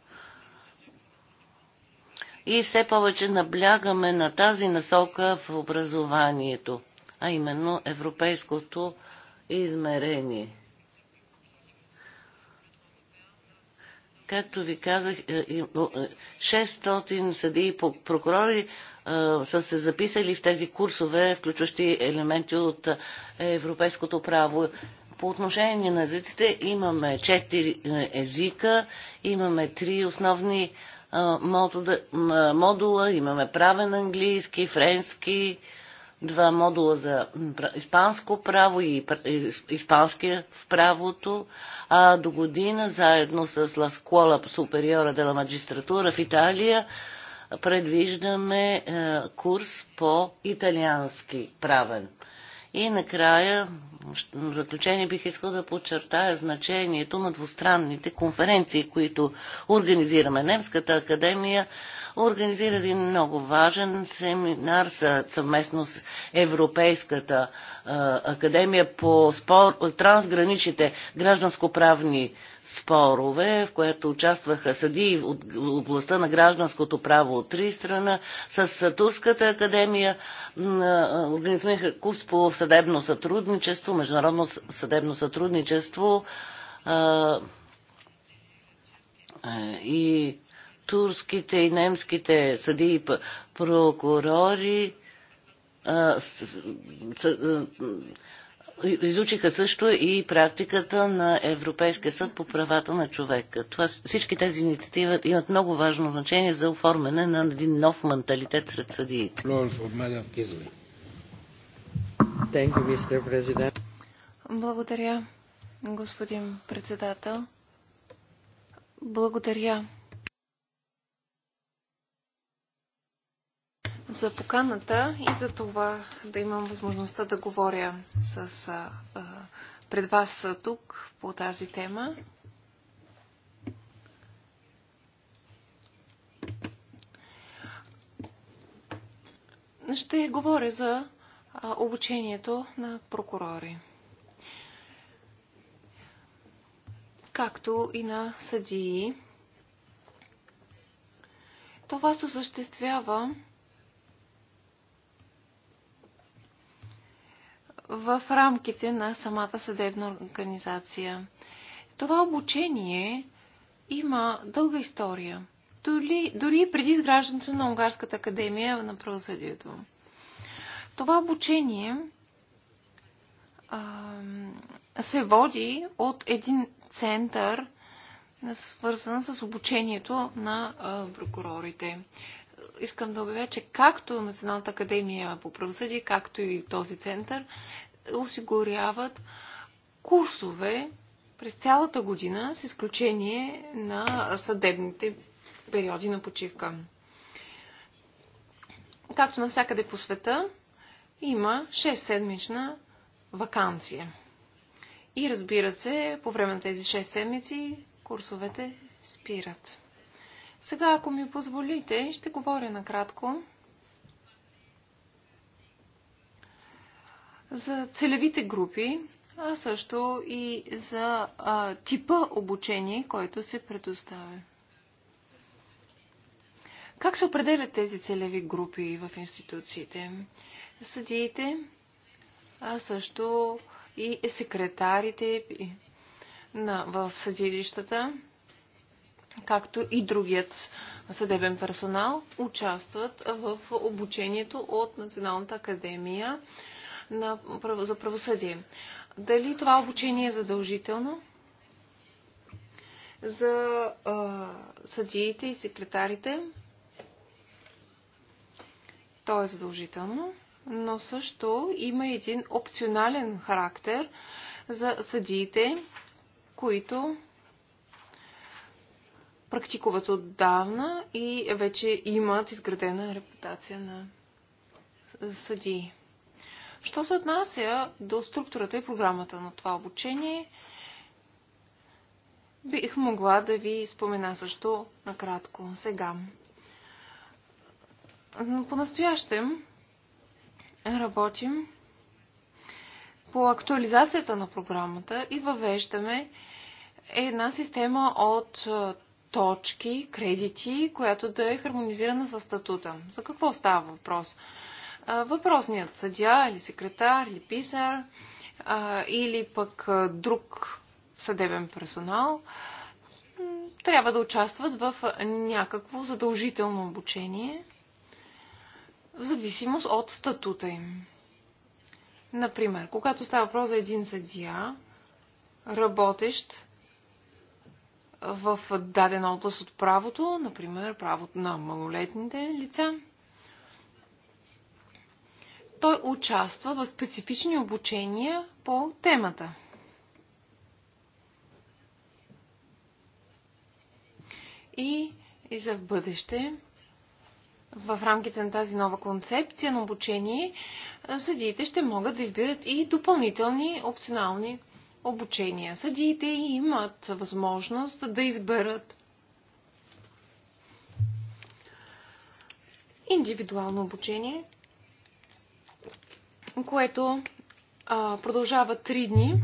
И все повече наблягаме на тази насока в образованието, а именно европейското измерение. Както ви казах, 600 е, е, съдии и прокурори е, са се записали в тези курсове, включващи елементи от европейското право. По отношение на езиците имаме 4 езика, имаме 3 основни модула, имаме правен английски, френски, два модула за испанско право и испанския в правото, а до година заедно с Ла Скола Супериора дела ла Магистратура в Италия предвиждаме е, курс по италиански правен. И накрая, в заключение бих искал да подчертая значението на двустранните конференции, които организираме. Немската академия организира един много важен семинар съвместно с Европейската академия по спор, трансграничните гражданско-правни спорове, в което участваха съдии от областта на гражданското право от три страна, с Турската академия, организираха курс по съдебно сътрудничество, международно съдебно сътрудничество и турските и немските съди и прокурори изучиха също и практиката на Европейския съд по правата на човека. Това, всички тези инициативи имат много важно значение за оформяне на един нов менталитет сред съдиите. Благодаря, господин председател. Благодаря за поканата и за това да имам възможността да говоря с, а, пред вас тук по тази тема. Ще говоря за обучението на прокурори. Както и на съдии. Това се осъществява в рамките на самата съдебна организация. Това обучение има дълга история. Дори, дори преди изграждането на Унгарската академия на правосъдието. Това обучение а, се води от един център, свързан с обучението на прокурорите искам да обявя, че както Националната академия по правосъдие, както и този център осигуряват курсове през цялата година, с изключение на съдебните периоди на почивка. Както навсякъде по света, има 6-седмична вакансия. И разбира се, по време на тези 6 седмици курсовете спират. Сега, ако ми позволите, ще говоря накратко за целевите групи, а също и за а, типа обучение, който се предоставя. Как се определят тези целеви групи в институциите? Съдиите, а също и секретарите на, в съдилищата, както и другият съдебен персонал, участват в обучението от Националната академия на, за правосъдие. Дали това обучение е задължително за а, съдиите и секретарите? То е задължително, но също има един опционален характер за съдиите, които практикуват отдавна и вече имат изградена репутация на съдии. Що се отнася до структурата и програмата на това обучение, бих могла да ви спомена също накратко сега. По-настоящем работим по актуализацията на програмата и въвеждаме една система от точки, кредити, която да е хармонизирана с статута. За какво става въпрос? Въпросният съдя или секретар или писар или пък друг съдебен персонал трябва да участват в някакво задължително обучение в зависимост от статута им. Например, когато става въпрос за един съдия, работещ в дадена област от правото, например правото на малолетните лица. Той участва в специфични обучения по темата. И, и за в бъдеще, в рамките на тази нова концепция на обучение, съдиите ще могат да избират и допълнителни опционални обучения. Съдиите имат възможност да изберат индивидуално обучение, което а, продължава 3 дни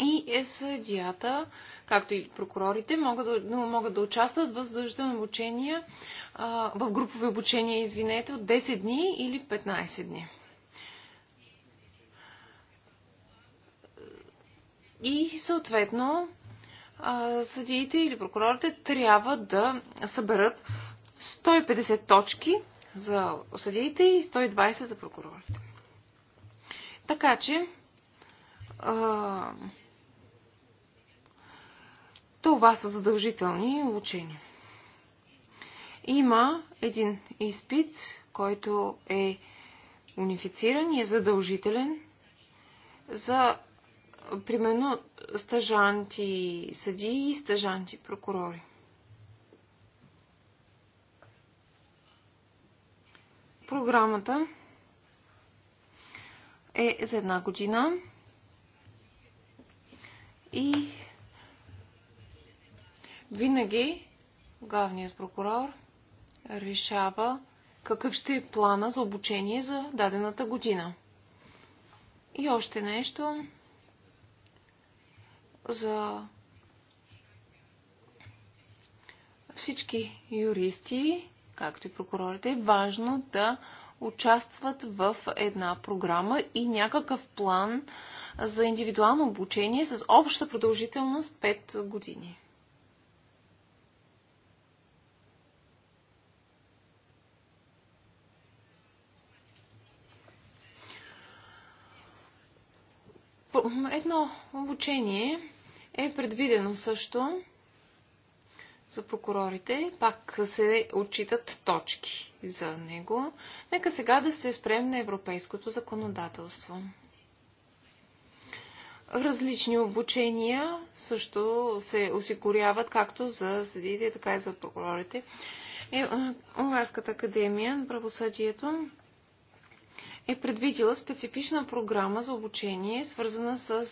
и е съдията, както и прокурорите, могат да, могат да участват в задължително обучения, а, в групови обучения, извинете, от 10 дни или 15 дни. И съответно съдиите или прокурорите трябва да съберат 150 точки за съдиите и 120 за прокурорите. Така че това са задължителни учения. Има един изпит, който е унифициран и е задължителен за примерно стажанти съдии и стажанти прокурори. Програмата е за една година и винаги главният прокурор решава какъв ще е плана за обучение за дадената година. И още нещо за всички юристи, както и прокурорите, е важно да участват в една програма и някакъв план за индивидуално обучение с обща продължителност 5 години. Едно обучение е предвидено също за прокурорите. Пак се отчитат точки за него. Нека сега да се спрем на европейското законодателство. Различни обучения също се осигуряват както за съдиите, така и за прокурорите. Е, Унгарската академия на правосъдието е предвидила специфична програма за обучение, свързана с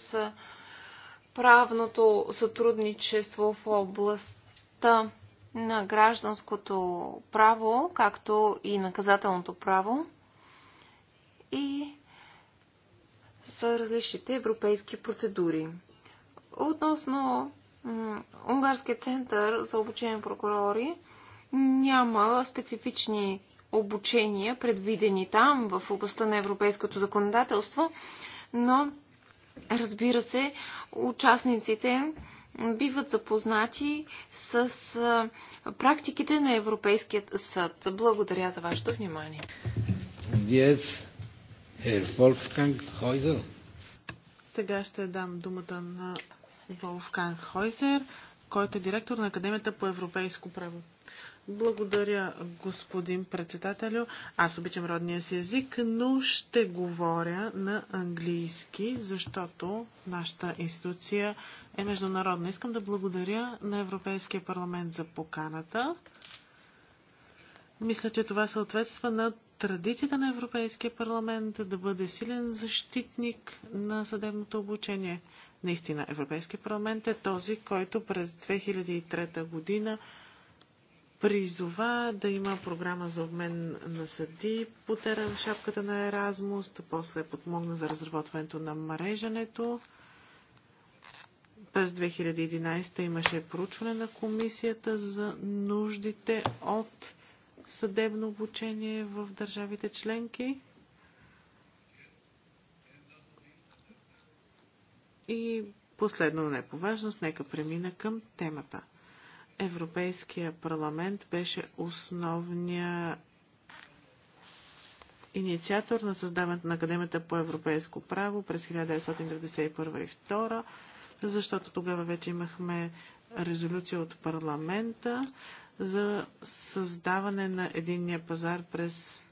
правното сътрудничество в областта на гражданското право, както и наказателното право и са различните европейски процедури. Относно Унгарския център за обучение на прокурори няма специфични обучения, предвидени там в областта на европейското законодателство, но Разбира се, участниците биват запознати с практиките на Европейският съд. Благодаря за вашето внимание. Yes. Сега ще дам думата на Волфганг Хойзер, който е директор на Академията по европейско право. Благодаря, господин председателю. Аз обичам родния си език, но ще говоря на английски, защото нашата институция е международна. Искам да благодаря на Европейския парламент за поканата. Мисля, че това съответства на традицията на Европейския парламент да бъде силен защитник на съдебното обучение. Наистина, Европейския парламент е този, който през 2003 година призова да има програма за обмен на съди по терен шапката на Еразмус, после подмогна за разработването на мрежането. През 2011 имаше проучване на комисията за нуждите от съдебно обучение в държавите членки. И последно, не по важност, нека премина към темата. Европейския парламент беше основния инициатор на създаването на Академията по европейско право през 1991 и 2, защото тогава вече имахме резолюция от парламента за създаване на единния пазар през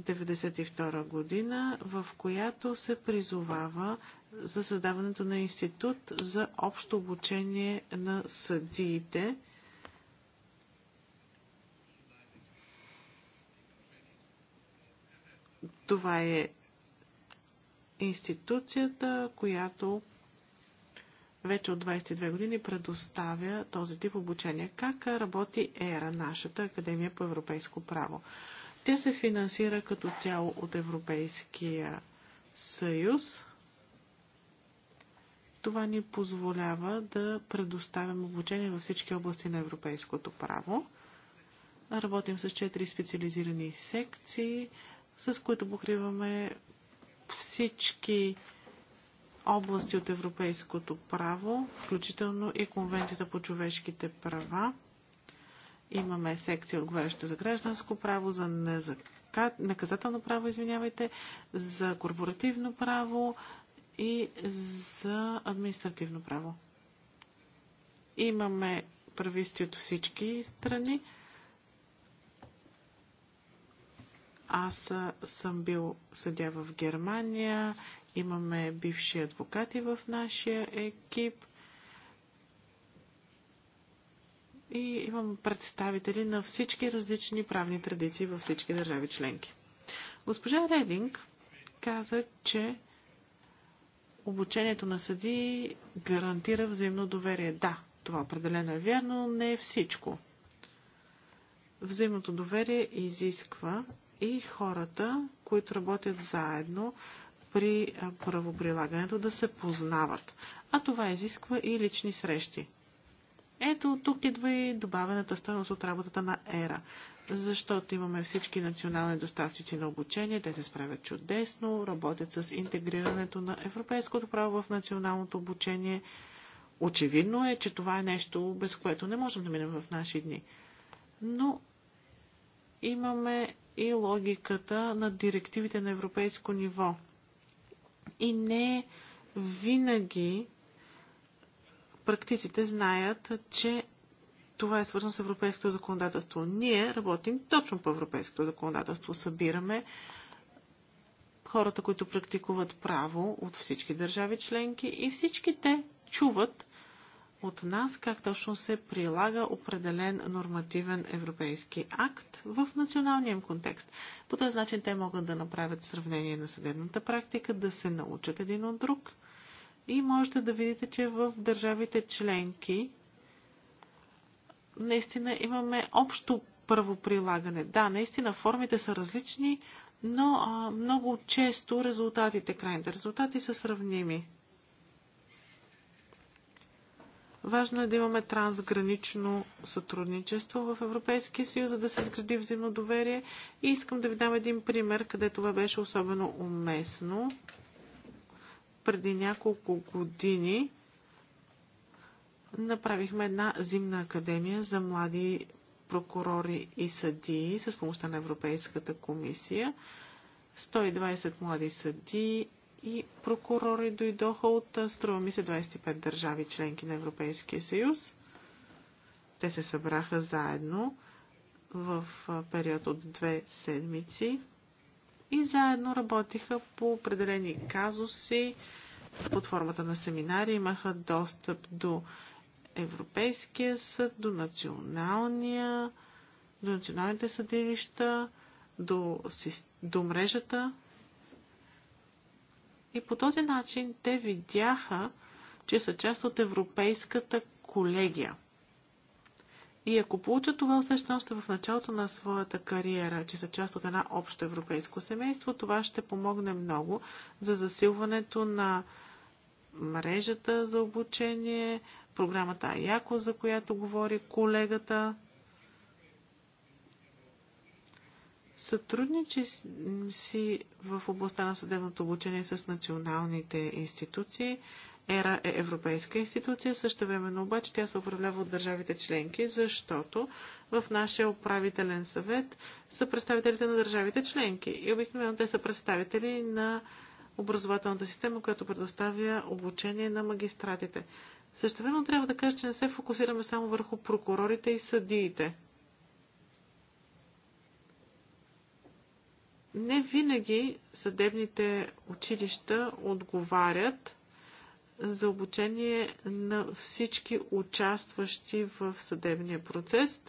1992 година, в която се призовава за създаването на институт за общо обучение на съдиите. Това е институцията, която вече от 22 години предоставя този тип обучение. Как работи ЕРА, нашата Академия по европейско право? Тя се финансира като цяло от Европейския съюз. Това ни позволява да предоставим обучение във всички области на европейското право. Работим с четири специализирани секции, с които покриваме всички области от европейското право, включително и Конвенцията по човешките права. Имаме секция, отговаряща за гражданско право, за наказателно право, извинявайте, за корпоративно право и за административно право. Имаме прависти от всички страни. Аз съм бил съдя в Германия, имаме бивши адвокати в нашия екип – и имам представители на всички различни правни традиции във всички държави членки. Госпожа Рединг каза, че обучението на съди гарантира взаимно доверие. Да, това определено е вярно, но не е всичко. Взаимното доверие изисква и хората, които работят заедно при правоприлагането, да се познават. А това изисква и лични срещи. Ето, тук идва и добавената стоеност от работата на ЕРА, защото имаме всички национални доставчици на обучение, те се справят чудесно, работят с интегрирането на европейското право в националното обучение. Очевидно е, че това е нещо, без което не можем да минем в наши дни. Но имаме и логиката на директивите на европейско ниво. И не винаги практиците знаят, че това е свързано с европейското законодателство. Ние работим точно по европейското законодателство. Събираме хората, които практикуват право от всички държави членки и всички те чуват от нас как точно се прилага определен нормативен европейски акт в националния им контекст. По този начин те могат да направят сравнение на съдебната практика, да се научат един от друг – и можете да видите, че в държавите членки наистина имаме общо правоприлагане. Да, наистина формите са различни, но а, много често резултатите, крайните резултати са сравними. Важно е да имаме трансгранично сътрудничество в Европейския съюз, за да се изгради взаимно доверие. И искам да ви дам един пример, къде това беше особено уместно преди няколко години направихме една зимна академия за млади прокурори и съдии с помощта на Европейската комисия. 120 млади съдии и прокурори дойдоха от, струва ми се, 25 държави членки на Европейския съюз. Те се събраха заедно в период от две седмици и заедно работиха по определени казуси под формата на семинари, имаха достъп до Европейския съд, до националния, до националните съдилища, до, до мрежата. И по този начин те видяха, че са част от Европейската колегия – и ако получат това усещане още в началото на своята кариера, че са част от една общо европейско семейство, това ще помогне много за засилването на мрежата за обучение, програмата Аяко, за която говори колегата. Сътрудничи си в областта на съдебното обучение с националните институции. ЕРА е европейска институция, също времено обаче тя се управлява от държавите членки, защото в нашия управителен съвет са представителите на държавите членки и обикновено те са представители на образователната система, която предоставя обучение на магистратите. Също време трябва да кажа, че не се фокусираме само върху прокурорите и съдиите. Не винаги съдебните училища отговарят за обучение на всички участващи в съдебния процес.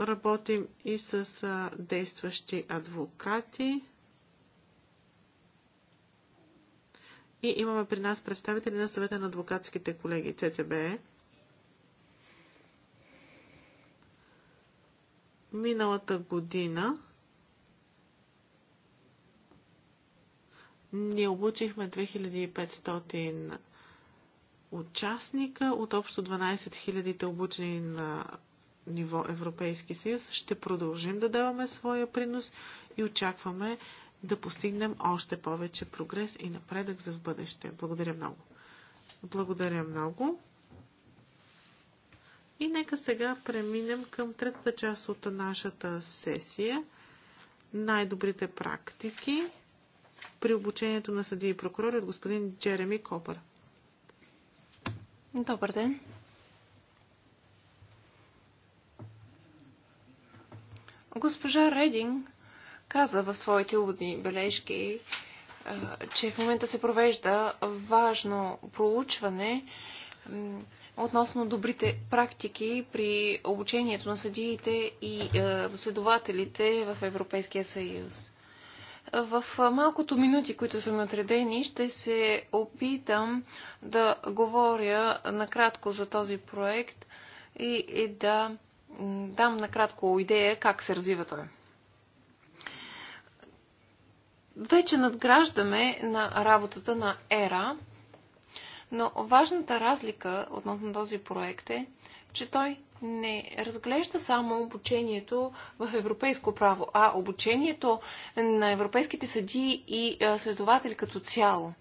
Работим и с действащи адвокати. И имаме при нас представители на съвета на адвокатските колеги ЦЦБ, Миналата година Ние обучихме 2500 участника от общо 12 000 обучени на ниво Европейски съюз. Ще продължим да даваме своя принос и очакваме да постигнем още повече прогрес и напредък за в бъдеще. Благодаря много. Благодаря много. И нека сега преминем към третата част от нашата сесия. Най-добрите практики при обучението на съдии и прокурори е от господин Джереми Копър. Добър ден! Госпожа Рединг каза в своите уводни бележки, е, че в момента се провежда важно проучване относно добрите практики при обучението на съдиите и е, следователите в Европейския съюз. В малкото минути, които са ми отредени, ще се опитам да говоря накратко за този проект и, и да дам накратко идея как се развива той. Вече надграждаме на работата на ЕРА, но важната разлика относно този проект е, че той не разглежда само обучението в европейско право, а обучението на европейските съдии и следователи като цяло,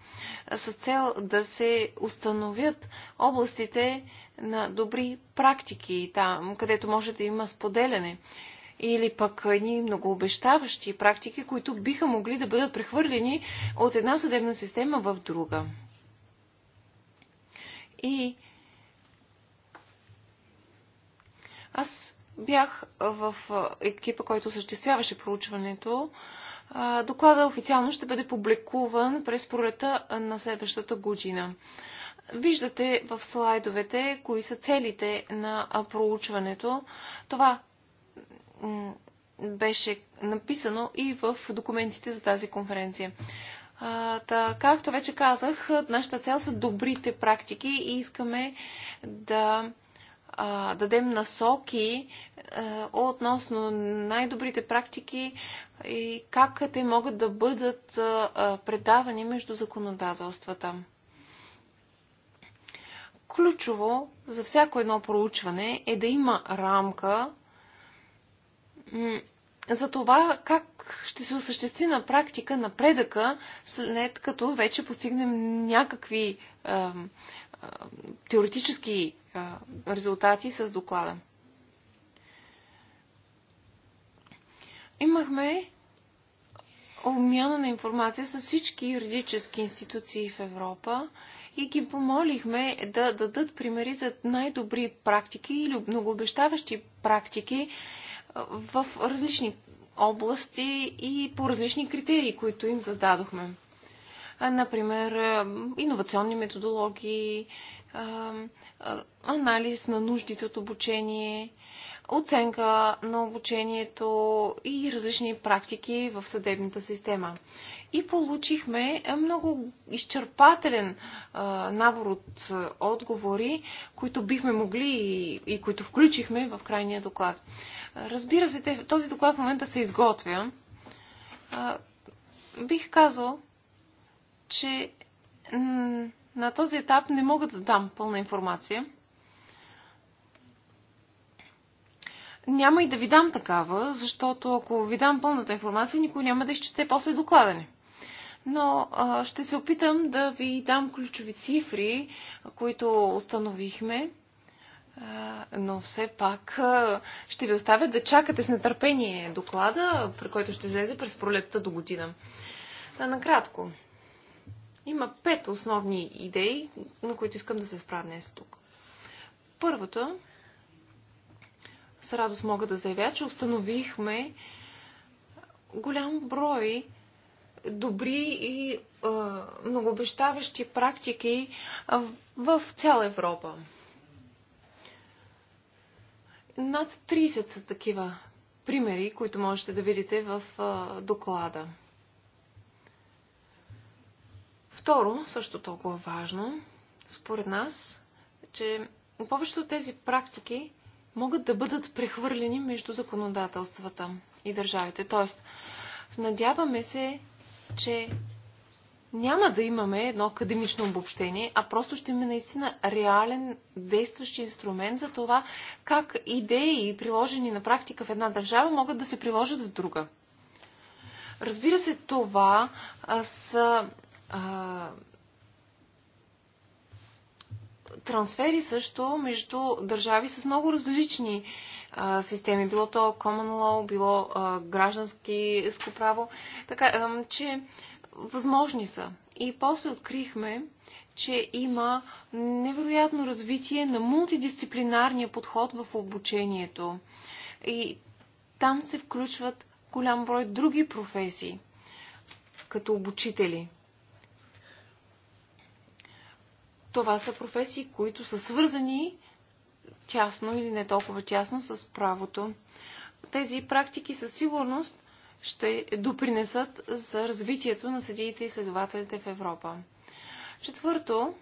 с цел да се установят областите на добри практики там, където може да има споделяне или пък едни многообещаващи практики, които биха могли да бъдат прехвърлени от една съдебна система в друга. И Аз бях в е, екипа, който съществяваше проучването. Доклада официално ще бъде публикуван през пролета на следващата година. Виждате в слайдовете кои са целите на проучването. Това беше написано и в документите за тази конференция. А, та, както вече казах, нашата цел са добрите практики и искаме да а, дадем насоки а, е, относно най-добрите практики и как те могат да бъдат а, е, е, предавани между законодателствата. Ключово за всяко едно проучване е да има рамка за това как ще се осъществи на практика напредъка, след като вече постигнем някакви е, е, теоретически резултати с доклада. Имахме обмяна на информация с всички юридически институции в Европа и ги помолихме да дадат примери за най-добри практики или многообещаващи практики в различни области и по различни критерии, които им зададохме. Например, иновационни методологии, анализ на нуждите от обучение, оценка на обучението и различни практики в съдебната система. И получихме много изчерпателен набор от отговори, които бихме могли и, които включихме в крайния доклад. Разбира се, този доклад в момента се изготвя. бих казал, че на този етап не мога да дам пълна информация. Няма и да ви дам такава, защото ако ви дам пълната информация, никой няма да изчете после докладане. Но а, ще се опитам да ви дам ключови цифри, които установихме. но все пак ще ви оставя да чакате с нетърпение доклада, при който ще излезе през пролетта до година. накратко. Има пет основни идеи, на които искам да се спра днес тук. Първата, с радост мога да заявя, че установихме голям брой добри и а, многообещаващи практики в, в цяла Европа. Над 30 са такива примери, които можете да видите в а, доклада. Второ, също толкова важно, според нас, че повечето от тези практики могат да бъдат прехвърлени между законодателствата и държавите. Тоест, надяваме се, че няма да имаме едно академично обобщение, а просто ще имаме наистина реален действащ инструмент за това как идеи, приложени на практика в една държава, могат да се приложат в друга. Разбира се, това с. са а, трансфери също между държави с много различни а, системи. Било то common law, било а, граждански право. Така, а, че възможни са. И после открихме, че има невероятно развитие на мултидисциплинарния подход в обучението. И там се включват голям брой други професии, като обучители – това са професии, които са свързани тясно или не толкова тясно с правото. Тези практики със сигурност ще допринесат за развитието на съдиите и следователите в Европа. Четвърто,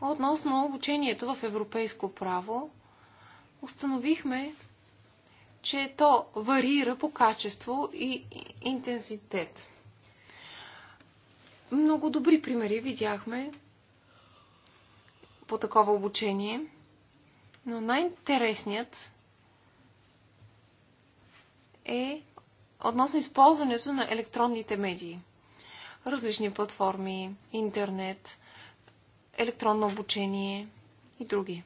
относно обучението в европейско право, установихме, че то варира по качество и интензитет. Много добри примери видяхме по такова обучение, но най-интересният е относно използването на електронните медии. Различни платформи, интернет, електронно обучение и други.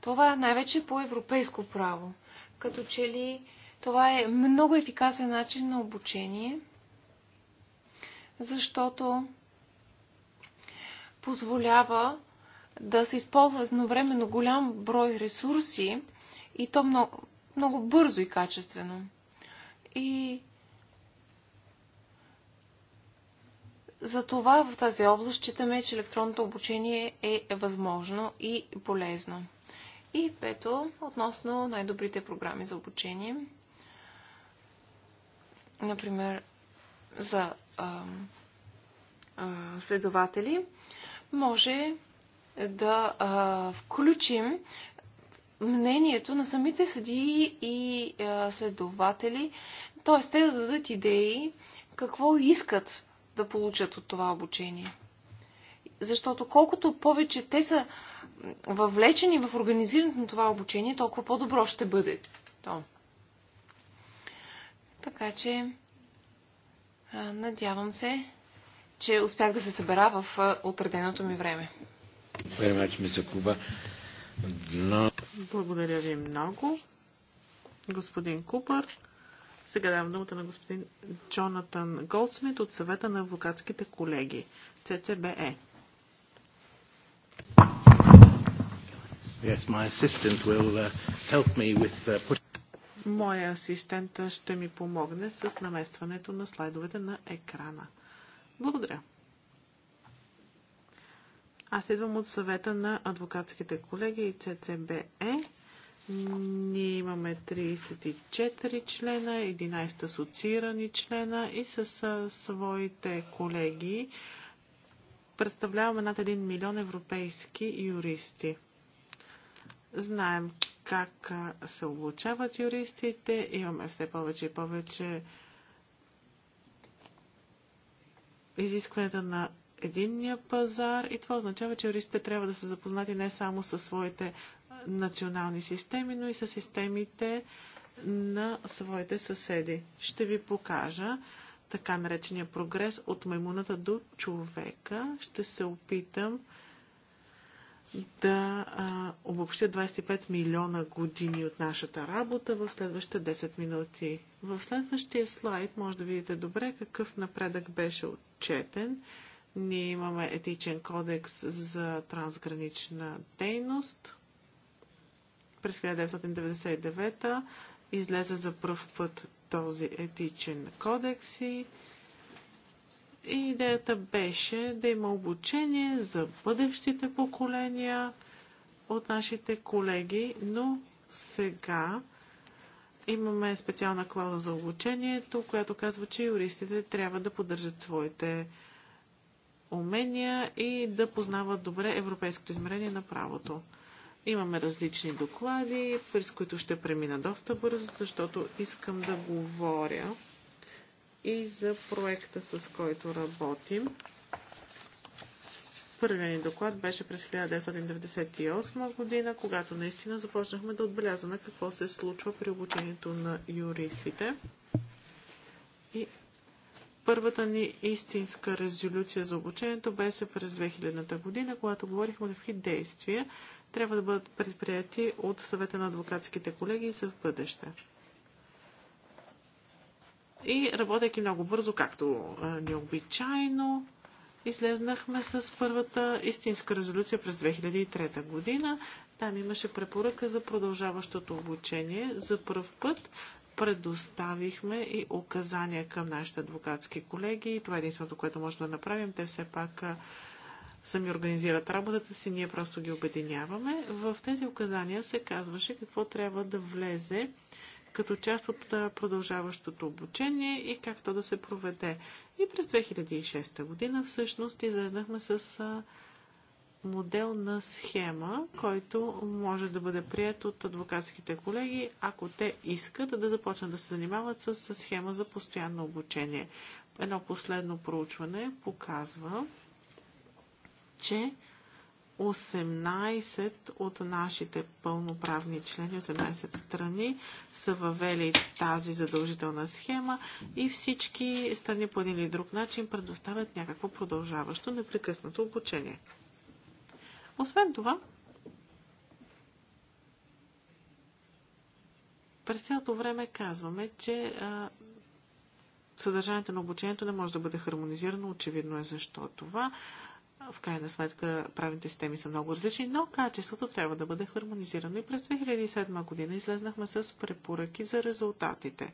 Това е най-вече по европейско право. Като че ли това е много ефикасен начин на обучение – защото позволява да се използва едновременно голям брой ресурси и то много, много бързо и качествено. И за това в тази област считаме, че електронното обучение е възможно и полезно. И пето, относно най-добрите програми за обучение. Например, за а, а, следователи, може да а, включим мнението на самите съдии и а, следователи, т.е. те да дадат идеи какво искат да получат от това обучение. Защото колкото повече те са въвлечени в организирането на това обучение, толкова по-добро ще бъде то. Така че Надявам се, че успях да се събера в отреденото ми време. Благодаря ви много, господин Купър. Сега давам думата на господин Джонатан Голдсмит от съвета на адвокатските колеги, ЦЦБЕ. Е. Yes, my assistant will uh, help me with uh, putting Моя асистент ще ми помогне с наместването на слайдовете на екрана. Благодаря. Аз идвам от съвета на адвокатските колеги и ЦЦБЕ. Ние имаме 34 члена, 11 асоциирани члена и с своите колеги представляваме над 1 милион европейски юристи. Знаем как се обучават юристите. Имаме все повече и повече изискванията на единния пазар и това означава, че юристите трябва да са запознати не само със своите национални системи, но и със системите на своите съседи. Ще ви покажа така наречения прогрес от маймуната до човека. Ще се опитам да а, обобщя 25 милиона години от нашата работа в следващите 10 минути. В следващия слайд може да видите добре какъв напредък беше отчетен. Ние имаме етичен кодекс за трансгранична дейност. През 1999 излезе за първ път този етичен кодекс и и идеята беше да има обучение за бъдещите поколения от нашите колеги, но сега имаме специална клауза за обучението, която казва, че юристите трябва да поддържат своите умения и да познават добре европейското измерение на правото. Имаме различни доклади, през които ще премина доста бързо, защото искам да говоря и за проекта, с който работим. Първият ни доклад беше през 1998 година, когато наистина започнахме да отбелязваме какво се случва при обучението на юристите. И първата ни истинска резолюция за обучението беше през 2000 година, когато говорихме какви действия трябва да бъдат предприяти от съвета на адвокатските колеги за в бъдеще. И работейки много бързо, както необичайно, излезнахме с първата истинска резолюция през 2003 година. Там имаше препоръка за продължаващото обучение. За първ път предоставихме и указания към нашите адвокатски колеги. Това е единственото, което можем да направим. Те все пак сами организират работата си, ние просто ги обединяваме. В тези указания се казваше какво трябва да влезе като част от продължаващото обучение и как то да се проведе. И през 2006 година всъщност излезнахме с модел на схема, който може да бъде прият от адвокатските колеги, ако те искат да започнат да се занимават с схема за постоянно обучение. Едно последно проучване показва, че 18 от нашите пълноправни члени, 18 страни са въвели тази задължителна схема и всички страни по един или друг начин предоставят някакво продължаващо непрекъснато обучение. Освен това, през цялото време казваме, че а, съдържанието на обучението не може да бъде хармонизирано. Очевидно е защо това в крайна сметка правните системи са много различни, но качеството трябва да бъде хармонизирано. И през 2007 година излезнахме с препоръки за резултатите.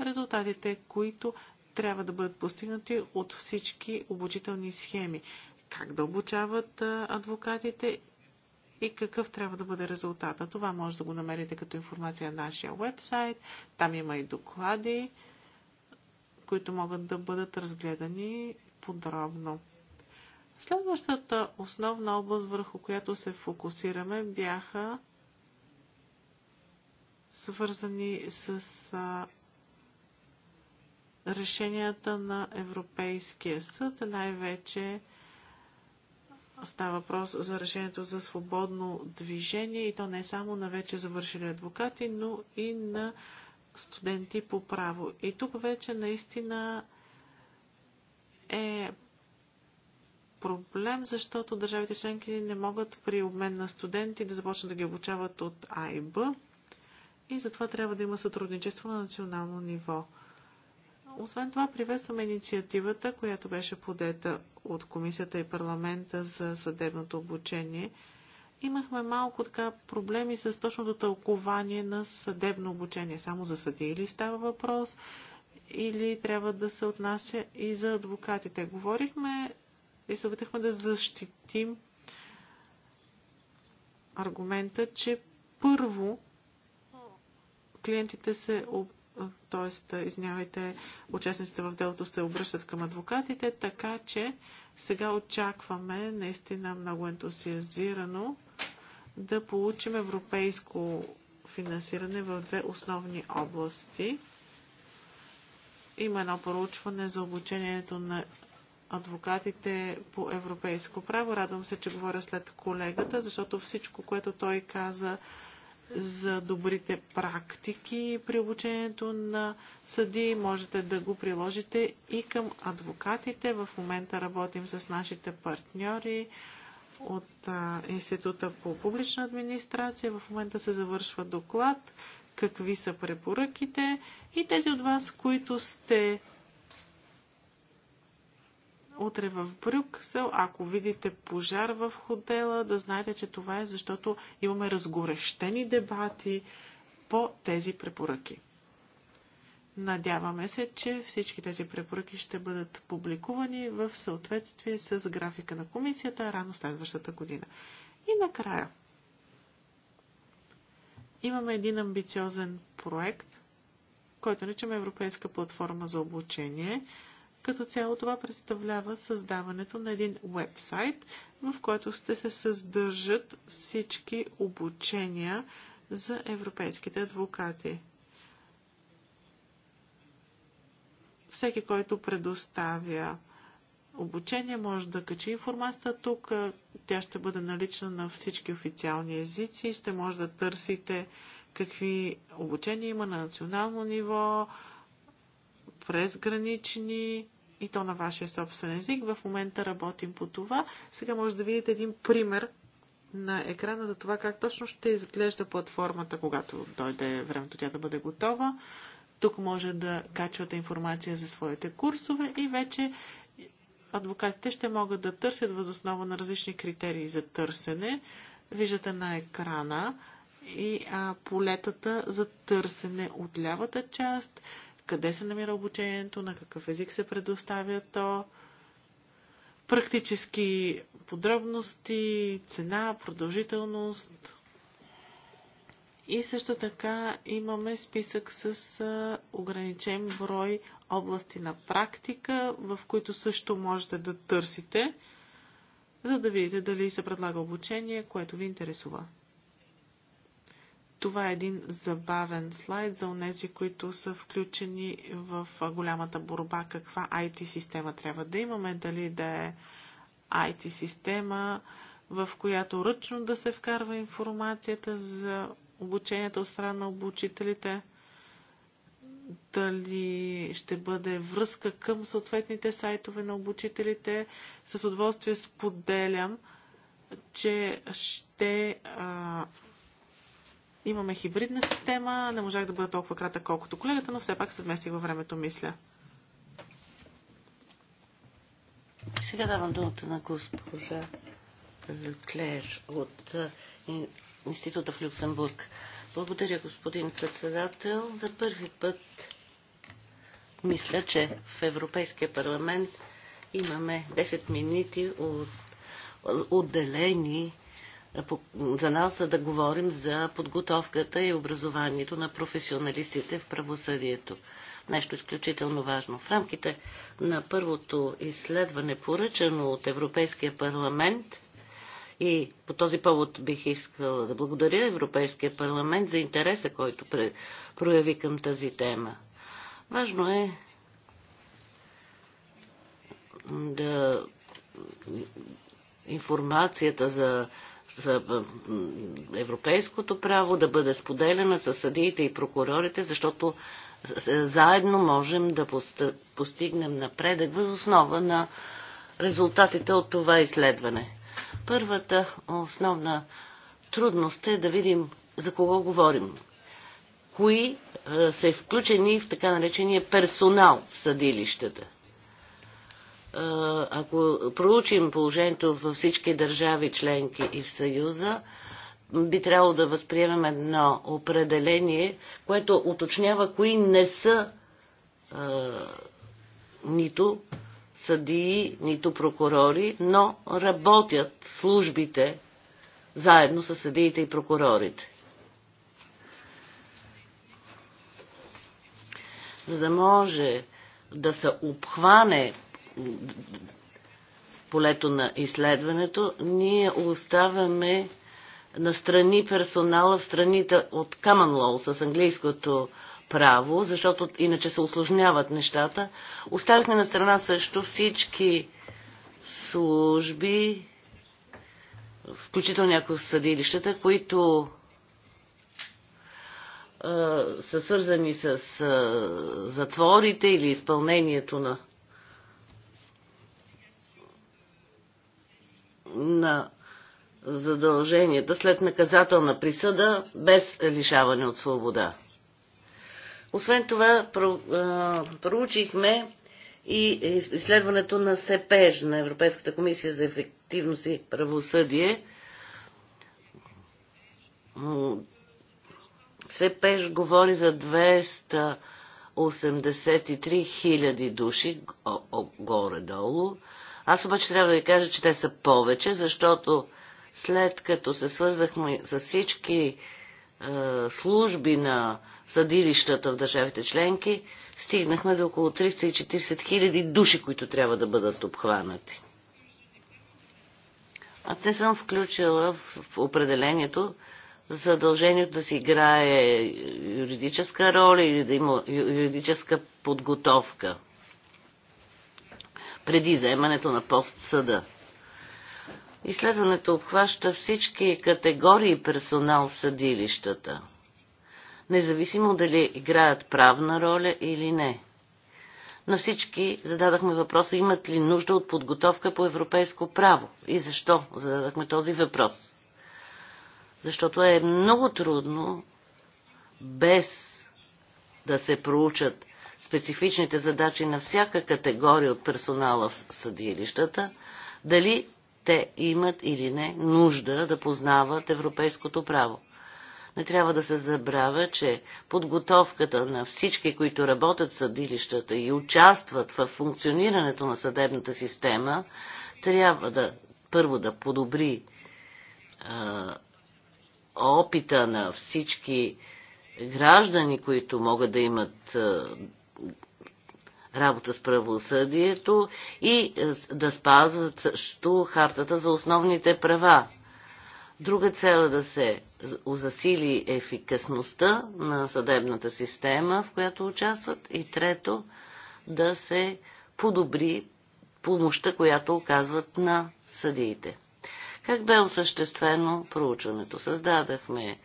Резултатите, които трябва да бъдат постигнати от всички обучителни схеми. Как да обучават адвокатите и какъв трябва да бъде резултата. Това може да го намерите като информация на нашия вебсайт. Там има и доклади, които могат да бъдат разгледани подробно. Следващата основна област, върху която се фокусираме, бяха свързани с решенията на Европейския съд, най-вече става въпрос за решението за свободно движение и то не само на вече завършили адвокати, но и на студенти по право. И тук вече наистина е проблем, защото държавите членки не могат при обмен на студенти да започнат да ги обучават от А и Б. И затова трябва да има сътрудничество на национално ниво. Освен това, привесваме инициативата, която беше подета от Комисията и парламента за съдебното обучение. Имахме малко така проблеми с точното тълкование на съдебно обучение. Само за съди или става въпрос? Или трябва да се отнася и за адвокатите? Говорихме и се опитахме да защитим аргумента, че първо клиентите се т.е. извинявайте, участниците в делото се обръщат към адвокатите, така че сега очакваме наистина много ентусиазирано да получим европейско финансиране в две основни области. Има едно поручване за обучението на адвокатите по европейско право. Радвам се, че говоря след колегата, защото всичко, което той каза за добрите практики при обучението на съдии, можете да го приложите и към адвокатите. В момента работим с нашите партньори от Института по публична администрация. В момента се завършва доклад, какви са препоръките и тези от вас, които сте утре в Брюксел, ако видите пожар в хотела, да знаете, че това е защото имаме разгорещени дебати по тези препоръки. Надяваме се, че всички тези препоръки ще бъдат публикувани в съответствие с графика на комисията рано следващата година. И накрая. Имаме един амбициозен проект, който наричаме Европейска платформа за обучение – като цяло това представлява създаването на един вебсайт, в който ще се съдържат всички обучения за европейските адвокати. Всеки, който предоставя обучение, може да качи информацията тук. Тя ще бъде налична на всички официални езици. Ще може да търсите какви обучения има на национално ниво, презгранични и то на вашия собствен език. В момента работим по това. Сега може да видите един пример на екрана за това как точно ще изглежда платформата, когато дойде времето тя да бъде готова. Тук може да качвате информация за своите курсове и вече адвокатите ще могат да търсят възоснова на различни критерии за търсене. Виждате на екрана и а, полетата за търсене от лявата част къде се намира обучението, на какъв език се предоставя то, практически подробности, цена, продължителност. И също така имаме списък с ограничен брой области на практика, в които също можете да търсите, за да видите дали се предлага обучение, което ви интересува. Това е един забавен слайд за онези, които са включени в голямата борба каква IT система трябва да имаме, дали да е IT система, в която ръчно да се вкарва информацията за обученията от страна на обучителите, дали ще бъде връзка към съответните сайтове на обучителите. С удоволствие споделям, че ще а, Имаме хибридна система. Не можах да бъда толкова кратък, колкото колегата, но все пак се вместих във времето, мисля. Сега давам думата на госпожа Люклер от е, Института в Люксембург. Благодаря, господин председател. За първи път мисля, че в Европейския парламент имаме 10 минути от, отделени за нас, да говорим за подготовката и образованието на професионалистите в правосъдието. Нещо изключително важно. В рамките на първото изследване, поръчано от Европейския парламент, и по този повод бих искала да благодаря Европейския парламент за интереса, който прояви към тази тема. Важно е да информацията за за европейското право да бъде споделена с съдиите и прокурорите, защото е, заедно можем да постигнем напредък въз основа на резултатите от това изследване. Първата основна трудност е да видим за кого говорим. Кои е, са включени в така наречения персонал в съдилищата ако проучим положението във всички държави членки и в Съюза, би трябвало да възприемем едно определение, което уточнява кои не са е, нито съдии, нито прокурори, но работят службите заедно с съдиите и прокурорите. За да може да се обхване полето на изследването, ние оставяме на страни персонала в страните от Common Law с английското право, защото иначе се осложняват нещата. Оставихме на страна също всички служби, включително някои в съдилищата, които е, са свързани с е, затворите или изпълнението на на задълженията след наказателна присъда без лишаване от свобода. Освен това, проучихме и изследването на СЕПЕЖ на Европейската комисия за ефективност и правосъдие. СЕПЕЖ говори за 283 хиляди души горе-долу. Аз обаче трябва да ви кажа, че те са повече, защото след като се свързахме с всички е, служби на съдилищата в държавите членки, стигнахме до около 340 хиляди души, които трябва да бъдат обхванати. Аз не съм включила в определението задължението да си играе юридическа роля или да има юридическа подготовка преди заемането на пост съда. Изследването обхваща всички категории персонал в съдилищата, независимо дали играят правна роля или не. На всички зададахме въпроса имат ли нужда от подготовка по европейско право и защо зададахме този въпрос. Защото е много трудно без да се проучат специфичните задачи на всяка категория от персонала в съдилищата, дали те имат или не нужда да познават европейското право. Не трябва да се забравя, че подготовката на всички, които работят в съдилищата и участват в функционирането на съдебната система, трябва да първо да подобри а, опита на всички граждани, които могат да имат а, работа с правосъдието и е, да спазват също хартата за основните права. Друга цел е да се засили ефикасността на съдебната система, в която участват. И трето, да се подобри помощта, която оказват на съдиите. Как бе осъществено проучването? Създадахме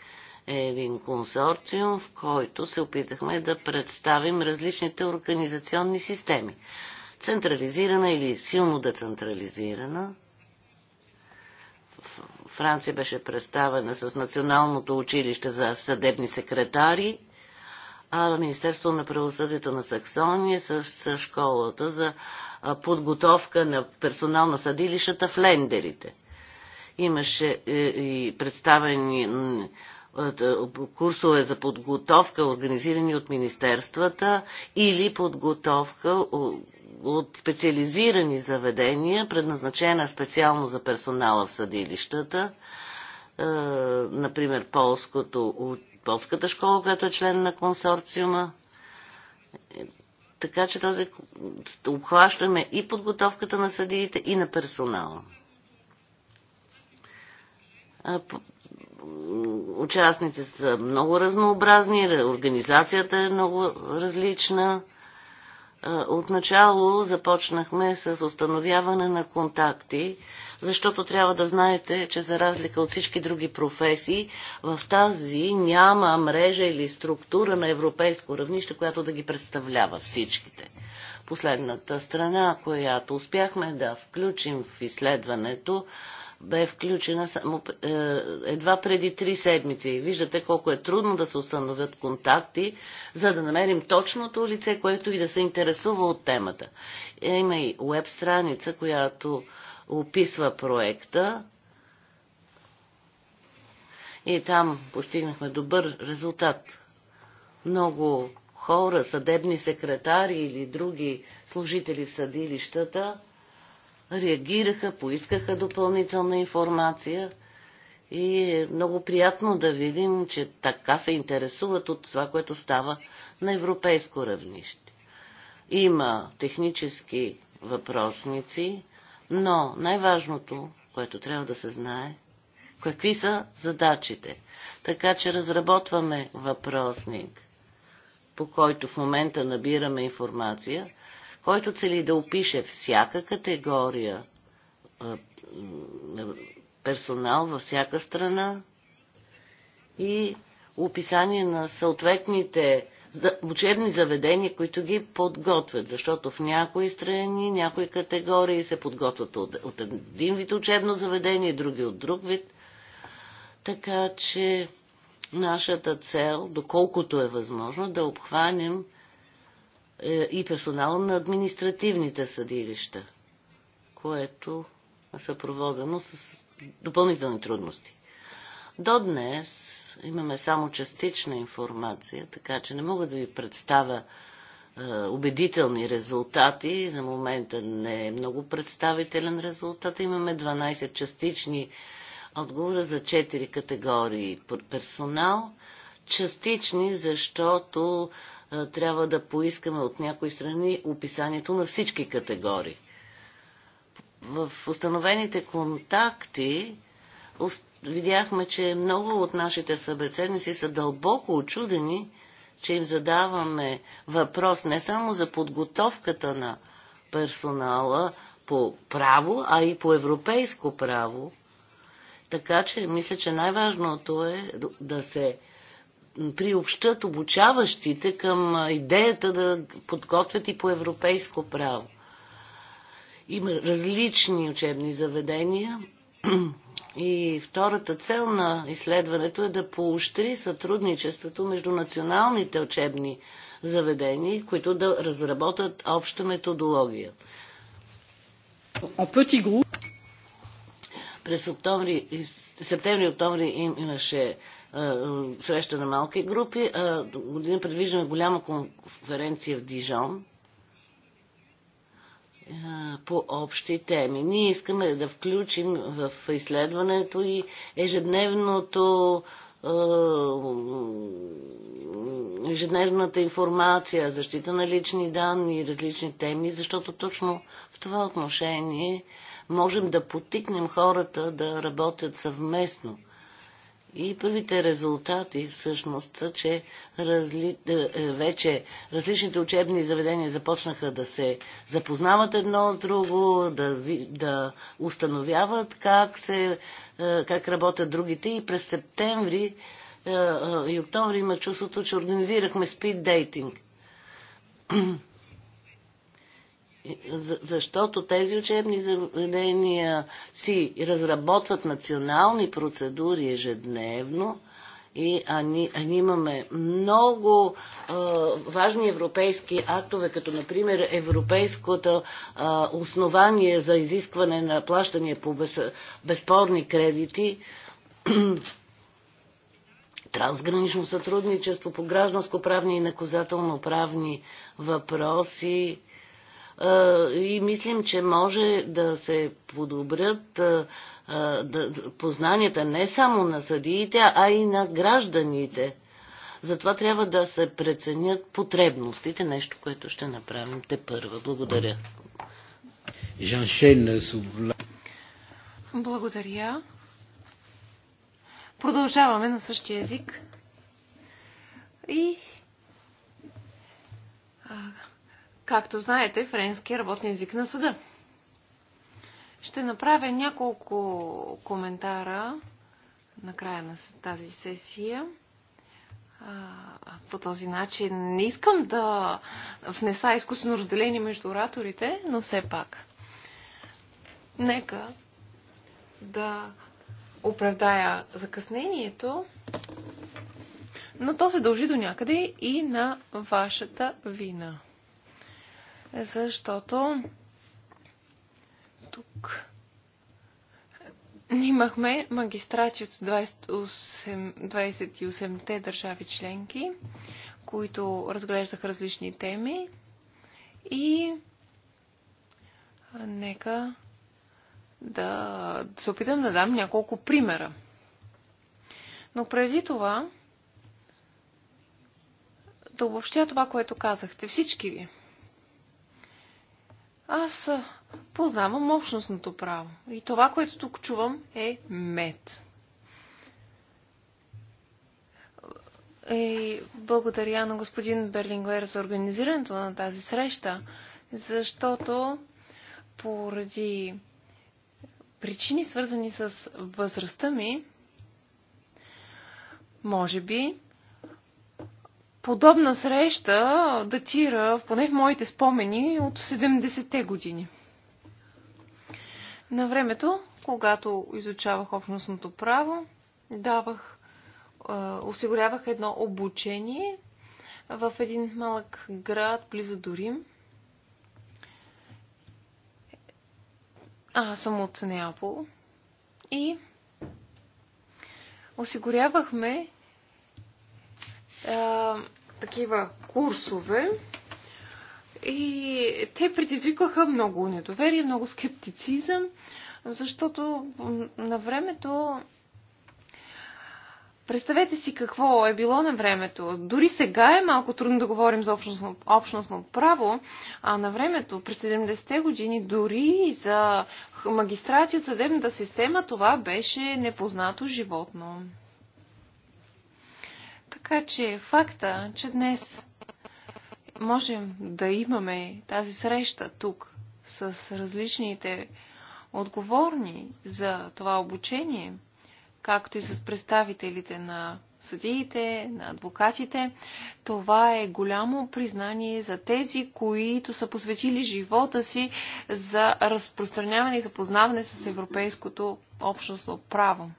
един консорциум, в който се опитахме да представим различните организационни системи. Централизирана или силно децентрализирана. Франция беше представена с Националното училище за съдебни секретари, а Министерство на правосъдието на Саксония с школата за подготовка на персонал на съдилищата в лендерите. Имаше е, и представени е, курсове за подготовка, организирани от министерствата или подготовка от специализирани заведения, предназначена специално за персонала в съдилищата, е, например полското, полската школа, която е член на консорциума. Е, така че този обхващаме и подготовката на съдиите, и на персонала участници са много разнообразни, организацията е много различна. Отначало започнахме с установяване на контакти, защото трябва да знаете, че за разлика от всички други професии, в тази няма мрежа или структура на европейско равнище, която да ги представлява всичките. Последната страна, която успяхме да включим в изследването, бе включена само, е, едва преди три седмици. Виждате колко е трудно да се установят контакти, за да намерим точното лице, което и да се интересува от темата. Е, има и веб страница, която описва проекта. И там постигнахме добър резултат. Много хора, съдебни секретари или други служители в съдилищата реагираха, поискаха допълнителна информация и е много приятно да видим, че така се интересуват от това, което става на европейско равнище. Има технически въпросници, но най-важното, което трябва да се знае, какви са задачите. Така че разработваме въпросник, по който в момента набираме информация – който цели да опише всяка категория персонал във всяка страна и описание на съответните учебни заведения, които ги подготвят, защото в някои страни, някои категории се подготвят от, от един вид учебно заведение, други от друг вид. Така че нашата цел, доколкото е възможно, да обхванем е, и персонал на административните съдилища, което е съпроводено с допълнителни трудности. До днес имаме само частична информация, така че не мога да ви представя е, убедителни резултати. За момента не е много представителен резултат. Имаме 12 частични отговора за 4 категории персонал – частични, защото трябва да поискаме от някои страни описанието на всички категории. В установените контакти видяхме, че много от нашите събеседници са дълбоко очудени, че им задаваме въпрос не само за подготовката на персонала по право, а и по европейско право. Така че мисля, че най-важното е да се приобщат обучаващите към идеята да подготвят и по европейско право. Има различни учебни заведения и втората цел на изследването е да поощри сътрудничеството между националните учебни заведения, които да разработят обща методология. През октомври, септември-октомври им имаше е, е, среща на малки групи. Е, година предвиждаме голяма конференция в Дижон по общи теми. Ние искаме да включим в изследването и ежедневното ежедневната информация, защита на лични данни и различни теми, защото точно в това отношение можем да потикнем хората да работят съвместно – и първите резултати всъщност са, че разли... Е, е, вече различните учебни заведения започнаха да се запознават едно с друго, да, ви... да установяват как, се... Е, как работят другите и през септември и октомври има чувството, че организирахме спид дейтинг защото тези учебни заведения си разработват национални процедури ежедневно, и, а, ни, а ние имаме много а, важни европейски актове, като например европейското а, основание за изискване на плащане по без, безспорни кредити, трансгранично сътрудничество по гражданско-правни и наказателно-правни въпроси, и мислим, че може да се подобрят познанията не само на съдиите, а и на гражданите. Затова трябва да се преценят потребностите, нещо, което ще направим те първа. Благодаря. Благодаря. Продължаваме на същия език. И... Както знаете, френски е работния език на съда. Ще направя няколко коментара на края на тази сесия. По този начин не искам да внеса изкуствено разделение между ораторите, но все пак. Нека да оправдая закъснението, но то се дължи до някъде и на вашата вина защото тук имахме магистрати от 28, 28-те държави членки, които разглеждаха различни теми и нека да се опитам да дам няколко примера. Но преди това да обобщя това, което казахте всички ви – аз познавам общностното право. И това, което тук чувам, е мед. И благодаря на господин Берлингуер за организирането на тази среща, защото поради причини, свързани с възрастта ми, може би подобна среща датира, поне в моите спомени, от 70-те години. На времето, когато изучавах общностното право, давах, осигурявах едно обучение в един малък град близо до Рим. Аз съм от Неапол. И осигурявахме такива курсове и те предизвикваха много недоверие, много скептицизъм, защото на времето Представете си какво е било на времето. Дори сега е малко трудно да говорим за общностно, общностно право, а на времето, през 70-те години, дори за магистрати от съдебната система, това беше непознато животно. Така че факта, че днес можем да имаме тази среща тук с различните отговорни за това обучение, както и с представителите на съдиите, на адвокатите. Това е голямо признание за тези, които са посветили живота си за разпространяване и запознаване с европейското общностно право.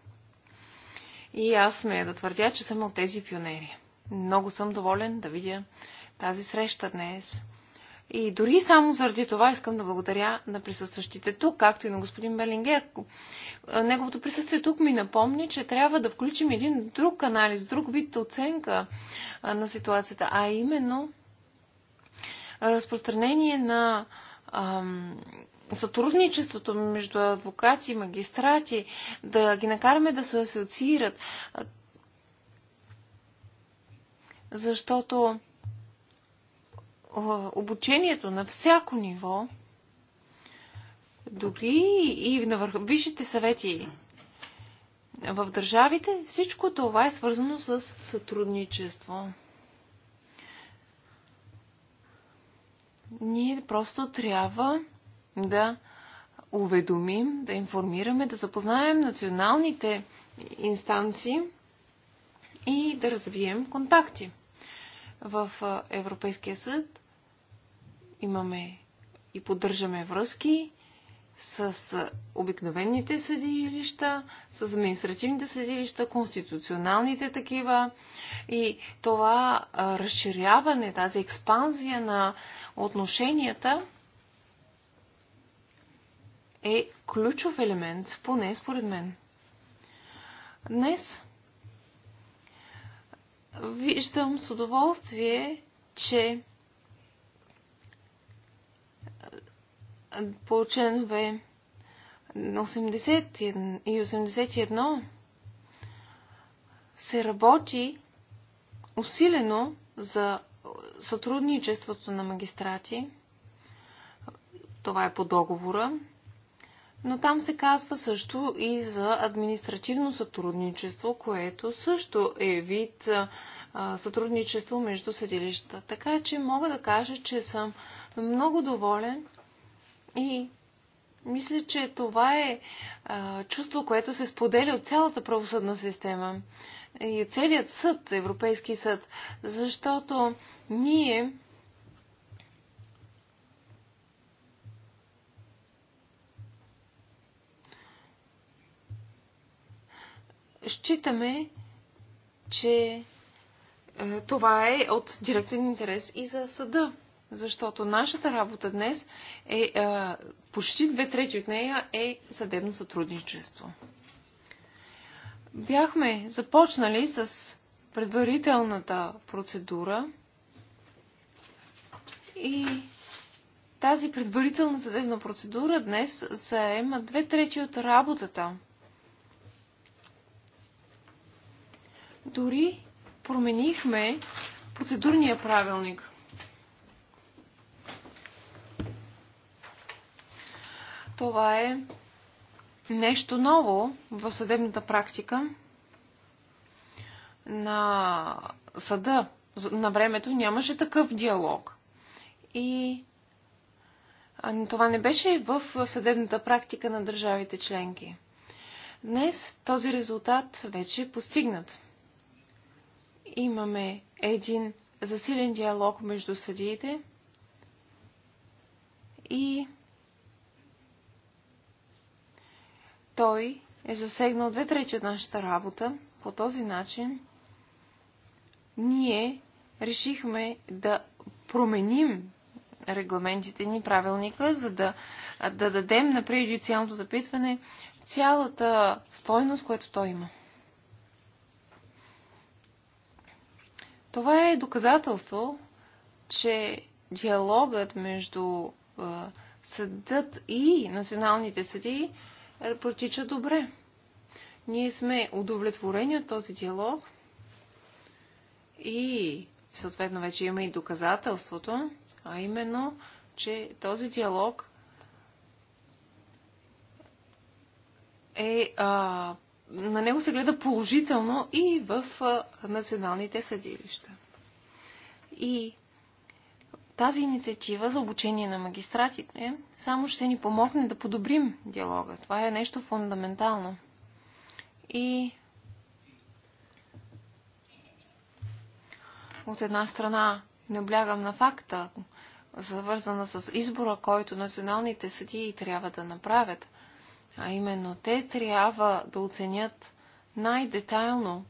И аз смея да твърдя, че съм от тези пионери. Много съм доволен да видя тази среща днес. И дори само заради това искам да благодаря на присъстващите тук, както и на господин Белингер. Неговото присъствие тук ми напомни, че трябва да включим един друг анализ, друг вид оценка на ситуацията, а именно разпространение на ам, сътрудничеството между адвокати и магистрати, да ги накараме да се асоциират. Защото обучението на всяко ниво, дори и на висшите съвети в държавите, всичко това е свързано с сътрудничество. Ние просто трябва да уведомим, да информираме, да запознаем националните инстанции и да развием контакти. В Европейския съд имаме и поддържаме връзки с обикновените съдилища, с административните съдилища, конституционалните такива. И това разширяване, тази експанзия на отношенията е ключов елемент, поне според мен. Днес виждам с удоволствие, че по членове 80 и 81 се работи усилено за сътрудничеството на магистрати. Това е по договора. Но там се казва също и за административно сътрудничество, което също е вид а, сътрудничество между съдилищата. Така че мога да кажа, че съм много доволен и мисля, че това е а, чувство, което се споделя от цялата правосъдна система и целият съд, Европейски съд, защото ние считаме, че е, това е от директен интерес и за съда, защото нашата работа днес е, е почти две трети от нея е съдебно сътрудничество. Бяхме започнали с предварителната процедура и тази предварителна съдебна процедура днес заема две трети от работата – дори променихме процедурния правилник. Това е нещо ново в съдебната практика на съда. На времето нямаше такъв диалог. И това не беше в съдебната практика на държавите членки. Днес този резултат вече е постигнат имаме един засилен диалог между съдиите и той е засегнал две трети от нашата работа. По този начин ние решихме да променим регламентите ни, правилника, за да, да дадем на преюдициалното запитване цялата стойност, която той има. Това е доказателство, че диалогът между съдът и националните съдии протича добре. Ние сме удовлетворени от този диалог и съответно вече има и доказателството, а именно, че този диалог е а, на него се гледа положително и в националните съдилища. И тази инициатива за обучение на магистратите само ще ни помогне да подобрим диалога. Това е нещо фундаментално. И от една страна не облягам на факта, завързана с избора, който националните съдии трябва да направят – а именно, те трябва да оценят най-детайлно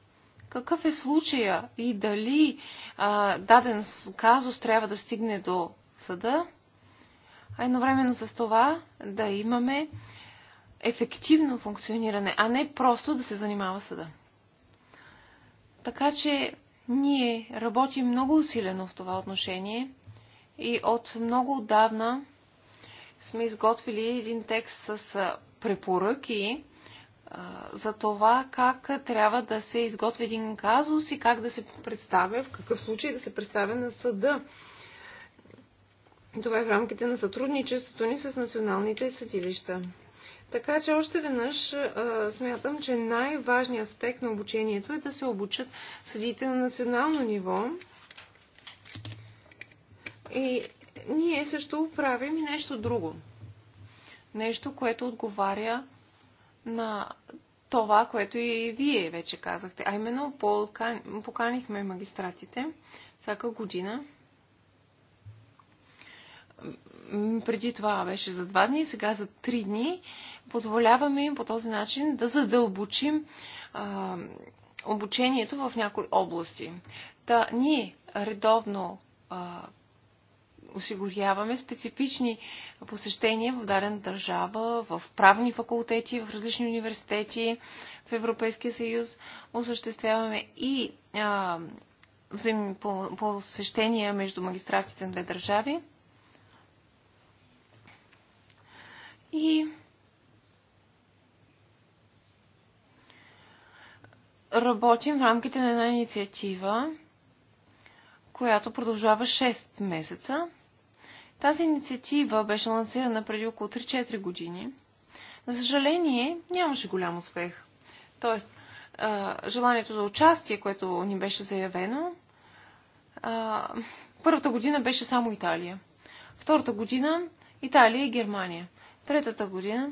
какъв е случая и дали а, даден казус трябва да стигне до съда, а едновременно с това да имаме ефективно функциониране, а не просто да се занимава съда. Така че ние работим много усилено в това отношение и от много отдавна сме изготвили един текст с препоръки за това как трябва да се изготви един казус и как да се представя, в какъв случай да се представя на съда. Това е в рамките на сътрудничеството ни с националните съдилища. Така че още веднъж смятам, че най-важният аспект на обучението е да се обучат съдите на национално ниво. И ние също правим и нещо друго. Нещо, което отговаря на това, което и вие вече казахте. А именно поканихме магистратите всяка година. Преди това беше за два дни, сега за три дни. Позволяваме им по този начин да задълбочим а, обучението в някои области. Та ние редовно а, осигуряваме специфични посещения в дадена държава, в правни факултети, в различни университети в Европейския съюз. Осъществяваме и а, посещения между магистратите на две държави. И работим в рамките на една инициатива, която продължава 6 месеца. Тази инициатива беше лансирана преди около 3-4 години. За съжаление, нямаше голям успех. Тоест, желанието за участие, което ни беше заявено, първата година беше само Италия. Втората година Италия и Германия. Третата година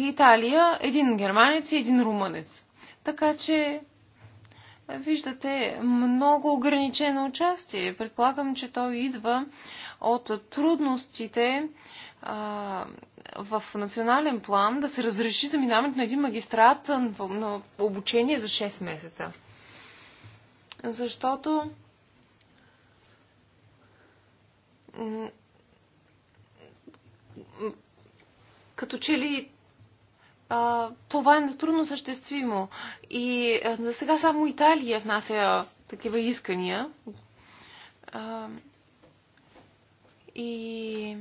Италия, един германец и един румънец. Така че Виждате, много ограничено участие. Предполагам, че той идва от трудностите в национален план да се разреши заминаването на един магистрат на обучение за 6 месеца. Защото като че ли а, това е трудно съществимо. И а, за сега само Италия внася такива искания. А, и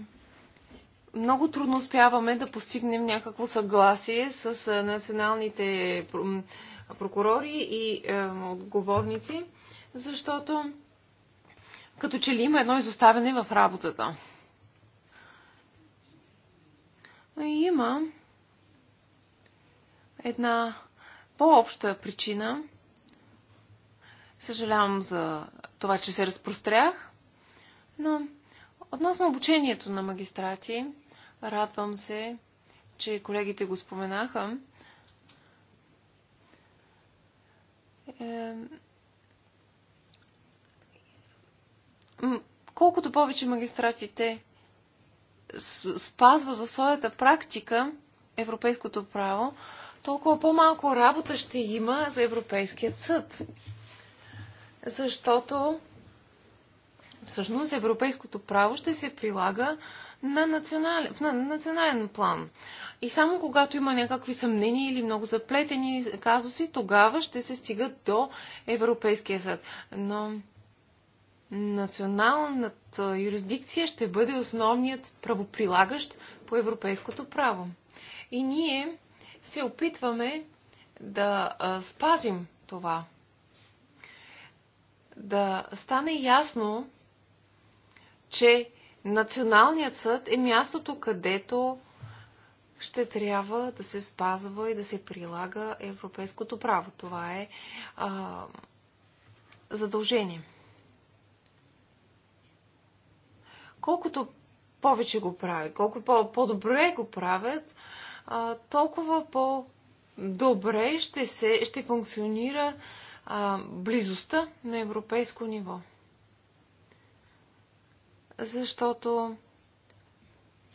много трудно успяваме да постигнем някакво съгласие с националните прокурори и отговорници, защото като че ли има едно изоставяне в работата. Има една по-обща причина. Съжалявам за това, че се разпрострях, но относно обучението на магистрати, радвам се, че колегите го споменаха. Е... Колкото повече магистратите спазва за своята практика европейското право, толкова по-малко работа ще има за Европейският съд. Защото всъщност европейското право ще се прилага на национален, на национален план. И само когато има някакви съмнения или много заплетени казуси, тогава ще се стигат до Европейския съд. Но националната юрисдикция ще бъде основният правоприлагащ по европейското право. И ние се опитваме да спазим това. Да стане ясно, че Националният съд е мястото, където ще трябва да се спазва и да се прилага европейското право. Това е а, задължение. Колкото повече го прави, колко по-добре го правят, а, толкова по-добре ще, се, ще функционира а, близостта на европейско ниво. Защото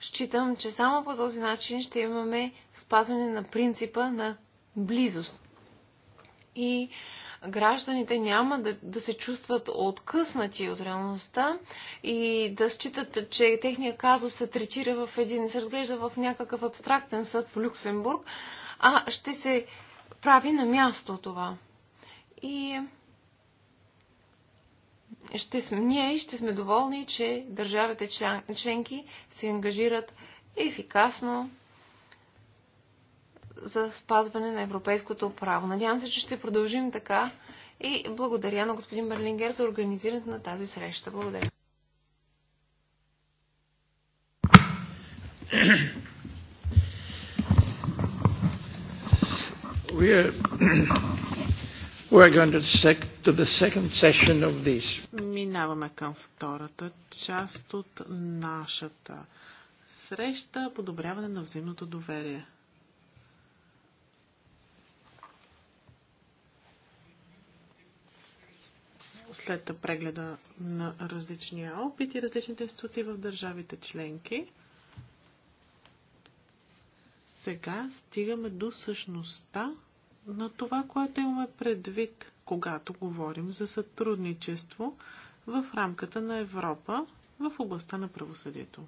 считам, че само по този начин ще имаме спазване на принципа на близост. И гражданите няма да, да се чувстват откъснати от реалността и да считат, че техния казус се третира в един, се разглежда в някакъв абстрактен съд в Люксембург, а ще се прави на място това. И ще сме, ние ще сме доволни, че държавите член, членки се ангажират ефикасно за спазване на европейското право. Надявам се, че ще продължим така и благодаря на господин Берлингер за организирането на тази среща. Благодаря. Минаваме към втората част от нашата среща подобряване на взаимното доверие. след прегледа на различния опит и различните институции в държавите членки. Сега стигаме до същността на това, което имаме предвид, когато говорим за сътрудничество в рамката на Европа в областта на правосъдието.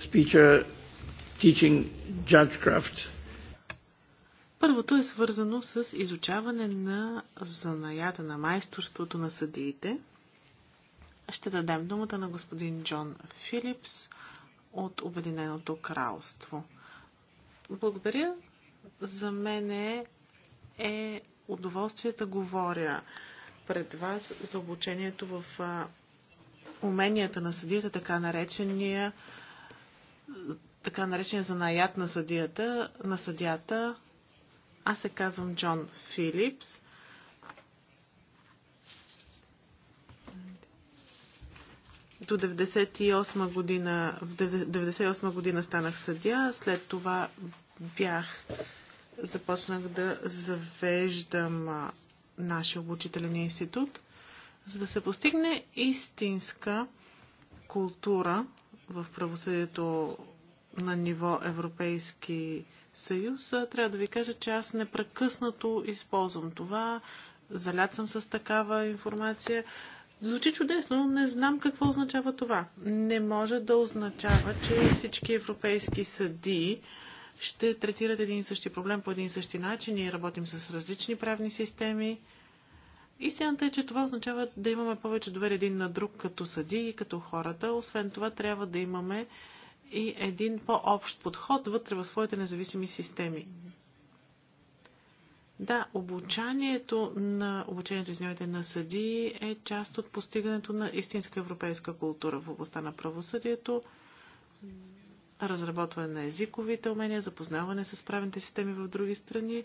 Speaker teaching Judgecraft Първото е свързано с изучаване на занаята на майсторството на съдиите. Ще дадем думата на господин Джон Филипс от Обединеното кралство. Благодаря. За мен е удоволствие да говоря пред вас за обучението в уменията на съдията, така наречения така наречения занаят на съдията, на съдята аз се казвам Джон Филипс. До 98 година, в 98 година станах съдя, след това бях, започнах да завеждам нашия обучителен институт, за да се постигне истинска култура в правосъдието на ниво Европейски съюз, трябва да ви кажа, че аз непрекъснато използвам това. Залят съм с такава информация. Звучи чудесно, но не знам какво означава това. Не може да означава, че всички европейски съди ще третират един и същи проблем по един и същи начин. Ние работим с различни правни системи. Истината е, че това означава да имаме повече доверие един на друг като съди и като хората. Освен това, трябва да имаме и един по-общ подход вътре в своите независими системи. Да, обучанието на, обучението, извинявайте, на съдии е част от постигането на истинска европейска култура в областта на правосъдието, разработване на езиковите умения, запознаване с правните системи в други страни.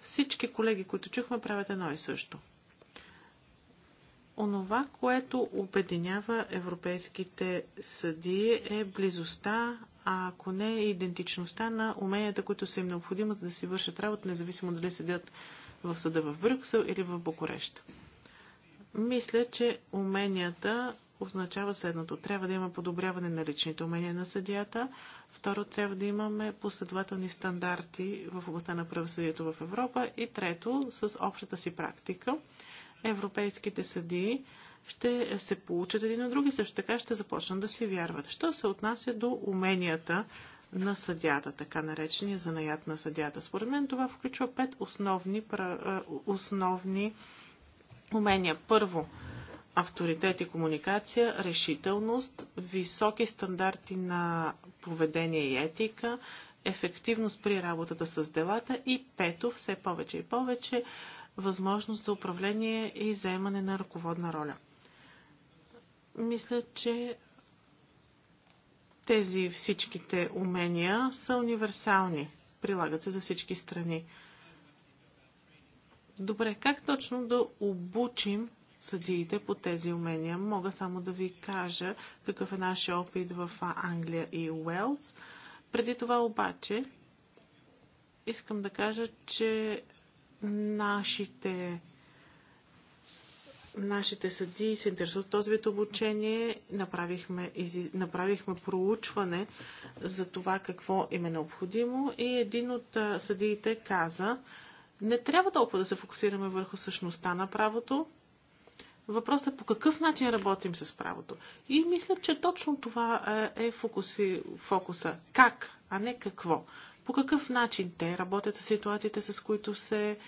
Всички колеги, които чухме, правят едно и също – онова, което обединява европейските съдии е близостта, а ако не е идентичността на уменията, които са им необходими, за да си вършат работа, независимо дали седят в съда в Брюксел или в Букурещ. Мисля, че уменията означава следното. Трябва да има подобряване на личните умения на съдията. Второ, трябва да имаме последователни стандарти в областта на правосъдието в Европа. И трето, с общата си практика европейските съдии ще се получат един на други, също така ще започнат да си вярват. Що се отнася до уменията на съдята, така наречения занаят на съдята? Според мен това включва пет основни, основни умения. Първо, авторитет и комуникация, решителност, високи стандарти на поведение и етика, ефективност при работата с делата и пето, все повече и повече, възможност за управление и заемане на ръководна роля. Мисля, че тези всичките умения са универсални. Прилагат се за всички страни. Добре, как точно да обучим съдиите по тези умения? Мога само да ви кажа какъв е нашия опит в Англия и Уелс. Преди това обаче искам да кажа, че Нашите нашите съдии се интересуват този вид обучение. Направихме, из, направихме проучване за това какво им е необходимо и един от съдиите каза, не трябва толкова да се фокусираме върху същността на правото. Въпросът е по какъв начин работим с правото. И мисля, че точно това е фокуси, фокуса. Как, а не какво по какъв начин те работят с ситуациите, с които се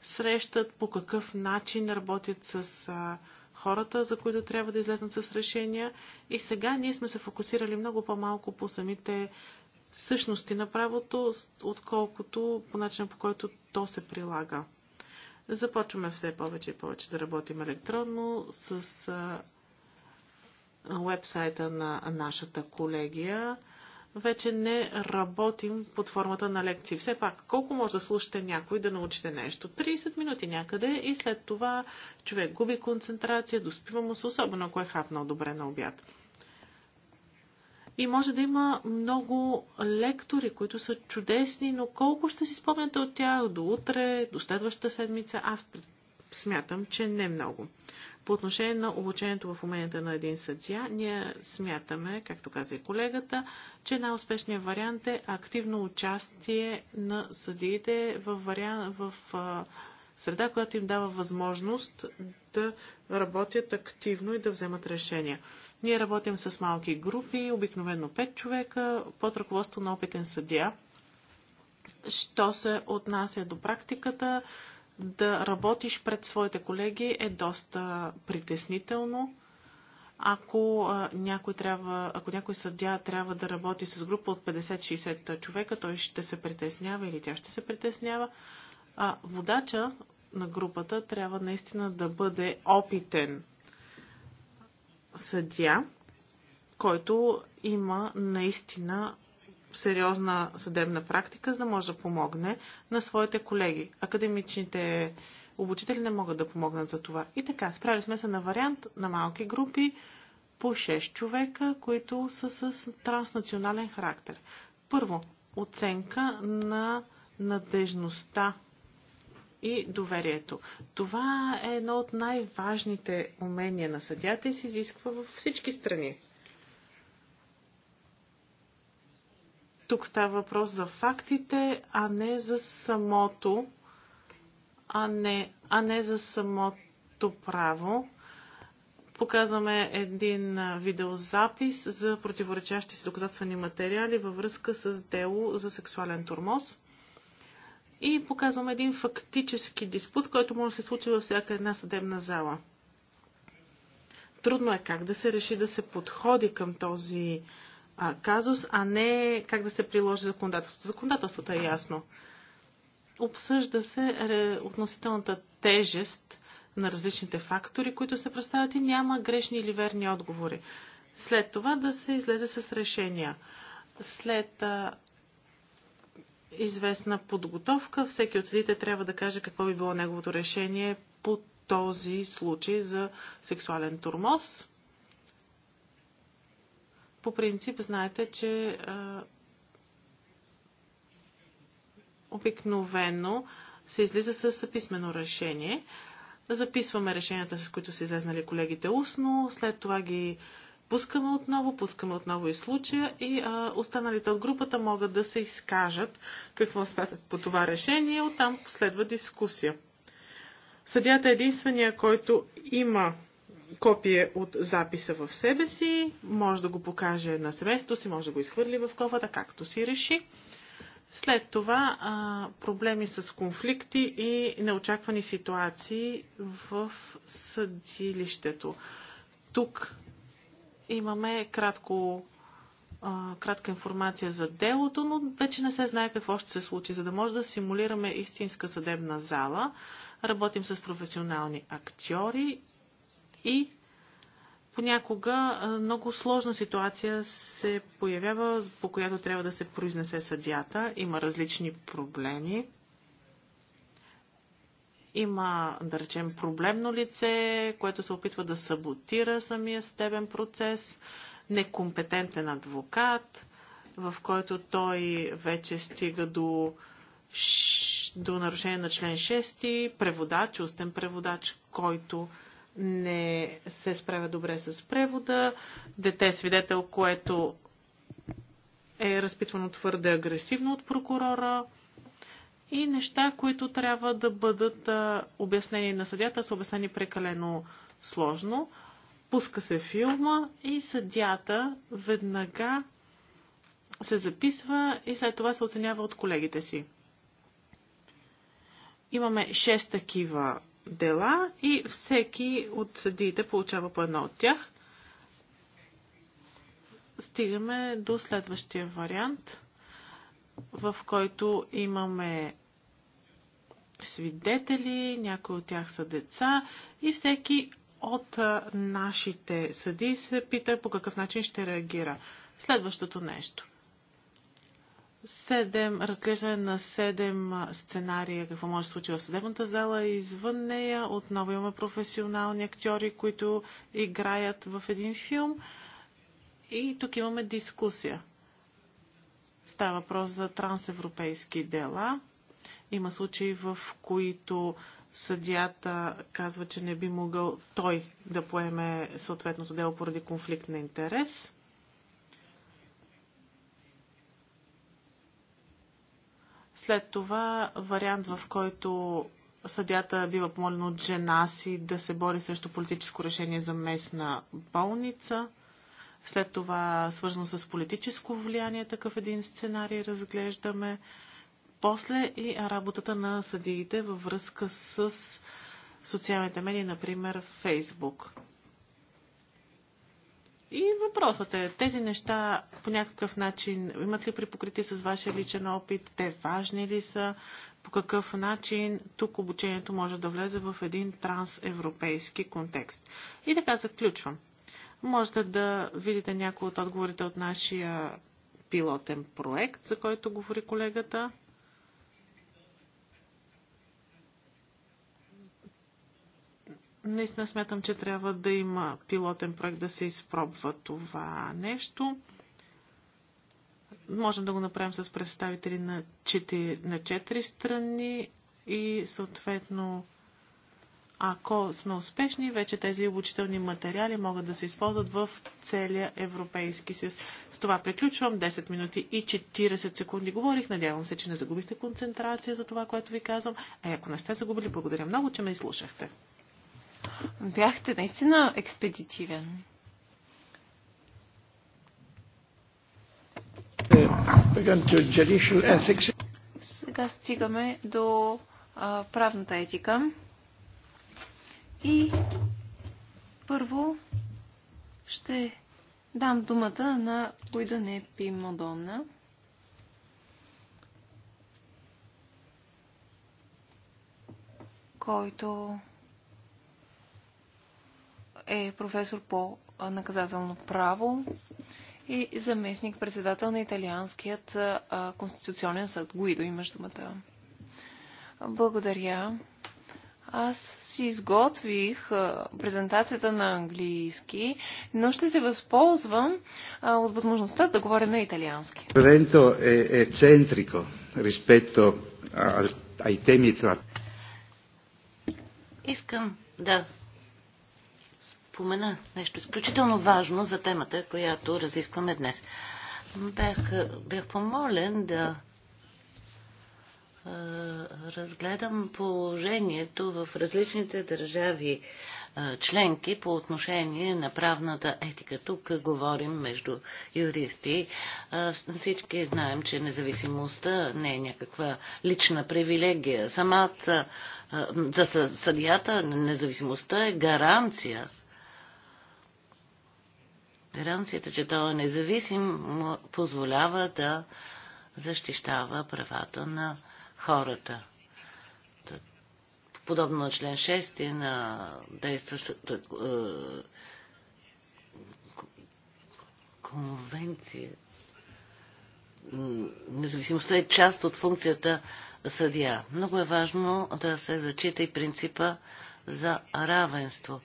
срещат, по какъв начин работят с а, хората, за които трябва да излезнат с решения. И сега ние сме се фокусирали много по-малко по самите същности на правото, отколкото по начина по който то се прилага. Започваме все повече и повече да работим електронно с а, вебсайта на нашата колегия вече не работим под формата на лекции. Все пак, колко може да слушате някой да научите нещо? 30 минути някъде и след това човек губи концентрация, доспива му се, особено ако е хапнал добре на обяд. И може да има много лектори, които са чудесни, но колко ще си спомняте от тях до утре, до следващата седмица, аз смятам, че не много. По отношение на обучението в уменията на един съдия, ние смятаме, както каза и колегата, че най-успешният вариант е активно участие на съдиите в, вариан... в а, среда, която им дава възможност да работят активно и да вземат решения. Ние работим с малки групи, обикновено 5 човека, под ръководство на опитен съдия. Що се отнася до практиката, да работиш пред своите колеги е доста притеснително. Ако някой, трябва, ако някой съдя трябва да работи с група от 50-60 човека, той ще се притеснява или тя ще се притеснява. А водача на групата трябва наистина да бъде опитен съдя, който има наистина сериозна съдебна практика, за да може да помогне на своите колеги. Академичните обучители не могат да помогнат за това. И така, справили сме се на вариант на малки групи по 6 човека, които са с транснационален характер. Първо, оценка на надежността и доверието. Това е едно от най-важните умения на съдята и се изисква във всички страни. Тук става въпрос за фактите, а не за самото, а не, а не за самото право. Показваме един видеозапис за противоречащи се доказателствени материали във връзка с дело за сексуален турмоз. И показваме един фактически диспут, който може да се случи във всяка една съдебна зала. Трудно е как да се реши да се подходи към този а, казус, а не как да се приложи законодателството. Законодателството е ясно. Обсъжда се относителната тежест на различните фактори, които се представят и няма грешни или верни отговори. След това да се излезе с решения. След а, известна подготовка, всеки от съдите трябва да каже какво би било неговото решение по този случай за сексуален турмоз. По принцип, знаете, че обикновено се излиза с писмено решение. Записваме решенията, с които са излезнали колегите устно, след това ги пускаме отново, пускаме отново и случая и а, останалите от групата могат да се изкажат какво смятат по това решение. Оттам последва дискусия. Съдята е единствения, който има копие от записа в себе си, може да го покаже на семейството си, може да го изхвърли в кофата, както си реши. След това а, проблеми с конфликти и неочаквани ситуации в съдилището. Тук имаме кратко, а, кратка информация за делото, но вече не се знае какво ще се случи. За да може да симулираме истинска съдебна зала, работим с професионални актьори и понякога много сложна ситуация се появява, по която трябва да се произнесе съдята. Има различни проблеми. Има, да речем, проблемно лице, което се опитва да саботира самия стебен процес, некомпетентен адвокат, в който той вече стига до, до нарушение на член 6, преводач, устен преводач, който не се справя добре с превода, дете е свидетел, което е разпитвано твърде агресивно от прокурора и неща, които трябва да бъдат обяснени на съдята, са обяснени прекалено сложно. Пуска се филма и съдята веднага се записва и след това се оценява от колегите си. Имаме 6 такива дела и всеки от съдиите получава по едно от тях. Стигаме до следващия вариант, в който имаме свидетели, някои от тях са деца и всеки от нашите съди се пита по какъв начин ще реагира. Следващото нещо. Седем, разглеждане на седем сценария, какво може да се случи в съдебната зала и извън нея. Отново имаме професионални актьори, които играят в един филм. И тук имаме дискусия. Става въпрос за трансевропейски дела. Има случаи, в които съдията казва, че не би могъл той да поеме съответното дело поради конфликт на интерес. След това вариант, в който съдята бива помолен от жена си да се бори срещу политическо решение за местна болница. След това, свързано с политическо влияние, такъв един сценарий разглеждаме. После и работата на съдиите във връзка с социалните медии, например Фейсбук. И въпросът е, тези неща по някакъв начин имат ли припокрити с вашия личен опит? Те важни ли са? По какъв начин тук обучението може да влезе в един трансевропейски контекст? И така заключвам. Можете да видите някои от отговорите от нашия пилотен проект, за който говори колегата. Наистина смятам, че трябва да има пилотен проект да се изпробва това нещо. Можем да го направим с представители на 4, на 4 страни и съответно ако сме успешни, вече тези обучителни материали могат да се използват в целия Европейски съюз. С това приключвам. 10 минути и 40 секунди говорих. Надявам се, че не загубихте концентрация за това, което ви казвам. А ако не сте загубили, благодаря много, че ме изслушахте. Бяхте наистина експедитивен. Сега стигаме до а, правната етика. И първо ще дам думата на Гуидане Пимодонна. който е професор по наказателно право и заместник председател на Италианският конституционен съд. Гуидо, имаш думата. Благодаря. Аз си изготвих презентацията на английски, но ще се възползвам от възможността да говоря на италиански. Пренто е, ецентрико центрико ай теми Искам да спомена нещо изключително важно за темата, която разискваме днес. Бях, бях помолен да е, разгледам положението в различните държави е, членки по отношение на правната етика. Тук говорим между юристи. Е, всички знаем, че независимостта не е някаква лична привилегия. Самата за съдията независимостта е гаранция Гаранцията, че той е независим, му позволява да защищава правата на хората. Подобно на член 6 на действащата е, конвенция. Независимостта е част от функцията съдия. Много е важно да се зачита и принципа за равенство.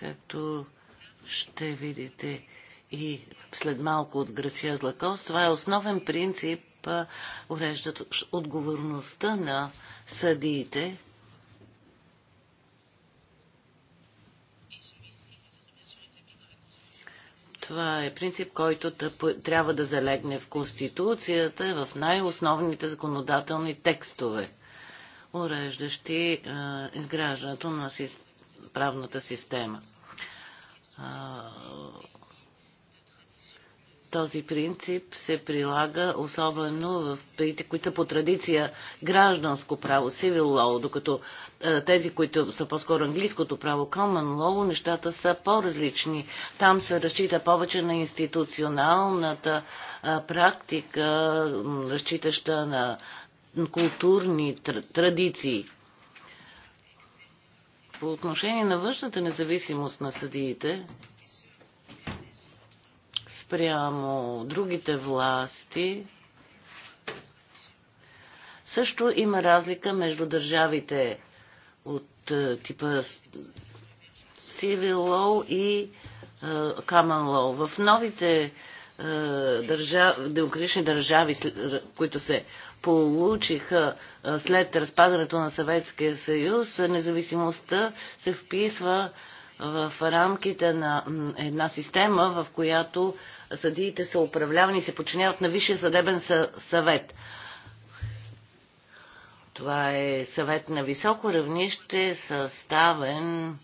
Както ще видите и след малко от Грация Злакос, това е основен принцип, уреждат отговорността на съдиите, Това е принцип, който трябва да залегне в Конституцията и в най-основните законодателни текстове, уреждащи е, изграждането на правната система. Този принцип се прилага особено в парите, които са по традиция гражданско право, civil law, докато тези, които са по-скоро английското право, common law, нещата са по-различни. Там се разчита повече на институционалната практика, разчитаща на културни традиции. По отношение на външната независимост на съдиите, спрямо другите власти, също има разлика между държавите от е, типа Civil Law и е, Common Law. В новите е, държав, демократични държави, е, които се получиха е, след разпадането на Съветския съюз, независимостта се вписва в рамките на една система, в която съдиите са управлявани и се подчиняват на Висшия съдебен съвет. Това е съвет на високо равнище, съставен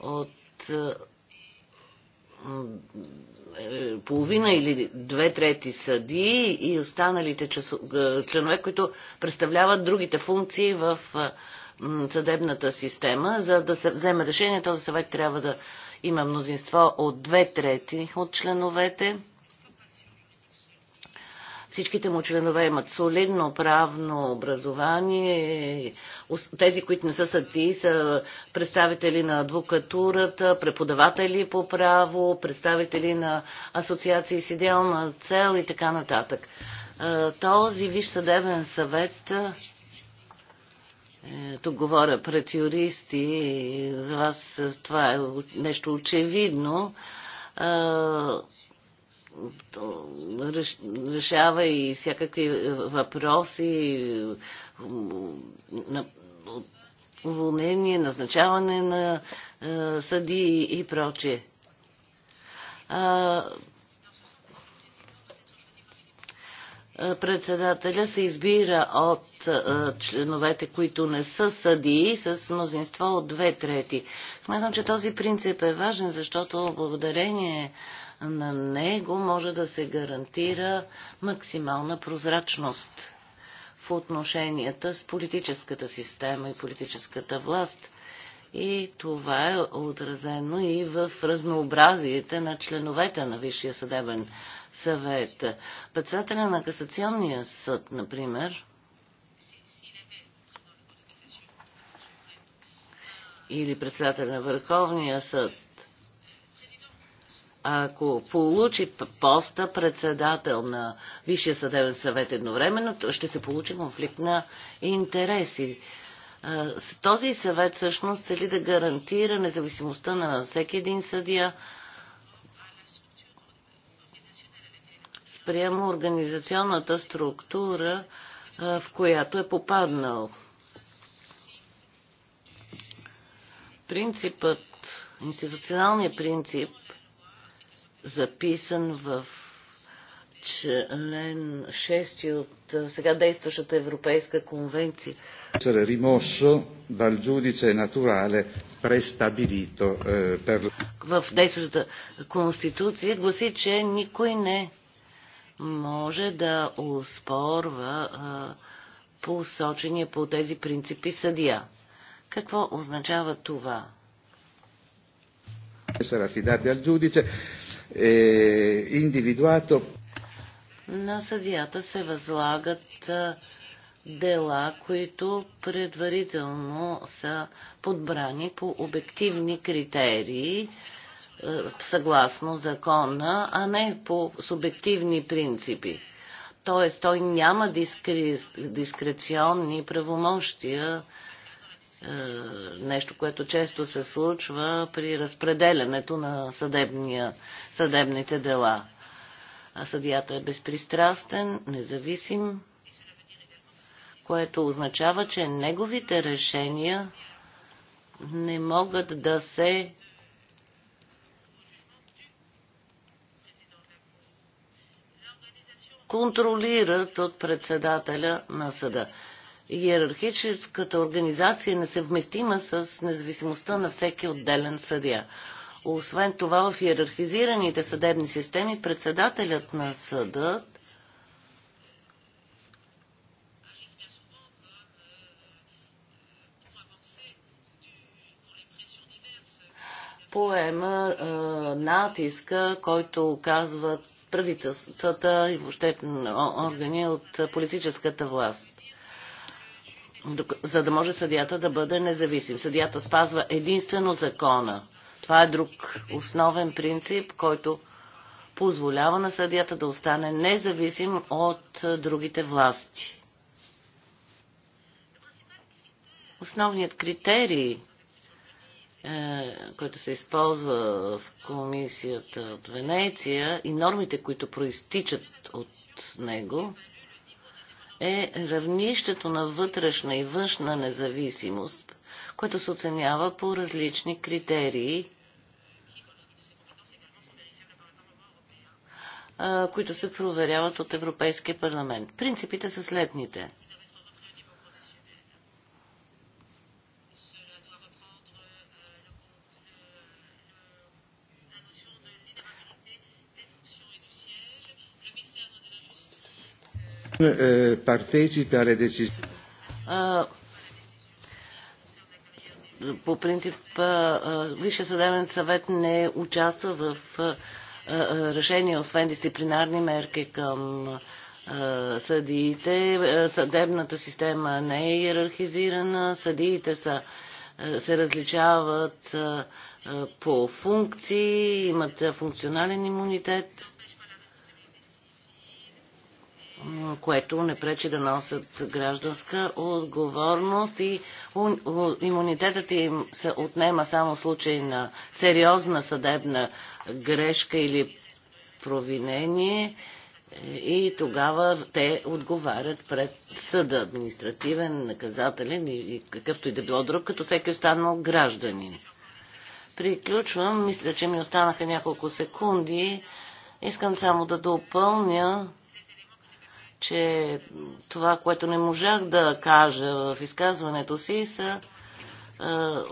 от е, половина или две трети съди и останалите членове, които представляват другите функции в съдебната система. За да се вземе решение, този съвет трябва да има мнозинство от две трети от членовете. Всичките му членове имат солидно правно образование. Тези, които не са сати, са представители на адвокатурата, преподаватели по право, представители на асоциации с идеална цел и така нататък. Този Виш съдебен съвет е, тук говоря пред юристи, за вас това е нещо очевидно решава и всякакви е, въпроси, уволнение, назначаване на е, съди и прочее. Е, председателя се избира от членовете, които не са съдии, с мнозинство от две трети. Смятам, че този принцип е важен, защото благодарение на него може да се гарантира максимална прозрачност в отношенията с политическата система и политическата власт. И това е отразено и в разнообразиите на членовете на Висшия съдебен съвет. Председателя на касационния съд, например, или председателя на Върховния съд ако получи поста председател на Висшия съдебен съвет едновременно, ще се получи конфликт на интереси. Този съвет всъщност цели да гарантира независимостта на всеки един съдия спрямо организационната структура, в която е попаднал. Принципът, институционалният принцип записан в член 6 от сега действащата Европейска конвенция. Essere rimosso dal giudice naturale prestabilito eh, per... В действащата конституция гласи, че никой не може да успорва посочения по тези принципи съдия. Какво означава това? Essere affidati al giudice е, индивидуато. На съдията се възлагат дела, които предварително са подбрани по обективни критерии съгласно закона, а не по субективни принципи. Тоест, той няма дискре... дискреционни правомощия е, нещо, което често се случва при разпределянето на съдебния, съдебните дела. А съдията е безпристрастен, независим, което означава, че неговите решения не могат да се контролират от председателя на съда иерархическата организация е несъвместима с независимостта на всеки отделен съдия. Освен това, в иерархизираните съдебни системи председателят на съдът поема а, натиска, който оказват правителствата и въобще органи от политическата власт за да може съдията да бъде независим. Съдията спазва единствено закона. Това е друг основен принцип, който позволява на съдията да остане независим от другите власти. Основният критерий, е, който се използва в комисията от Венеция и нормите, които проистичат от него, е равнището на вътрешна и външна независимост, което се оценява по различни критерии, които се проверяват от Европейския парламент. Принципите са следните – Eh, alle decisioni. По принцип, Висше съдебен съвет не участва в решения, освен дисциплинарни мерки към съдиите. Съдебната система не е иерархизирана, съдиите са, се различават по функции, имат функционален имунитет което не пречи да носят гражданска отговорност и имунитетът им се отнема само в случай на сериозна съдебна грешка или провинение и тогава те отговарят пред съда, административен, наказателен или какъвто и да било друг, като всеки останал гражданин. Приключвам. Мисля, че ми останаха няколко секунди. Искам само да допълня, че това, което не можах да кажа в изказването си, са е,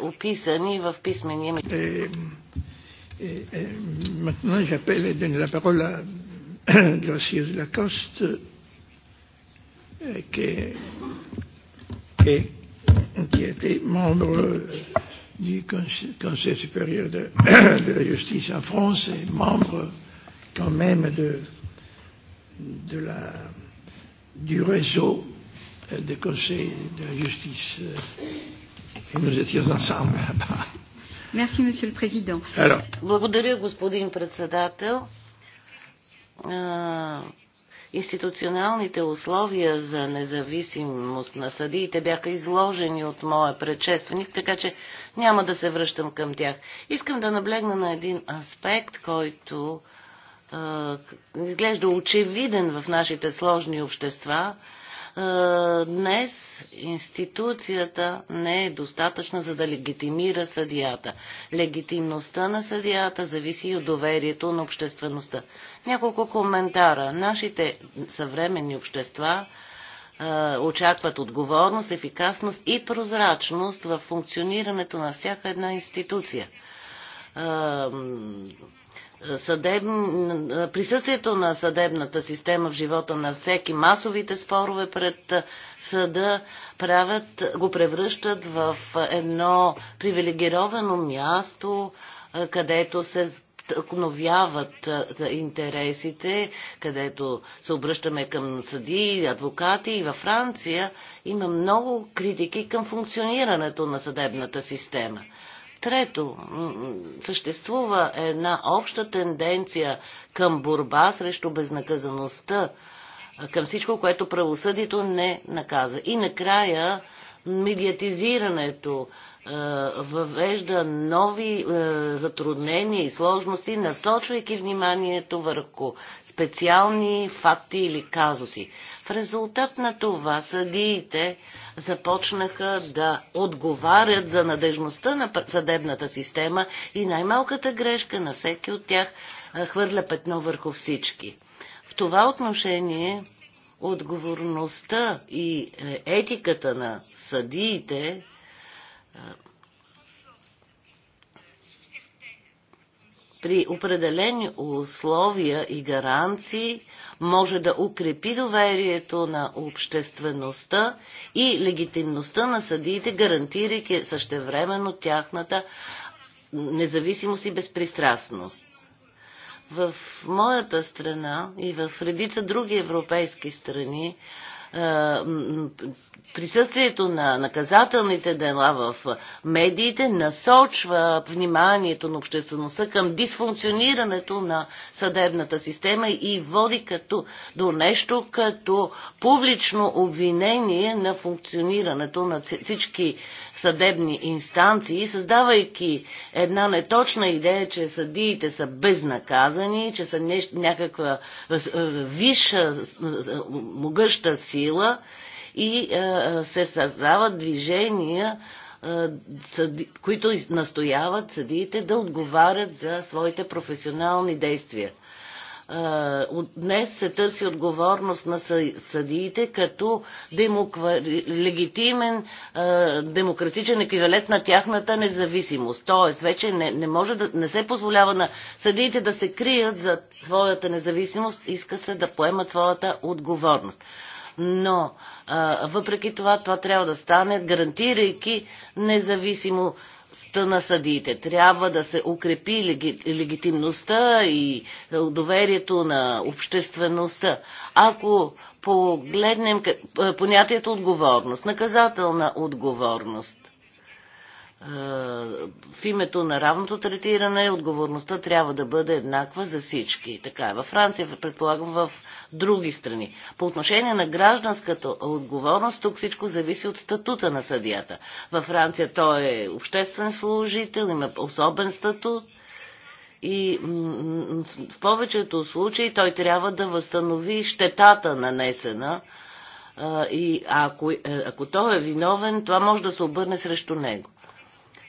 описани в писмени ми. Maintenant, j'appelle et donne la parole à Gracieuse Lacoste, qui, qui, qui était membre du Conseil supérieur de, de la justice en France et membre quand même de, de la du réseau euh, des conseils de la justice. Euh, et nous étions ensemble là-bas. Merci, Monsieur le Président. Alors. Благодаря, господин председател. Институционалните условия за независимост на съдиите бяха изложени от моя предшественик, така че няма да се връщам към тях. Искам да наблегна на един аспект, който изглежда очевиден в нашите сложни общества, днес институцията не е достатъчна за да легитимира съдията. Легитимността на съдията зависи и от доверието на обществеността. Няколко коментара. Нашите съвременни общества очакват отговорност, ефикасност и прозрачност в функционирането на всяка една институция съдеб... присъствието на съдебната система в живота на всеки, масовите спорове пред съда правят, го превръщат в едно привилегировано място, където се обновяват интересите, където се обръщаме към съди, адвокати и във Франция има много критики към функционирането на съдебната система. Трето, съществува една обща тенденция към борба срещу безнаказаността, към всичко, което правосъдието не наказва. И накрая, медиатизирането е, въвежда нови е, затруднения и сложности, насочвайки вниманието върху специални факти или казуси. В резултат на това съдиите започнаха да отговарят за надежността на съдебната система и най-малката грешка на всеки от тях хвърля петно върху всички. В това отношение отговорността и е, етиката на съдиите при определени условия и гаранции може да укрепи доверието на обществеността и легитимността на съдиите, гарантирайки същевременно тяхната независимост и безпристрастност. В моята страна и в редица други европейски страни присъствието на наказателните дела в медиите насочва вниманието на обществеността към дисфункционирането на съдебната система и води като, до нещо като публично обвинение на функционирането на всички съдебни инстанции, създавайки една неточна идея, че съдиите са безнаказани, че са някаква висша, могъща сила и е, се създават движения, е, които настояват съдиите да отговарят за своите професионални действия. Е, днес се търси отговорност на съдиите като демоква... легитимен демократичен еквивалент на тяхната независимост. Тоест, вече не, не, може да, не се позволява на съдиите да се крият за своята независимост, иска се да поемат своята отговорност но а, въпреки това, това трябва да стане, гарантирайки независимо на съдиите. Трябва да се укрепи легитимността и доверието на обществеността. Ако погледнем понятието отговорност, наказателна отговорност, в името на равното третиране отговорността трябва да бъде еднаква за всички. Така е във Франция, предполагам в други страни. По отношение на гражданската отговорност, тук всичко зависи от статута на съдията. Във Франция той е обществен служител, има особен статут и в повечето случаи той трябва да възстанови щетата нанесена и ако, е, ако той е виновен, това може да се обърне срещу него.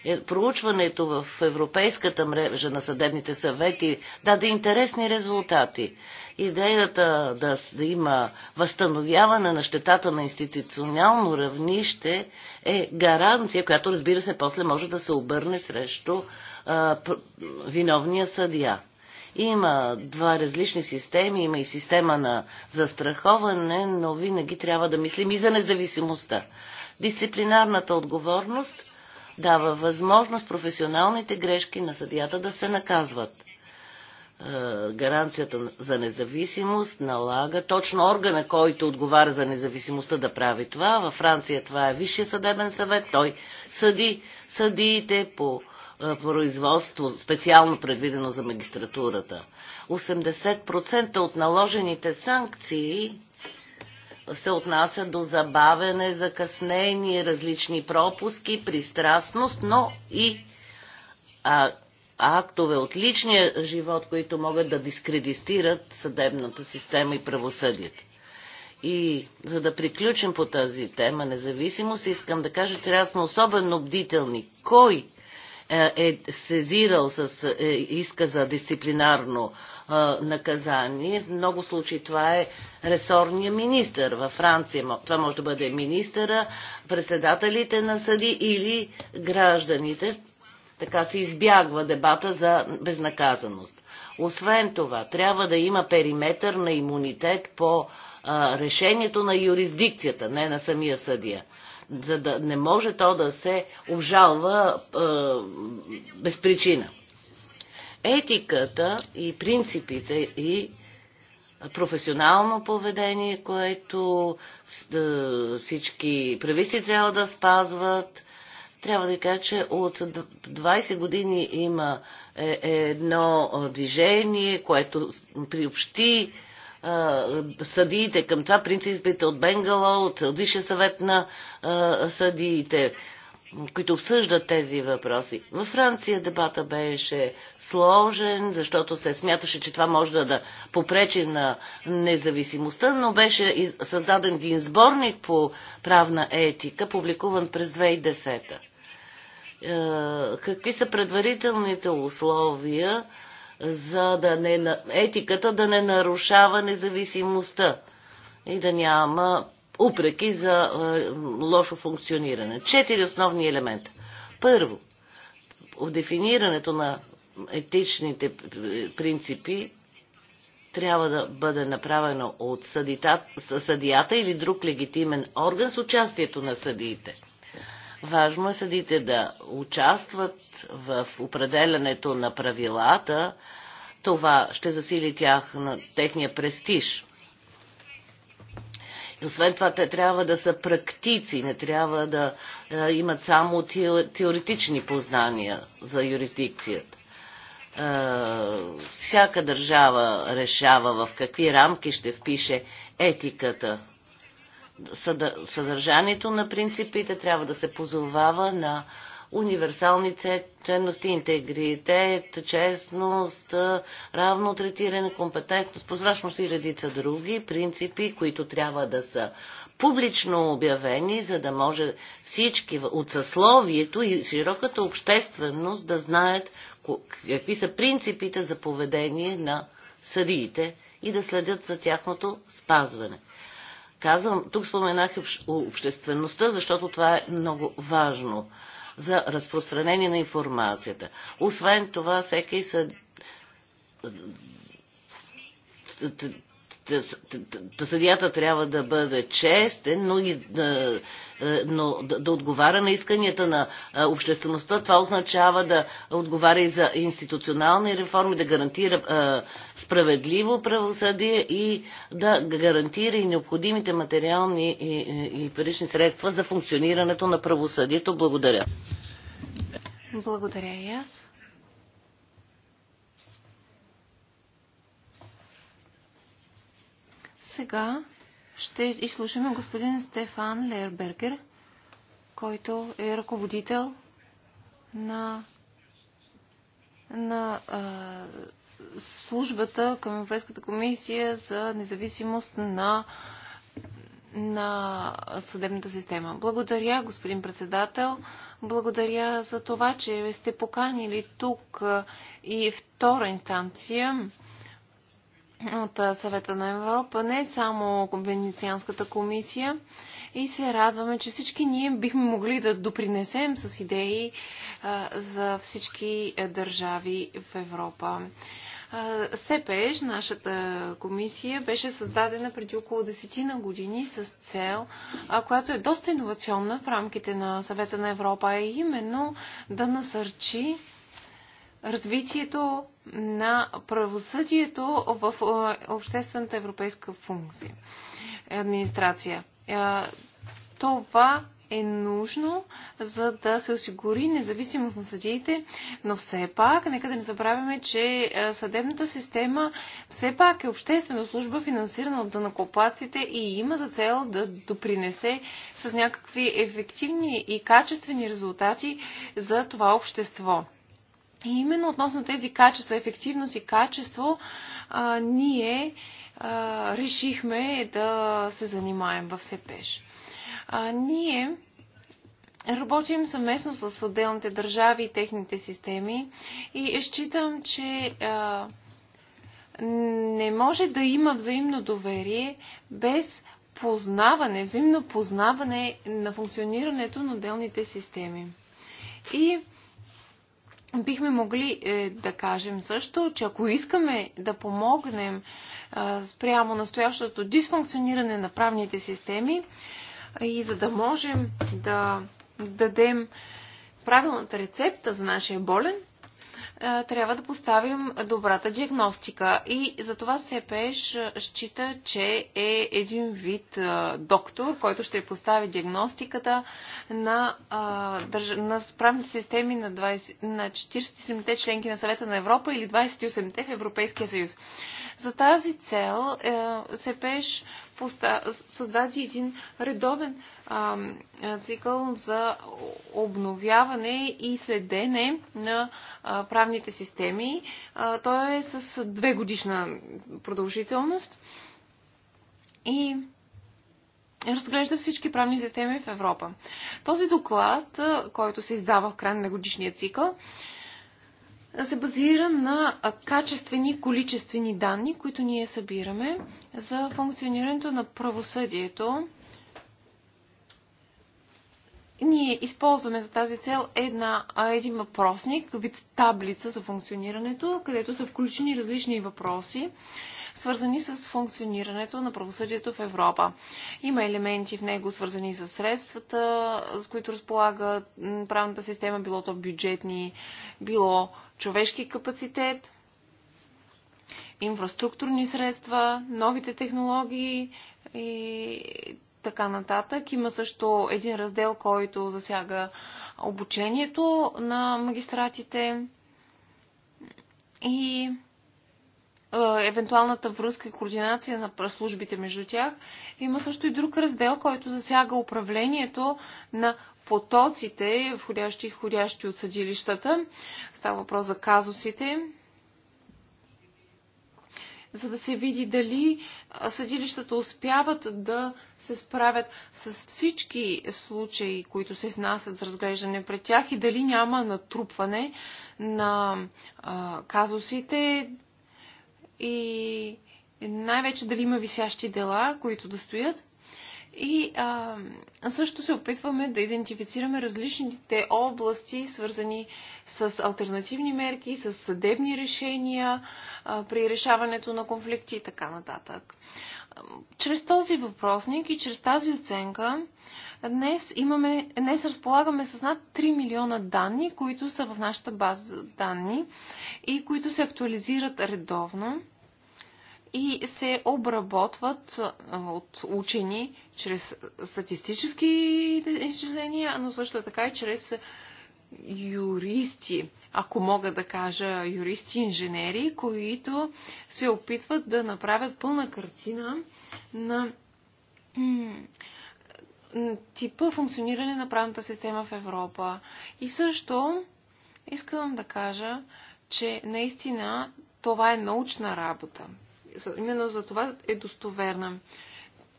Е, проучването в Европейската мрежа на съдебните съвети даде интересни резултати. Идеята да, има възстановяване на щетата на институционално равнище е гаранция, която разбира се после може да се обърне срещу а, виновния съдия. Има два различни системи, има и система на застраховане, но винаги трябва да мислим и за независимостта. Дисциплинарната отговорност – дава възможност професионалните грешки на съдията да се наказват. Е, гаранцията за независимост налага точно органа, който отговаря за независимостта да прави това. Във Франция това е Висшия съдебен съвет. Той съди съдиите по е, производство, специално предвидено за магистратурата. 80% от наложените санкции се отнася до забавене, закъснение, различни пропуски, пристрастност, но и а, актове от личния живот, които могат да дискредитират съдебната система и правосъдието. И за да приключим по тази тема независимост, искам да кажа, трябва да сме особено бдителни. Кой е, е сезирал с е, иска за дисциплинарно е, наказание. В много случаи това е ресорния министър. Във Франция това може да бъде министъра, председателите на съди или гражданите. Така се избягва дебата за безнаказаност. Освен това, трябва да има периметър на имунитет по а, решението на юрисдикцията, не на самия съдия за да не може то да се обжалва е, без причина. Етиката и принципите и професионално поведение, което всички прависти трябва да спазват. Трябва да кажа, че от 20 години има е, е едно движение, което приобщи съдиите, към това принципите от Бенгала, от Висшия съвет на съдиите, които обсъждат тези въпроси. Във Франция дебата беше сложен, защото се смяташе, че това може да, попречи на независимостта, но беше създаден един сборник по правна етика, публикуван през 2010 е, Какви са предварителните условия за да не, етиката да не нарушава независимостта и да няма упреки за е, лошо функциониране. Четири основни елемента. Първо, в дефинирането на етичните принципи трябва да бъде направено от съдията, съдията или друг легитимен орган с участието на съдиите. Важно е съдите да участват в определенето на правилата. Това ще засили тях на техния престиж. И освен това, те трябва да са практици, не трябва да е, имат само теоретични познания за юрисдикцията. Е, всяка държава решава в какви рамки ще впише етиката съдържанието на принципите трябва да се позовава на универсални ценности, интегритет, честност, равно третиране, компетентност, прозрачност и редица други принципи, които трябва да са публично обявени, за да може всички от съсловието и широката общественост да знаят какви са принципите за поведение на съдиите и да следят за тяхното спазване. Казвам, тук споменах обществеността, защото това е много важно за разпространение на информацията. Освен това, всеки са съдията трябва да бъде честен, но и да, но да, да отговаря на исканията на обществеността. Това означава да отговаря и за институционални реформи, да гарантира а, справедливо правосъдие и да гарантира и необходимите материални и, и парични средства за функционирането на правосъдието. Благодаря. Благодаря и аз. Сега ще изслушаме господин Стефан Лербергер, който е ръководител на, на а, службата към Европейската комисия за независимост на, на съдебната система. Благодаря, господин председател. Благодаря за това, че сте поканили тук и втора инстанция от съвета на Европа, не само Венецианската комисия. И се радваме, че всички ние бихме могли да допринесем с идеи а, за всички държави в Европа. СЕПЕЖ, нашата комисия, беше създадена преди около десетина години с цел, която е доста иновационна в рамките на съвета на Европа, е именно да насърчи развитието на правосъдието в е, обществената европейска функция, администрация. Е, това е нужно, за да се осигури независимост на съдиите, но все пак, нека да не забравяме, че е, съдебната система все пак е обществена служба, финансирана от данакоплаците и има за цел да допринесе с някакви ефективни и качествени резултати за това общество. И именно относно тези качества, ефективност и качество, а, ние а, решихме да се занимаем в СЕПЕШ. А, ние Работим съвместно с отделните държави и техните системи и е, считам, че а, не може да има взаимно доверие без познаване, взаимно познаване на функционирането на отделните системи. И Бихме могли е, да кажем също, че ако искаме да помогнем е, спрямо настоящото дисфункциониране на правните системи е, и за да можем да дадем правилната рецепта за нашия болен, трябва да поставим добрата диагностика. И затова СЕПЕШ счита, че е един вид доктор, който ще постави диагностиката на, на справните системи на, 20, на 47-те членки на съвета на Европа или 28-те в Европейския съюз. За тази цел е, СЕПЕШ създаде един редовен а, цикъл за обновяване и следене на а, правните системи. А, той е с две годишна продължителност и разглежда всички правни системи в Европа. Този доклад, който се издава в края на годишния цикъл, се базира на качествени, количествени данни, които ние събираме за функционирането на правосъдието. Ние използваме за тази цел една, един въпросник, вид таблица за функционирането, където са включени различни въпроси свързани с функционирането на правосъдието в Европа. Има елементи в него, свързани с средствата, с които разполага правната система, било то бюджетни, било човешки капацитет, инфраструктурни средства, новите технологии и така нататък. Има също един раздел, който засяга обучението на магистратите и е, евентуалната връзка и координация на службите между тях. Има също и друг раздел, който засяга управлението на потоците, входящи и изходящи от съдилищата. Става въпрос за казусите, за да се види дали съдилищата успяват да се справят с всички случаи, които се внасят за разглеждане пред тях и дали няма натрупване на а, казусите, и най-вече дали има висящи дела, които да стоят. И а, също се опитваме да идентифицираме различните области, свързани с альтернативни мерки, с съдебни решения а, при решаването на конфликти и така нататък. Чрез този въпросник и чрез тази оценка днес, имаме, днес разполагаме с над 3 милиона данни, които са в нашата база данни и които се актуализират редовно и се обработват от учени чрез статистически изчисления, но също така и чрез юристи, ако мога да кажа юристи-инженери, които се опитват да направят пълна картина на типа функциониране на правната система в Европа. И също искам да кажа, че наистина това е научна работа именно за това е достоверна.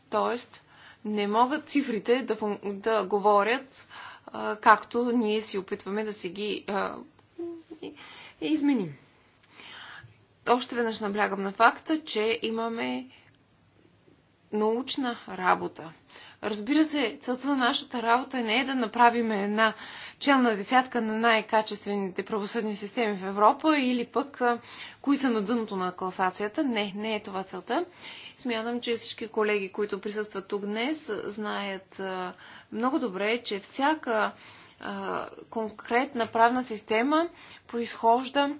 Тоест, не могат цифрите да, да говорят а, както ние си опитваме да си ги а, и, и изменим. Още веднъж наблягам на факта, че имаме научна работа. Разбира се, целта на нашата работа не е да направим една челна десятка на най-качествените правосъдни системи в Европа или пък кои са на дъното на класацията. Не, не е това целта. Смятам, че всички колеги, които присъстват тук днес, знаят много добре, че всяка конкретна правна система произхожда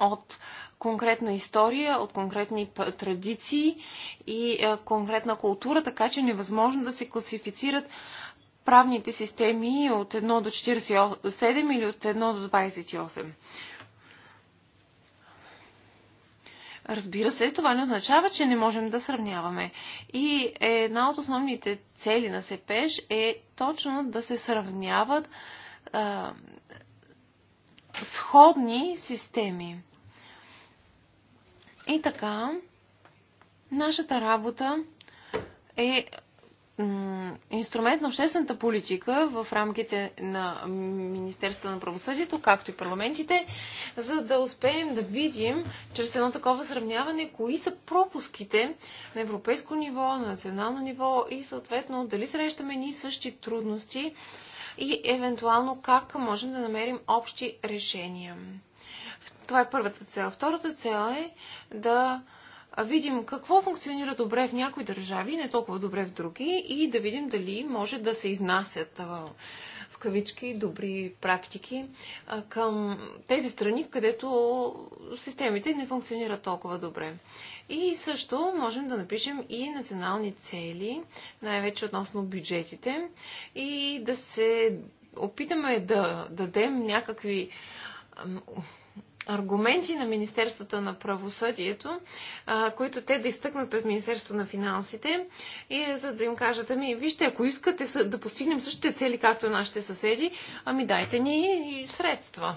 от конкретна история, от конкретни традиции и конкретна култура, така че е невъзможно да се класифицират правните системи от 1 до 47 или от 1 до 28. Разбира се, това не означава, че не можем да сравняваме. И една от основните цели на СЕПЕШ е точно да се сравняват а, сходни системи. И така, нашата работа е инструмент на обществената политика в рамките на Министерството на правосъдието, както и парламентите, за да успеем да видим чрез едно такова сравняване кои са пропуските на европейско ниво, на национално ниво и съответно дали срещаме ни същи трудности и евентуално как можем да намерим общи решения. Това е първата цел. Втората цел е да видим какво функционира добре в някои държави, не толкова добре в други и да видим дали може да се изнасят в кавички добри практики към тези страни, където системите не функционират толкова добре. И също можем да напишем и национални цели, най-вече относно бюджетите и да се опитаме да дадем някакви аргументи на Министерствата на правосъдието, а, които те да изтъкнат пред Министерството на финансите и за да им кажат, ами вижте, ако искате да постигнем същите цели, както нашите съседи, ами дайте ни средства.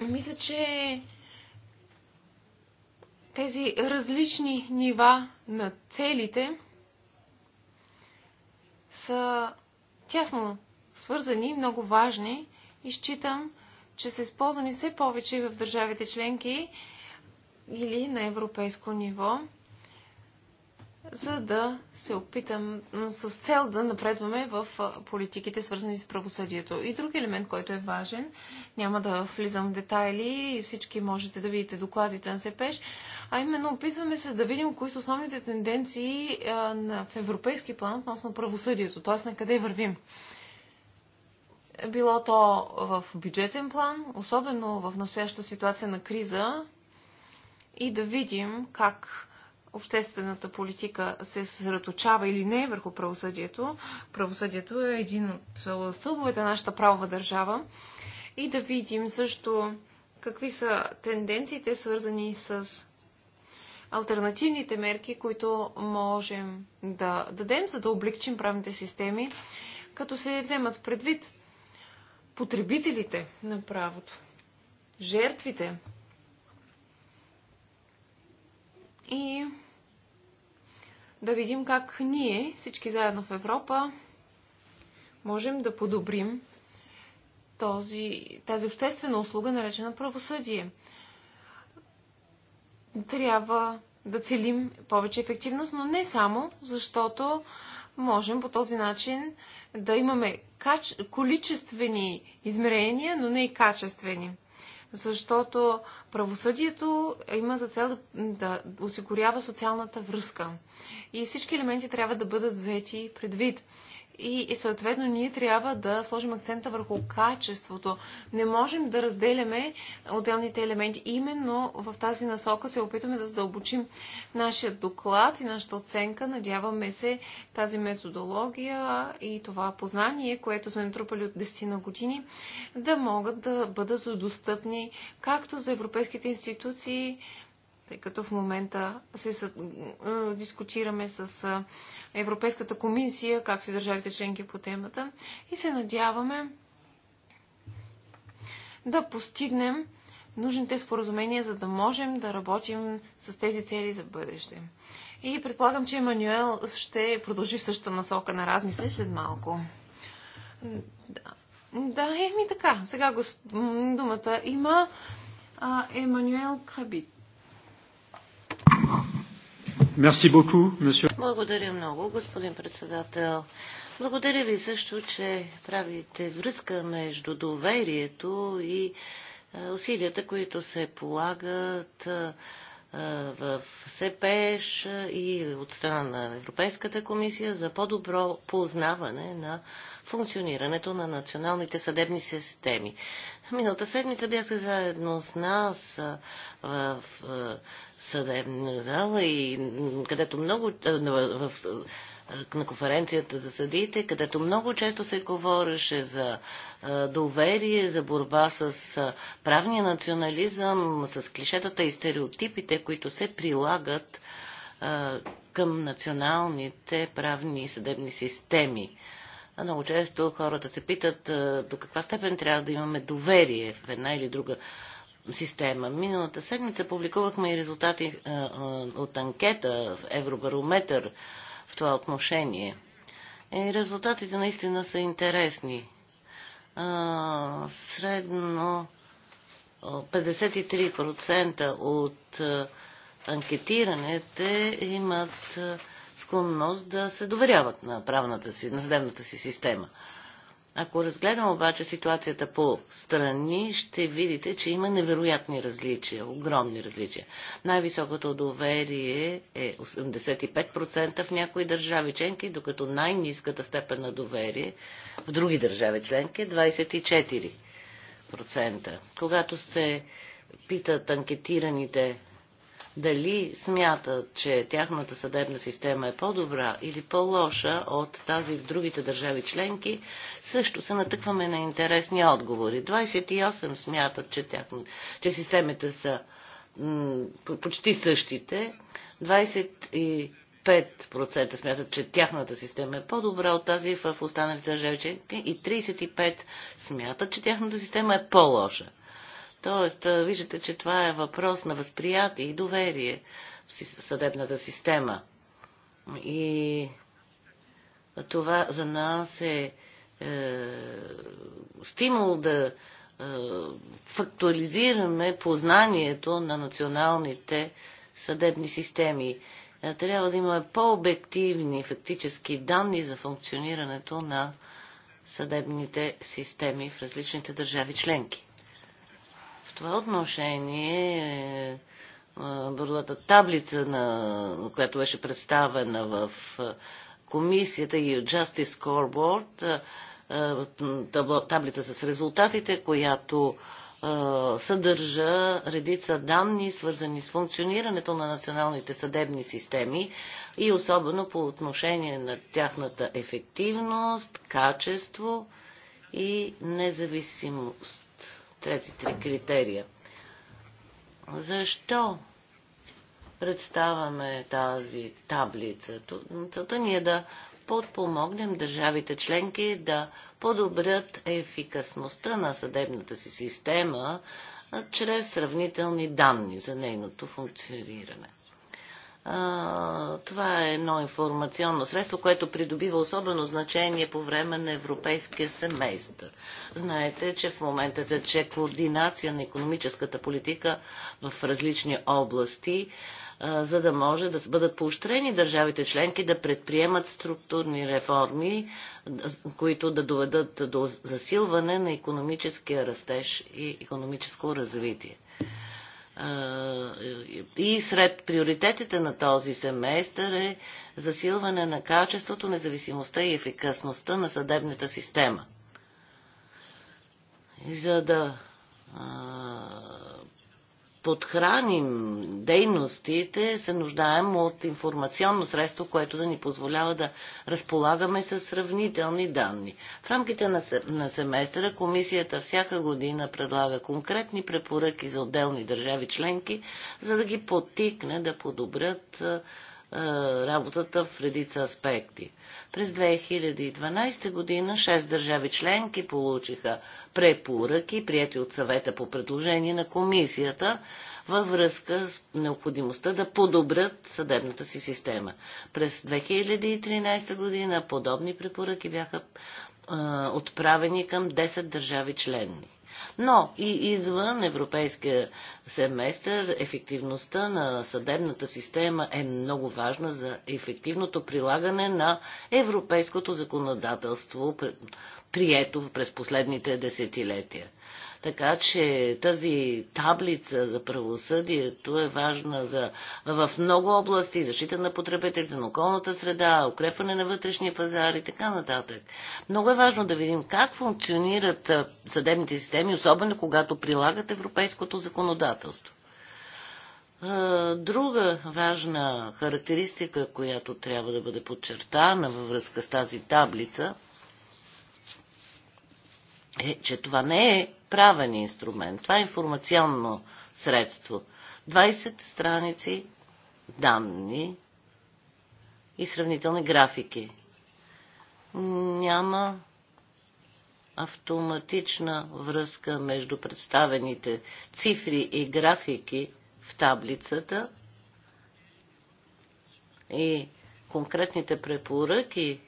Мисля, че тези различни нива на целите са тясно свързани, много важни и считам, че са използвани все повече в държавите членки или на европейско ниво, за да се опитам с цел да напредваме в политиките, свързани с правосъдието. И друг елемент, който е важен, няма да влизам в детайли всички можете да видите докладите на СЕПЕШ, а именно опитваме се да видим кои са основните тенденции в европейски план относно правосъдието, т.е. на къде вървим било то в бюджетен план, особено в настоящата ситуация на криза, и да видим как обществената политика се съсредоточава или не върху правосъдието. Правосъдието е един от стълбовете на нашата правова държава. И да видим също какви са тенденциите, свързани с альтернативните мерки, които можем да дадем, за да облегчим правните системи, като се вземат предвид потребителите на правото, жертвите. И да видим как ние, всички заедно в Европа, можем да подобрим този, тази обществена услуга, наречена правосъдие. Трябва да целим повече ефективност, но не само, защото можем по този начин да имаме каче... количествени измерения, но не и качествени. Защото правосъдието има за цел да, да осигурява социалната връзка. И всички елементи трябва да бъдат взети предвид. И, и съответно ние трябва да сложим акцента върху качеството. Не можем да разделяме отделните елементи. Именно в тази насока се опитваме да задълбочим нашия доклад и нашата оценка. Надяваме се тази методология и това познание, което сме натрупали от 10 на години, да могат да бъдат достъпни както за европейските институции, тъй като в момента се дискутираме с Европейската комисия, както и държавите членки по темата и се надяваме да постигнем нужните споразумения, за да можем да работим с тези цели за бъдеще. И предполагам, че Емануел ще продължи в същата насока на размисли след малко. Да, да е, еми така. Сега госп... думата има а, Емануел Крабит. Благодаря много, господин председател. Благодаря ви също, че правите връзка между доверието и е, усилията, които се полагат е, в СПЕШ и от страна на Европейската комисия за по-добро познаване на функционирането на националните съдебни системи. Миналата седмица бяхте заедно с нас в съдебна зала и където много в на конференцията за съдиите, където много често се говореше за доверие, за борба с правния национализъм, с клишетата и стереотипите, които се прилагат към националните правни и съдебни системи. Много често хората се питат до каква степен трябва да имаме доверие в една или друга система. Миналата седмица публикувахме и резултати от анкета в Евробарометър това отношение. И е, резултатите наистина са интересни. А, средно 53% от анкетираните имат склонност да се доверяват на правната си, на съдебната си система. Ако разгледам обаче ситуацията по страни, ще видите, че има невероятни различия, огромни различия. Най-високото доверие е 85% в някои държави членки, докато най-низката степен на доверие в други държави членки е 24%. Когато се питат анкетираните дали смятат, че тяхната съдебна система е по-добра или по-лоша от тази в другите държави членки, също се натъкваме на интересни отговори. 28 смятат, че, тяхна, че системите са почти същите. 25% смятат, че тяхната система е по-добра от тази в останалите държави членки и 35% смятат, че тяхната система е по-лоша. Тоест, виждате, че това е въпрос на възприятие и доверие в съдебната система. И това за нас е, е стимул да е, фактуализираме познанието на националните съдебни системи. Е, трябва да имаме по-обективни фактически данни за функционирането на съдебните системи в различните държави членки това отношение е, е, бързата таблица, на, която беше представена в е, комисията и от Justice Scoreboard, таблица с резултатите, която съдържа редица данни, свързани с функционирането на националните съдебни системи и особено по отношение на тяхната ефективност, качество и независимост тези три критерия. Защо представяме тази таблица? Целта ни е да подпомогнем държавите членки да подобрят ефикасността на съдебната си система чрез сравнителни данни за нейното функциониране това е едно информационно средство, което придобива особено значение по време на европейския семейстър. Знаете, че в момента тече координация на економическата политика в различни области, за да може да бъдат поощрени държавите членки да предприемат структурни реформи, които да доведат до засилване на економическия растеж и економическо развитие и сред приоритетите на този семестър е засилване на качеството, независимостта и ефикасността на съдебната система. За да подхраним дейностите, се нуждаем от информационно средство, което да ни позволява да разполагаме с сравнителни данни. В рамките на, на семестъра комисията всяка година предлага конкретни препоръки за отделни държави членки, за да ги потикне, да подобрят е, работата в редица аспекти. През 2012 година 6 държави членки получиха препоръки, прияти от съвета по предложение на комисията, във връзка с необходимостта да подобрят съдебната си система. През 2013 година подобни препоръки бяха е, отправени към 10 държави членни но и извън европейския семестър ефективността на съдебната система е много важна за ефективното прилагане на европейското законодателство, прието през последните десетилетия. Така че тази таблица за правосъдието е важна за, в много области, защита на потребителите, на околната среда, укрепване на вътрешния пазар и така нататък. Много е важно да видим как функционират съдебните системи, особено когато прилагат европейското законодателство. Друга важна характеристика, която трябва да бъде подчертана във връзка с тази таблица, е, че това не е правен инструмент. Това е информационно средство. 20 страници данни и сравнителни графики. Няма автоматична връзка между представените цифри и графики в таблицата и конкретните препоръки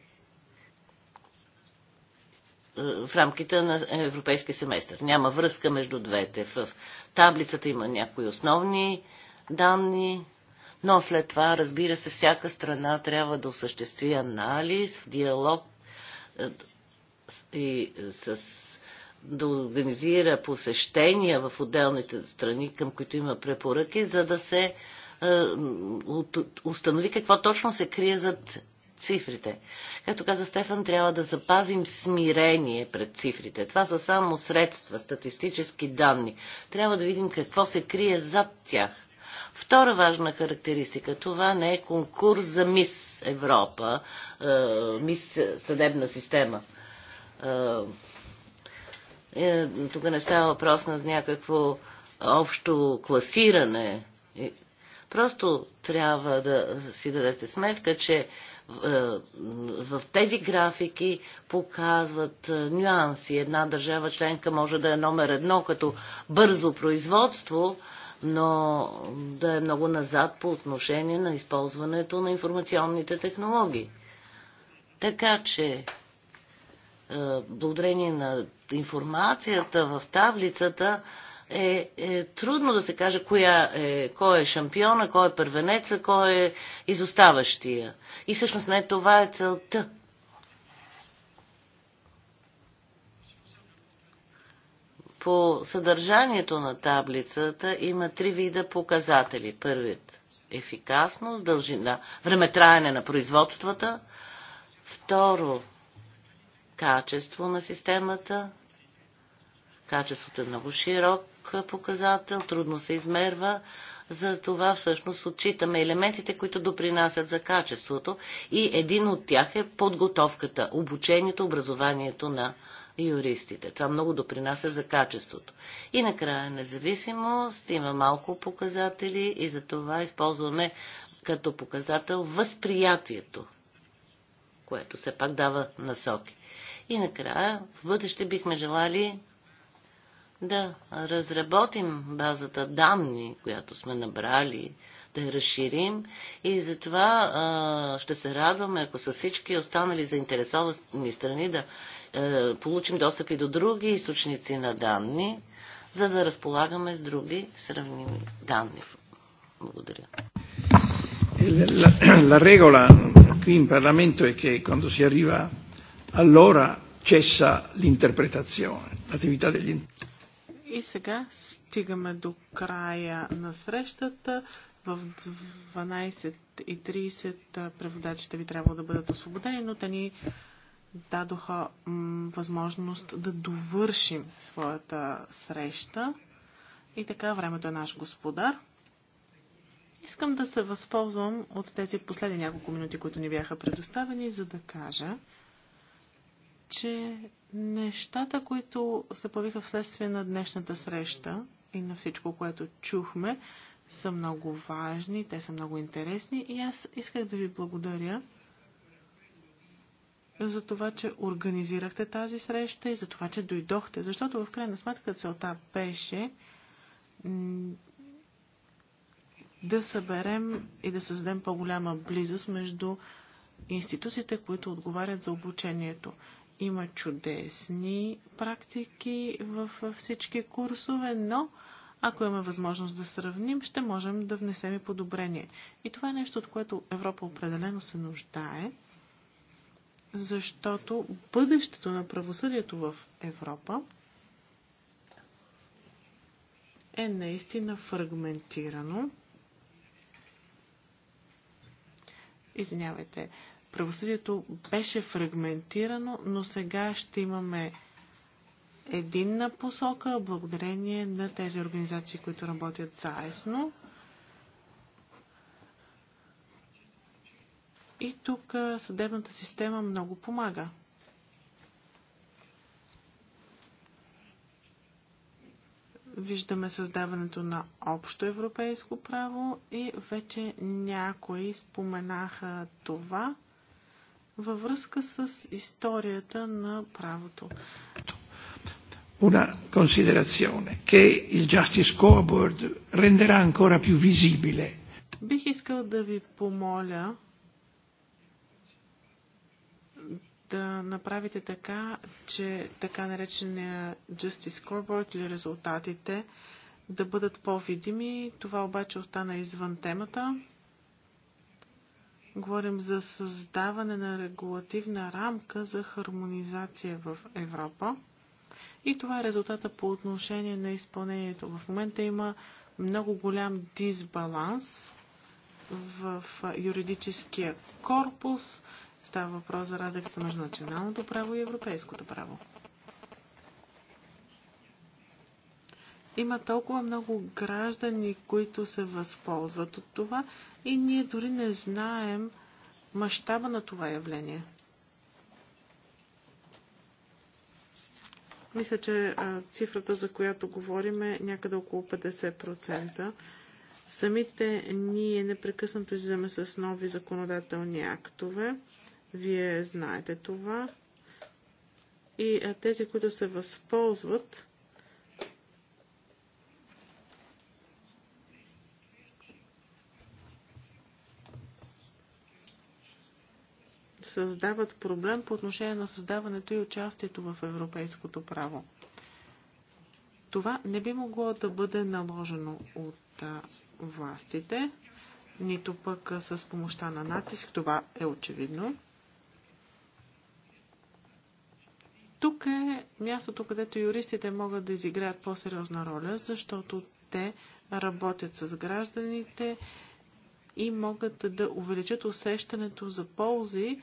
в рамките на европейския семестър. Няма връзка между двете. В таблицата има някои основни данни, но след това, разбира се, всяка страна трябва да осъществи анализ в диалог е, и с, да организира посещения в отделните страни, към които има препоръки, за да се е, установи какво точно се крие зад цифрите. Както каза Стефан, трябва да запазим смирение пред цифрите. Това са само средства, статистически данни. Трябва да видим какво се крие зад тях. Втора важна характеристика това не е конкурс за мис Европа, е, мис съдебна система. Е, е, тук не става въпрос на някакво общо класиране. Просто трябва да си дадете сметка, че е, в тези графики показват е, нюанси. Една държава членка може да е номер едно като бързо производство, но да е много назад по отношение на използването на информационните технологии. Така че, е, благодарение на информацията в таблицата, е, е трудно да се каже коя е, кой е шампиона, кой е първенеца, кой е изоставащия. И всъщност не това е целта. По съдържанието на таблицата има три вида показатели. Първият – ефикасност, дължина, времетраене на производствата. Второ – качество на системата, качеството е много широк показател, трудно се измерва. За това всъщност отчитаме елементите, които допринасят за качеството и един от тях е подготовката, обучението, образованието на юристите. Това много допринася за качеството. И накрая независимост, има малко показатели и за това използваме като показател възприятието, което все пак дава насоки. И накрая, в бъдеще бихме желали да разработим базата данни, която сме набрали, да я разширим и затова а, ще се радваме, ако са всички останали заинтересовани страни да а, е, получим достъп и до други източници на данни, за да разполагаме с други сравними данни. Благодаря. La, la regola qui in Parlamento è che quando si arriva all'ora cessa l'interpretazione, l'attività degli interpreti. И сега стигаме до края на срещата. В 12.30 преводачите ви трябва да бъдат освободени, но те ни дадоха възможност да довършим своята среща. И така, времето е наш господар. Искам да се възползвам от тези последни няколко минути, които ни бяха предоставени, за да кажа, че нещата, които се появиха вследствие на днешната среща и на всичко, което чухме, са много важни, те са много интересни и аз исках да ви благодаря за това, че организирахте тази среща и за това, че дойдохте. Защото в крайна сметка целта беше да съберем и да създадем по-голяма близост между институциите, които отговарят за обучението. Има чудесни практики в всички курсове, но ако имаме възможност да сравним, ще можем да внесем и подобрение. И това е нещо, от което Европа определено се нуждае, защото бъдещето на правосъдието в Европа е наистина фрагментирано. Извинявайте, правосъдието беше фрагментирано, но сега ще имаме единна посока, благодарение на тези организации, които работят заедно. И тук съдебната система много помага. Виждаме създаването на общо европейско право и вече някои споменаха това във връзка с историята на правото. Una considerazione che il Justice Scoreboard renderà ancora più visibile. Бих искал да ви помоля да направите така, че така наречения Justice Scoreboard или резултатите да бъдат по-видими. Това обаче остана извън темата. Говорим за създаване на регулативна рамка за хармонизация в Европа. И това е резултата по отношение на изпълнението. В момента има много голям дисбаланс в юридическия корпус. Става въпрос за разликата между националното право и европейското право. Има толкова много граждани, които се възползват от това и ние дори не знаем мащаба на това явление. Мисля, че цифрата, за която говорим е някъде около 50%. Самите ние непрекъснато излизаме с нови законодателни актове. Вие знаете това. И тези, които се възползват, създават проблем по отношение на създаването и участието в европейското право. Това не би могло да бъде наложено от властите, нито пък с помощта на натиск. Това е очевидно. Тук е мястото, където юристите могат да изиграят по-сериозна роля, защото те работят с гражданите и могат да увеличат усещането за ползи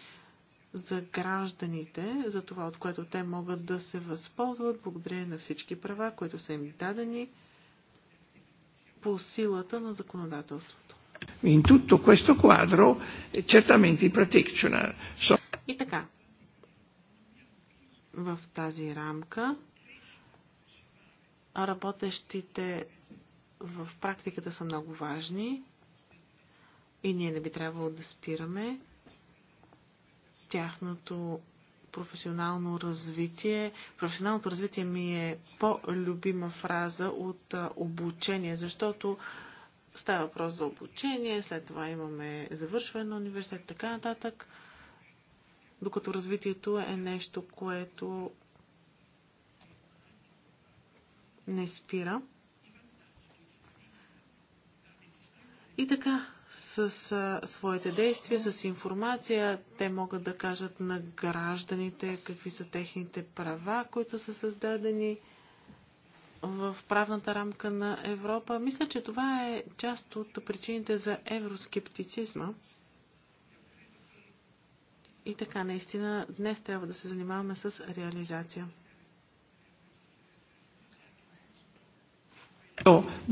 за гражданите, за това, от което те могат да се възползват, благодарение на всички права, които са им дадени по силата на законодателството. In tutto questo quadro, eh, certamente i practitioner И така, в тази рамка, работещите в практиката са много важни и ние не би трябвало да спираме тяхното професионално развитие. Професионалното развитие ми е по-любима фраза от обучение, защото става въпрос за обучение, след това имаме завършване на университет, така нататък, докато развитието е нещо, което не спира. И така, с своите действия, с информация. Те могат да кажат на гражданите какви са техните права, които са създадени в правната рамка на Европа. Мисля, че това е част от причините за евроскептицизма. И така, наистина, днес трябва да се занимаваме с реализация.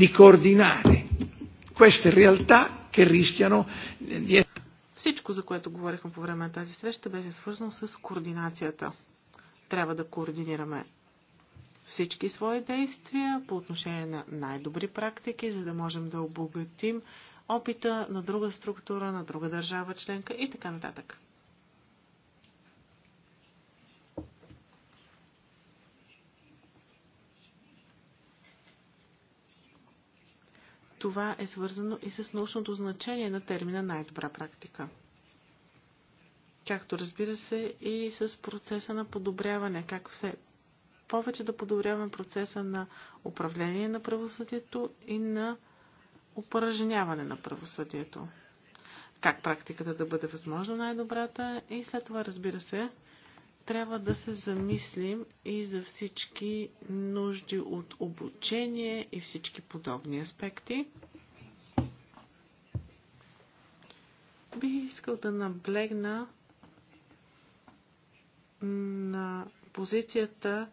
Di coordinare queste realtà che rischiano di essere. Всичко, за което говорихме по време на тази среща, беше свързано с координацията. Трябва да координираме всички свои действия по отношение на най-добри практики, за да можем да обогатим опита на друга структура, на друга държава членка и така нататък. Това е свързано и с научното значение на термина най-добра практика. Както разбира се и с процеса на подобряване, как все повече да подобряваме процеса на управление на правосъдието и на упражняване на правосъдието. Как практиката да бъде възможно най-добрата и след това, разбира се, трябва да се замислим и за всички нужди от обучение и всички подобни аспекти. Бих искал да наблегна на позицията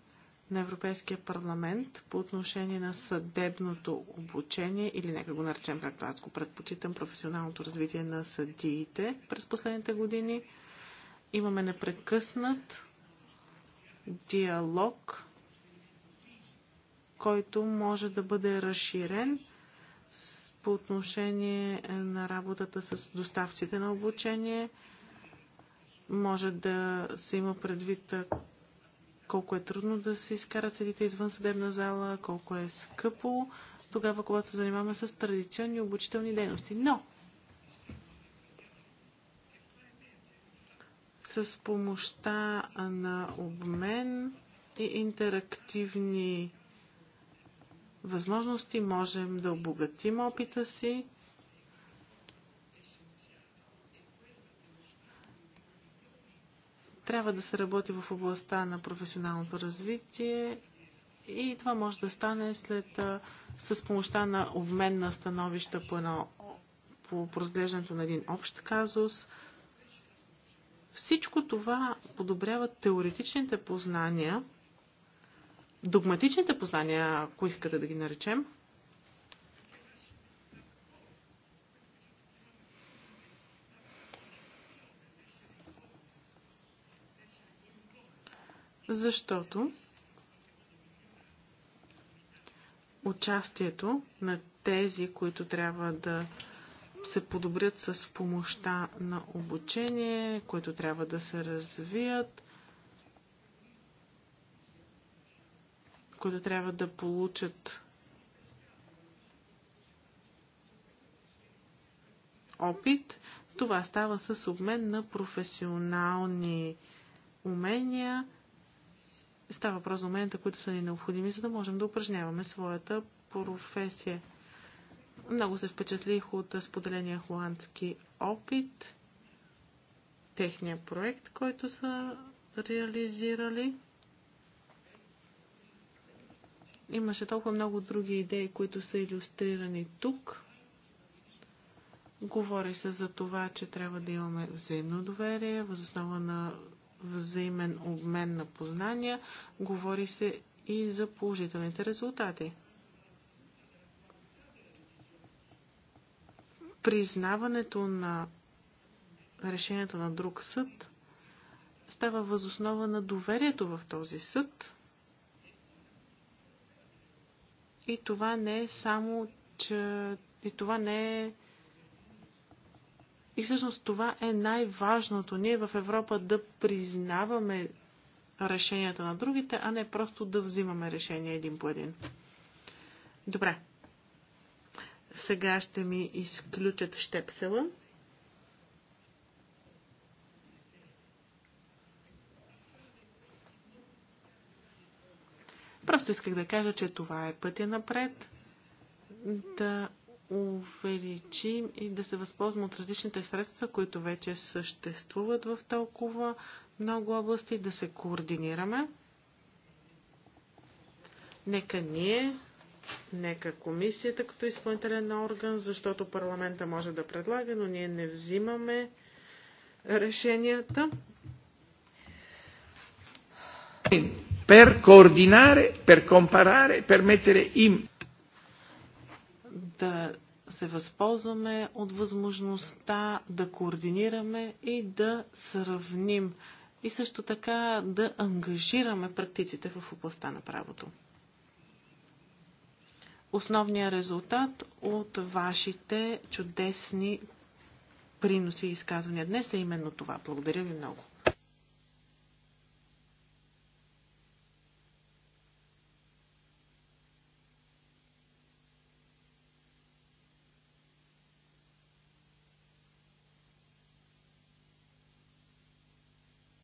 на Европейския парламент по отношение на съдебното обучение или нека го наречем както аз го предпочитам професионалното развитие на съдиите през последните години – Имаме непрекъснат диалог, който може да бъде разширен по отношение е, на работата с доставците на обучение. Може да се има предвид колко е трудно да се изкарат седите извън съдебна зала, колко е скъпо, тогава когато се занимаваме с традиционни обучителни дейности. Но с помощта на обмен и интерактивни възможности можем да обогатим опита си. Трябва да се работи в областта на професионалното развитие и това може да стане след, с помощта на обмен на становища по, едно, по разглеждането на един общ казус – всичко това подобрява теоретичните познания, догматичните познания, ако искате да ги наречем, защото участието на тези, които трябва да се подобрят с помощта на обучение, които трябва да се развият, които трябва да получат опит. Това става с обмен на професионални умения. Става въпрос за уменията, които са ни необходими, за да можем да упражняваме своята професия. Много се впечатлих от споделения холандски опит, техния проект, който са реализирали. Имаше толкова много други идеи, които са иллюстрирани тук. Говори се за това, че трябва да имаме взаимно доверие, възоснова на взаимен обмен на познания. Говори се и за положителните резултати. признаването на решението на друг съд става възоснова на доверието в този съд. И това не е само, че... И това не е... И всъщност това е най-важното. Ние в Европа да признаваме решенията на другите, а не просто да взимаме решения един по един. Добре. Сега ще ми изключат щепсела. Просто исках да кажа, че това е пътя напред. Да увеличим и да се възползвам от различните средства, които вече съществуват в толкова много области, да се координираме. Нека ние Нека комисията като изпълнителен орган, защото парламента може да предлага, но ние не взимаме решенията. Per coordinare, per comparare, per mettere in... Да се възползваме от възможността да координираме и да сравним и също така да ангажираме практиците в областта на правото основния резултат от вашите чудесни приноси и изказвания днес е именно това. Благодаря ви много.